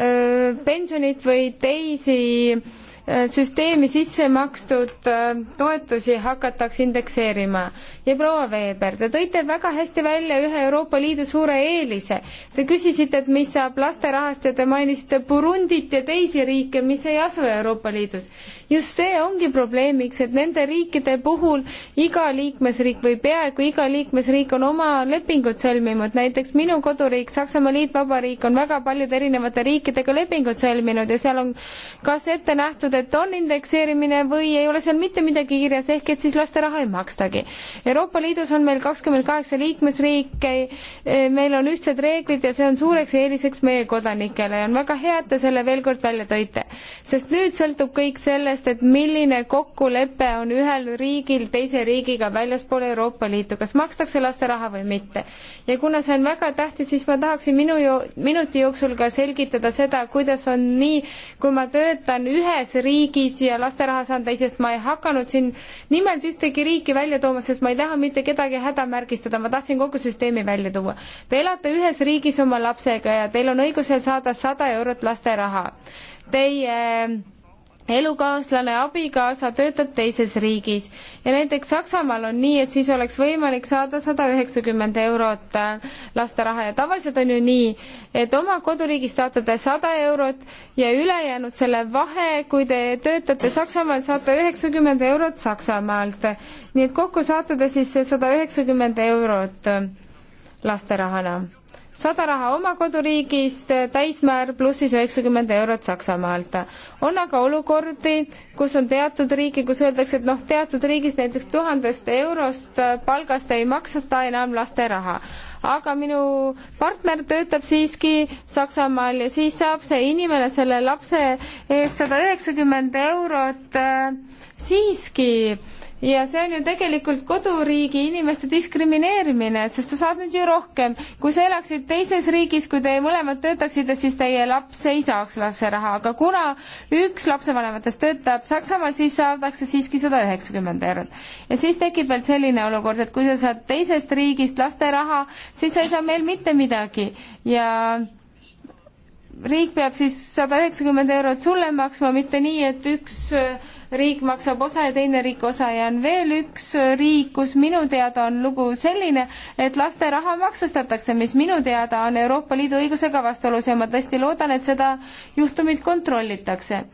äh, pensionit või teisi öö, Äh, süsteemi sisse makstud äh, toetusi hakatakse indekseerima. ja proua Veeber, te tõite väga hästi välja ühe Euroopa Liidu suure eelise. Te küsisite, et mis saab lasterahast ja te mainisite Burundit ja teisi riike, mis ei asu Euroopa Liidus. just see ongi probleemiks, et nende riikide puhul iga liikmesriik või peaaegu iga liikmesriik on oma lepingud sõlminud, näiteks minu koduriik Saksamaa Liitvabariik on väga paljude erinevate riikidega lepingud sõlminud ja seal on kas ette nähtud, et on indekseerimine või ei ole seal mitte midagi kirjas, ehk et siis lasteraha ei makstagi. Euroopa Liidus on meil kakskümmend kaheksa liikmesriiki, meil on ühtsed reeglid ja see on suureks eeliseks meie kodanikele ja on väga hea, et te selle veel kord välja tõite. sest nüüd sõltub kõik sellest, et milline kokkulepe on ühel riigil teise riigiga väljaspool Euroopa Liitu, kas makstakse lasteraha või mitte. ja kuna see on väga tähtis, siis ma tahaksin minu ju-, minuti jooksul ka selgitada seda, kuidas on nii, kui ma töötan ühes riigis ja lasterahas anda, sest ma ei hakanud siin nimelt ühtegi riiki välja tooma, sest ma ei taha mitte kedagi hädamärgistada, ma tahtsin kogu süsteemi välja tuua. Te elate ühes riigis oma lapsega ja teil on õigus seal saada sada eurot lasteraha. Teie äh, elukaaslane, abikaasa töötab teises riigis ja näiteks Saksamaal on nii, et siis oleks võimalik saada sada üheksakümmend eurot äh, lasteraha ja tavaliselt on ju nii, et oma koduriigis taotlete sada eurot ja ülejäänud selle vahe, kui te töötate Saksamaal, saate üheksakümmend eurot Saksamaalt. nii et kokku saate te siis sada üheksakümmend eurot äh, lasterahana sada raha oma koduriigist, täismäär pluss siis üheksakümmend eurot Saksamaalt. on aga olukordi, kus on teatud riike, kus öeldakse, et noh, teatud riigis näiteks tuhandest eurost palgast ei maksata enam laste raha. aga minu partner töötab siiski Saksamaal ja siis saab see inimene selle lapse eest sada üheksakümmend eurot äh, siiski äh, ja see on ju tegelikult koduriigi inimeste diskrimineerimine, sest sa saad nüüd ju rohkem. kui sa elaksid teises riigis, kui te mõlemad töötaksite, siis teie laps ei saaks lapseraha, aga kuna üks lapsevanematest töötab Saksamaal, siis saadakse siiski sada üheksakümmend eurot. ja siis tekib veel selline olukord, et kui sa saad teisest riigist lasteraha, siis sa ei saa meil mitte midagi ja riik peab siis sada üheksakümmend eurot sulle maksma, mitte nii, et üks äh, riik maksab osa ja teine riik osa ja on veel üks äh, riik, kus minu teada on lugu selline, et laste raha maksustatakse, mis minu teada on Euroopa Liidu õigusega vastuolus ja ma tõesti loodan, et seda juhtumit kontrollitakse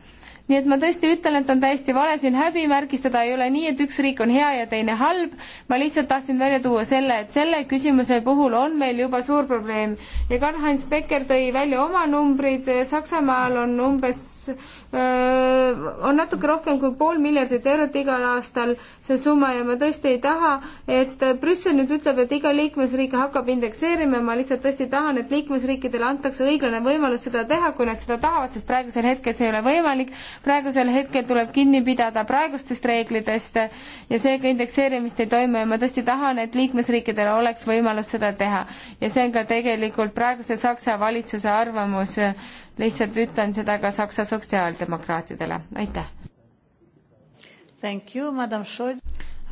nii et ma tõesti ütlen, et on täiesti vale siin häbimärgistada, ei ole nii, et üks riik on hea ja teine halb, ma lihtsalt tahtsin välja tuua selle, et selle küsimuse puhul on meil juba suur probleem ja Karl-Heinz Becker tõi välja oma numbrid, Saksamaal on umbes Äh, on natuke rohkem kui pool miljardit eurot igal aastal see summa ja ma tõesti ei taha, et Brüssel nüüd ütleb, et iga liikmesriik hakkab indekseerima, ma lihtsalt tõesti tahan, et liikmesriikidele antakse õiglane võimalus seda teha, kui nad seda tahavad, sest praegusel hetkel see ei ole võimalik. praegusel hetkel tuleb kinni pidada praegustest reeglitest ja seega indekseerimist ei toimu ja ma tõesti tahan, et liikmesriikidel oleks võimalus seda teha. ja see on ka tegelikult praeguse Saksa valitsuse arvamus lihtsalt ütlen seda ka Saksa sotsiaaldemokraatidele, aitäh.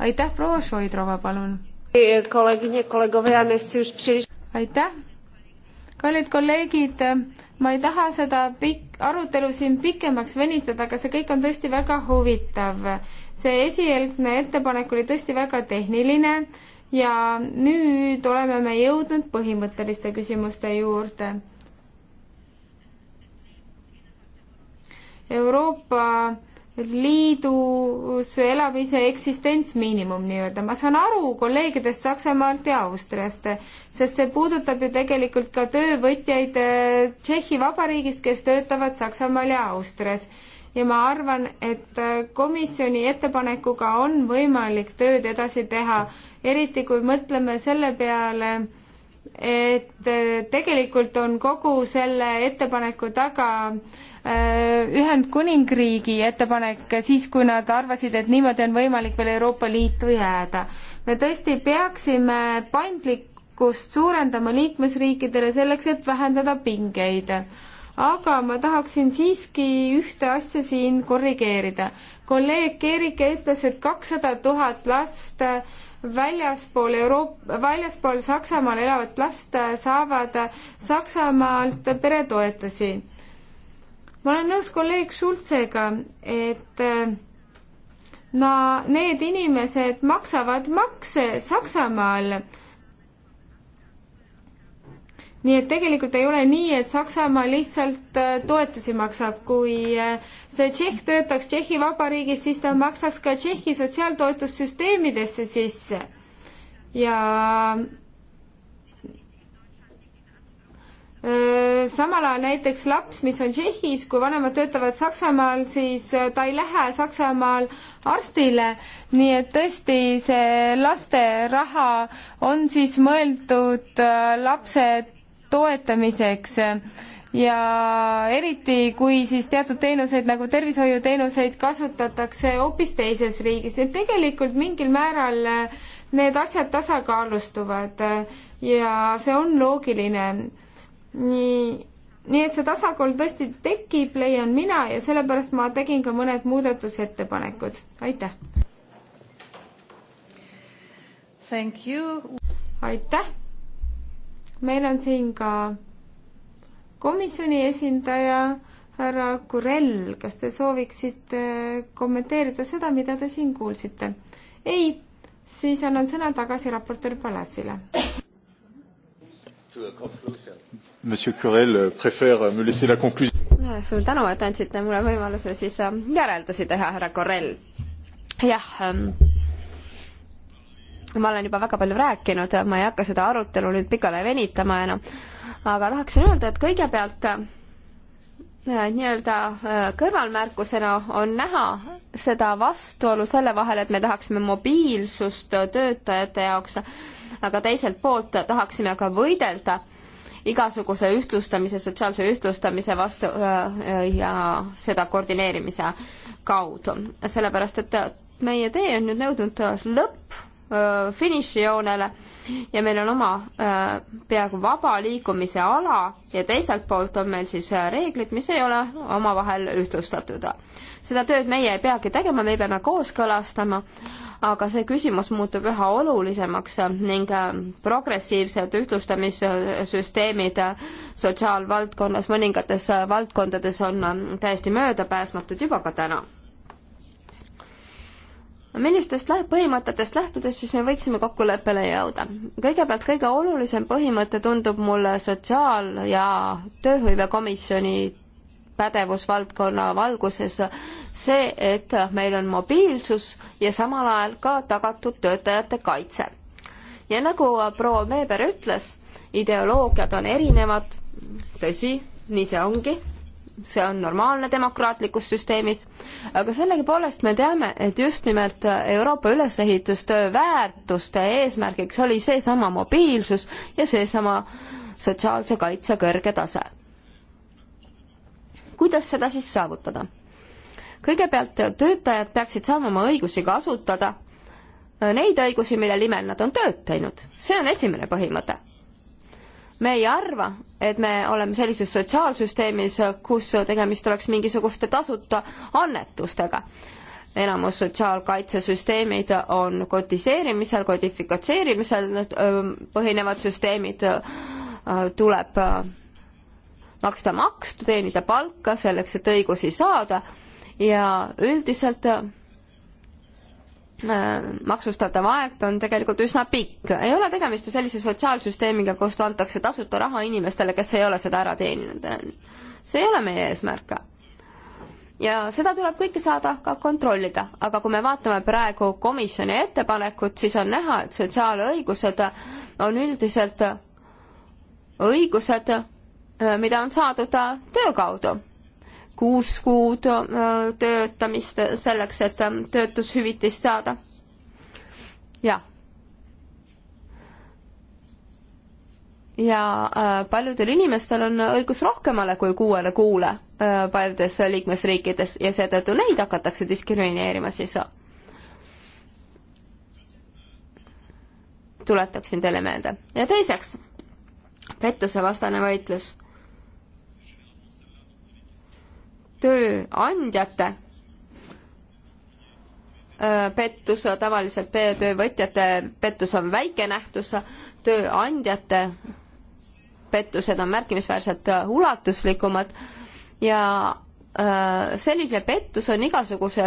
aitäh, proua Šoidrova, palun. aitäh, kallid kolleegid, ma ei taha seda pikk, arutelu siin pikemaks venitada, aga see kõik on tõesti väga huvitav. see esialgne ettepanek oli tõesti väga tehniline ja nüüd oleme me jõudnud põhimõtteliste küsimuste juurde Euroopa Liidus elamise eksistentsmiinimum nii-öelda. ma saan aru kolleegidest Saksamaalt ja Austriast, sest see puudutab ju tegelikult ka töövõtjaid äh, Tšehhi Vabariigist, kes töötavad Saksamaal ja Austrias. ja ma arvan, et äh, komisjoni ettepanekuga on võimalik tööd edasi teha, eriti kui mõtleme selle peale, et äh, tegelikult on kogu selle ettepaneku taga äh, Ühendkuningriigi ettepanek siis, kui nad arvasid, et niimoodi on võimalik veel Euroopa Liitu jääda. me tõesti peaksime paindlikkust suurendama liikmesriikidele selleks, et vähendada pingeid aga ma tahaksin siiski ühte asja siin korrigeerida. kolleeg Keerike ütles, et kakssada tuhat last väljaspool Euroopa, väljaspool Saksamaal elavat last saavad Saksamaalt peretoetusi. ma olen nõus kolleeg Schultzega, et äh, na- no,, need inimesed maksavad makse Saksamaal nii et tegelikult ei ole nii, et Saksamaa lihtsalt äh, toetusi maksab, kui äh, see Tšehh töötaks Tšehhi Vabariigis, siis ta maksaks ka Tšehhi sotsiaaltoetussüsteemidesse sisse. ja äh, samal ajal näiteks laps, mis on Tšehhis, kui vanemad töötavad Saksamaal, siis ta ei lähe Saksamaal arstile, nii et tõesti see laste raha on siis mõeldud lapse toetamiseks ja eriti, kui siis teatud teenuseid nagu tervishoiuteenuseid kasutatakse hoopis teises riigis, nii et tegelikult mingil määral need asjad tasakaalustuvad ja see on loogiline. nii, nii et see tasakaal tõesti tekib, leian mina ja sellepärast ma tegin ka mõned muudatusettepanekud, aitäh! aitäh! meil on siin ka komisjoni esindaja härra Kurell, kas te sooviksite kommenteerida seda, mida te siin kuulsite? ei, siis annan sõna tagasi raportöör Palasile. Monsieur Curel euh, préfère euh, me laisser la conclusion. Äh, suur tänu, et andsite mulle võimaluse siis ähm, järeldusi teha, härra Corell. jah ähm,, ma olen juba väga palju rääkinud, ma ei hakka seda arutelu nüüd pikale venitama enam, aga tahaksin öelda, et kõigepealt äh, nii-öelda äh, kõrvalmärkusena on näha seda vastuolu selle vahel, et me tahaksime mobiilsust töötajate jaoks, aga teiselt poolt tahaksime ka võidelda igasuguse ühtlustamise, sotsiaalse ühtlustamise vastu äh, ja seda koordineerimise kaudu. sellepärast, et meie tee on nüüd nõudnud lõpp Äh, finišijoonele ja meil on oma äh, peaaegu vaba liikumise ala ja teiselt poolt on meil siis äh, reeglid, mis ei ole omavahel ühtlustatud. seda tööd meie ei peagi tegema, me peame kooskõlastama, aga see küsimus muutub üha olulisemaks ning progressiivsed ühtlustamissüsteemid sotsiaalvaldkonnas mõningates valdkondades on täiesti möödapääsmatud juba ka täna millistest läht-, põhimõtetest lähtudes siis me võiksime kokkuleppele jõuda? kõigepealt kõige olulisem põhimõte tundub mulle sotsiaal- ja tööhõivekomisjoni pädevusvaldkonna valguses see, et meil on mobiilsus ja samal ajal ka tagatud töötajate kaitse. ja nagu proua Meeber ütles, ideoloogiad on erinevad, tõsi, nii see ongi see on normaalne demokraatlikus süsteemis, aga sellegipoolest me teame, et just nimelt Euroopa ülesehitustöö väärtuste eesmärgiks oli seesama mobiilsus ja seesama sotsiaalse kaitse kõrge tase. kuidas seda siis saavutada? kõigepealt töötajad peaksid saama oma õigusi kasutada, neid õigusi, mille nimel nad on tööd teinud, see on esimene põhimõte me ei arva, et me oleme sellises sotsiaalsüsteemis, kus tegemist oleks mingisuguste tasuta annetustega. enamus sotsiaalkaitsesüsteemid on kotiseerimisel, kodifikatseerimisel põhinevad süsteemid, tuleb maksta makstu, teenida palka selleks, et õigusi saada ja üldiselt Äh, maksustatav aeg on tegelikult üsna pikk. ei ole tegemist ju sellise sotsiaalsüsteemiga, kust antakse tasuta raha inimestele, kes ei ole seda ära teeninud. see ei ole meie eesmärk. ja seda tuleb kõike saada ka kontrollida, aga kui me vaatame praegu komisjoni ettepanekut, siis on näha, et sotsiaalõigused on üldiselt õigused, äh, mida on saadud äh, töö kaudu kuus kuud äh, töötamist selleks, et ähm, töötushüvitist saada. jah. ja, ja äh, paljudel inimestel on õigus rohkemale kui kuuele kuule äh, paljudes liikmesriikides ja seetõttu neid hakatakse diskrimineerima siis. tuletaksin teile meelde. ja teiseks, pettusevastane võitlus tööandjate pettus, tavaliselt töövõtjate pettus on väike nähtus, tööandjate pettused on märkimisväärselt ulatuslikumad ja sellise pettus on igasuguse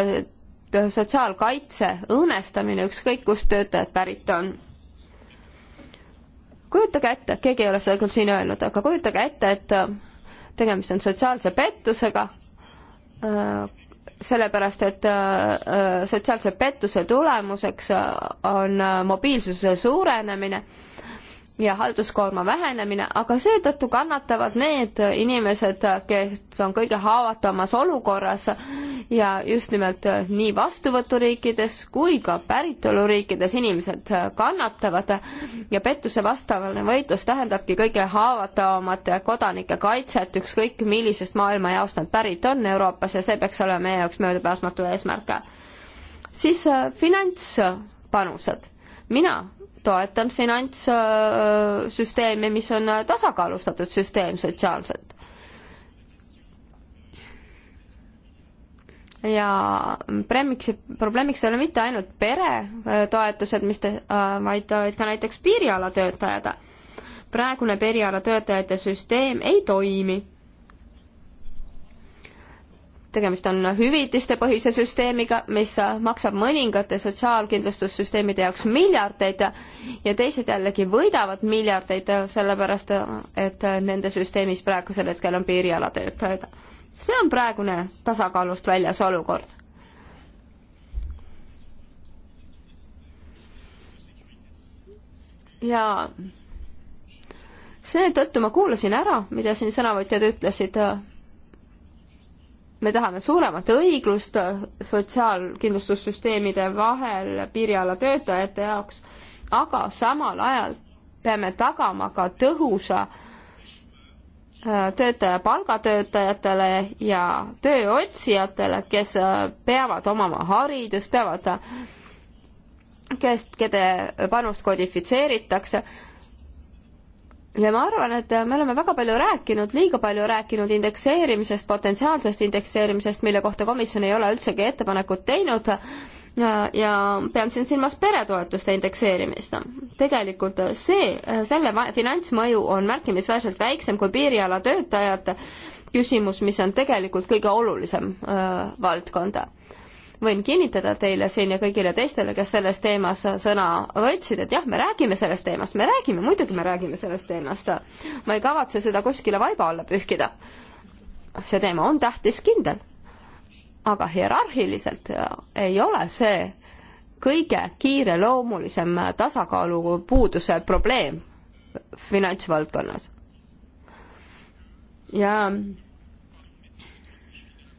sotsiaalkaitse õõnestamine, ükskõik kust töötajad pärit on. kujutage ette, keegi ei ole seda küll siin öelnud, aga kujutage ette, et tegemist on sotsiaalse pettusega Äh, sellepärast, et äh, äh, sotsiaalse pettuse tulemuseks on mobiilsuse suurenemine ja halduskoorma vähenemine, aga seetõttu kannatavad need inimesed, kes on kõige haavatavamas olukorras ja just nimelt nii vastuvõturiikides kui ka päritoluriikides inimesed kannatavad ja pettuse vastavane võitlus tähendabki kõige haavatavamate kodanike kaitset, ükskõik millisest maailmajaost nad pärit on Euroopas ja see peaks olema meie jaoks möödapääsmatu eesmärk. siis äh, finantspanused. mina toetan finantssüsteemi, mis on tasakaalustatud süsteem sotsiaalselt. ja premiks, probleemiks ei ole mitte ainult peretoetused, äh, mis te, äh, vaid, vaid ka näiteks piirialatöötajad. praegune piirialatöötajate süsteem ei toimi tegemist on hüvitistepõhise süsteemiga, mis maksab mõningate sotsiaalkindlustussüsteemide jaoks miljardeid ja teised jällegi võidavad miljardeid, sellepärast et nende süsteemis praegusel hetkel on piirialatöötajad. see on praegune tasakaalust väljas olukord. ja seetõttu ma kuulasin ära, mida siin sõnavõtjad ütlesid me tahame suuremat õiglust sotsiaalkindlustussüsteemide vahel piiriala töötajate jaoks, aga samal ajal peame tagama ka tõhusa äh, töötaja palgatöötajatele ja tööotsijatele, kes äh, peavad omama haridust, peavad, äh, kes, kelle panust kodifitseeritakse ja ma arvan, et me oleme väga palju rääkinud, liiga palju rääkinud indekseerimisest, potentsiaalsest indekseerimisest, mille kohta komisjon ei ole üldsegi ettepanekut teinud ja, ja pean siin silmas peretoetuste indekseerimist. tegelikult see, selle finantsmõju on märkimisväärselt väiksem kui piiriala töötajate küsimus, mis on tegelikult kõige olulisem öö, äh, valdkond võin kinnitada teile siin ja kõigile teistele, kes selles teemas sõna võtsid, et jah, me räägime sellest teemast, me räägime, muidugi me räägime sellest teemast. ma ei kavatse seda kuskile vaiba alla pühkida. see teema on tähtis kindel. aga hierarhiliselt äh, ei ole see kõige kiireloomulisem tasakaalu puuduse probleem finantsvaldkonnas. ja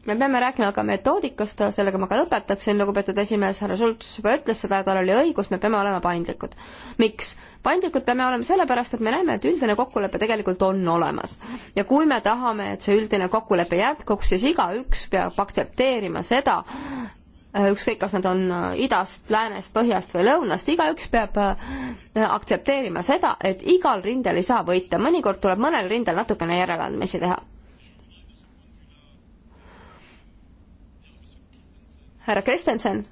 me peame rääkima ka metoodikast, sellega ma ka lõpetaksin, lugupeetud esimees, härra Schultz juba ütles seda, tal oli õigus, me peame olema paindlikud. miks? paindlikud peame olema sellepärast, et me näeme, et üldine kokkulepe tegelikult on olemas. ja kui me tahame, et see üldine kokkulepe jätkuks, siis igaüks peab aktsepteerima seda, äh, ükskõik, kas nad on äh, idast, läänest, põhjast või lõunast, igaüks peab äh, aktsepteerima seda, et igal rindel ei saa võita, mõnikord tuleb mõnel rindel natukene järeleandmisi teha härra Kristensen,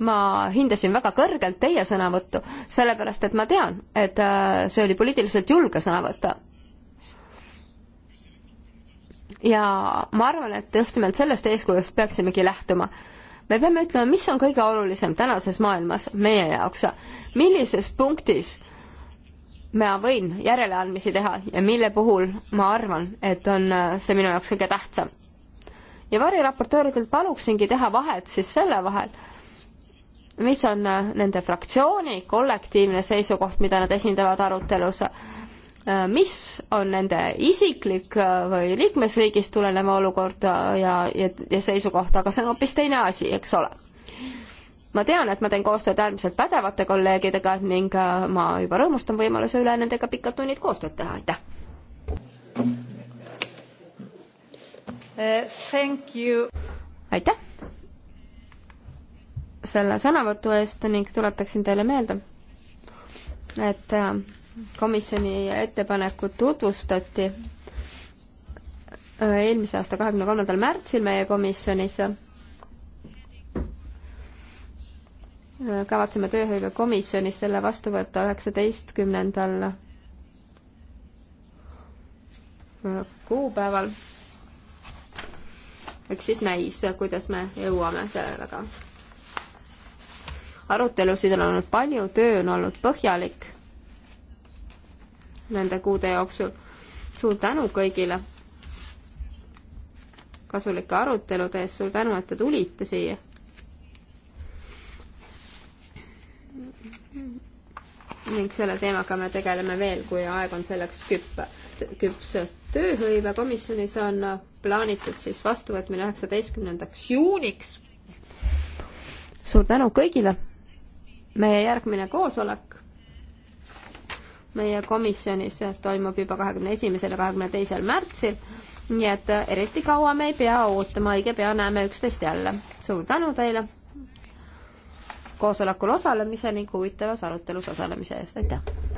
ma hindasin väga kõrgelt teie sõnavõttu, sellepärast et ma tean, et äh, see oli poliitiliselt julge sõnavõtt. ja ma arvan, et just nimelt sellest eeskujust peaksimegi lähtuma me peame ütlema, mis on kõige olulisem tänases maailmas meie jaoks, millises punktis ma võin järeleandmisi teha ja mille puhul ma arvan, et on äh, see minu jaoks kõige tähtsam ja variraportööridelt paluksingi teha vahet siis selle vahel, mis on äh, nende fraktsiooni kollektiivne seisukoht, mida nad esindavad arutelus, äh, mis on nende isiklik äh, või liikmesriigist tulenev olukord ja, ja, ja seisukoht, aga see on hoopis teine asi, eks ole. ma tean, et ma teen koostööd äärmiselt pädevate kolleegidega ning ma juba rõõmustan võimaluse üle nendega pikad tunnid koostööd teha, aitäh! Uh, aitäh selle sõnavõtu eest ning tuletaksin teile meelde, et äh, komisjoni ettepanekut tutvustati äh, eelmise aasta kahekümne kolmandal märtsil meie komisjonis. Äh, kavatseme tööhõivekomisjonis selle vastu võtta üheksateistkümnendal kuupäeval eks siis näis, kuidas me jõuame sellega. arutelusid on olnud palju, töö on olnud põhjalik nende kuude jooksul. suur tänu kõigile kasulike arutelude eest, suur tänu, et te tulite siia. ning selle teemaga me tegeleme veel, kui aeg on selleks küpp, küps. tööhõivekomisjonis on plaanitud siis vastuvõtmine üheksateistkümnendaks juuniks. suur tänu kõigile. meie järgmine koosolek meie komisjonis toimub juba kahekümne esimesel ja kahekümne teisel märtsil. nii et eriti kaua me ei pea ootama, õige pea näeme üksteist jälle. suur tänu teile koosolekul osalemise ning huvitavas arutelus osalemise eest, aitäh!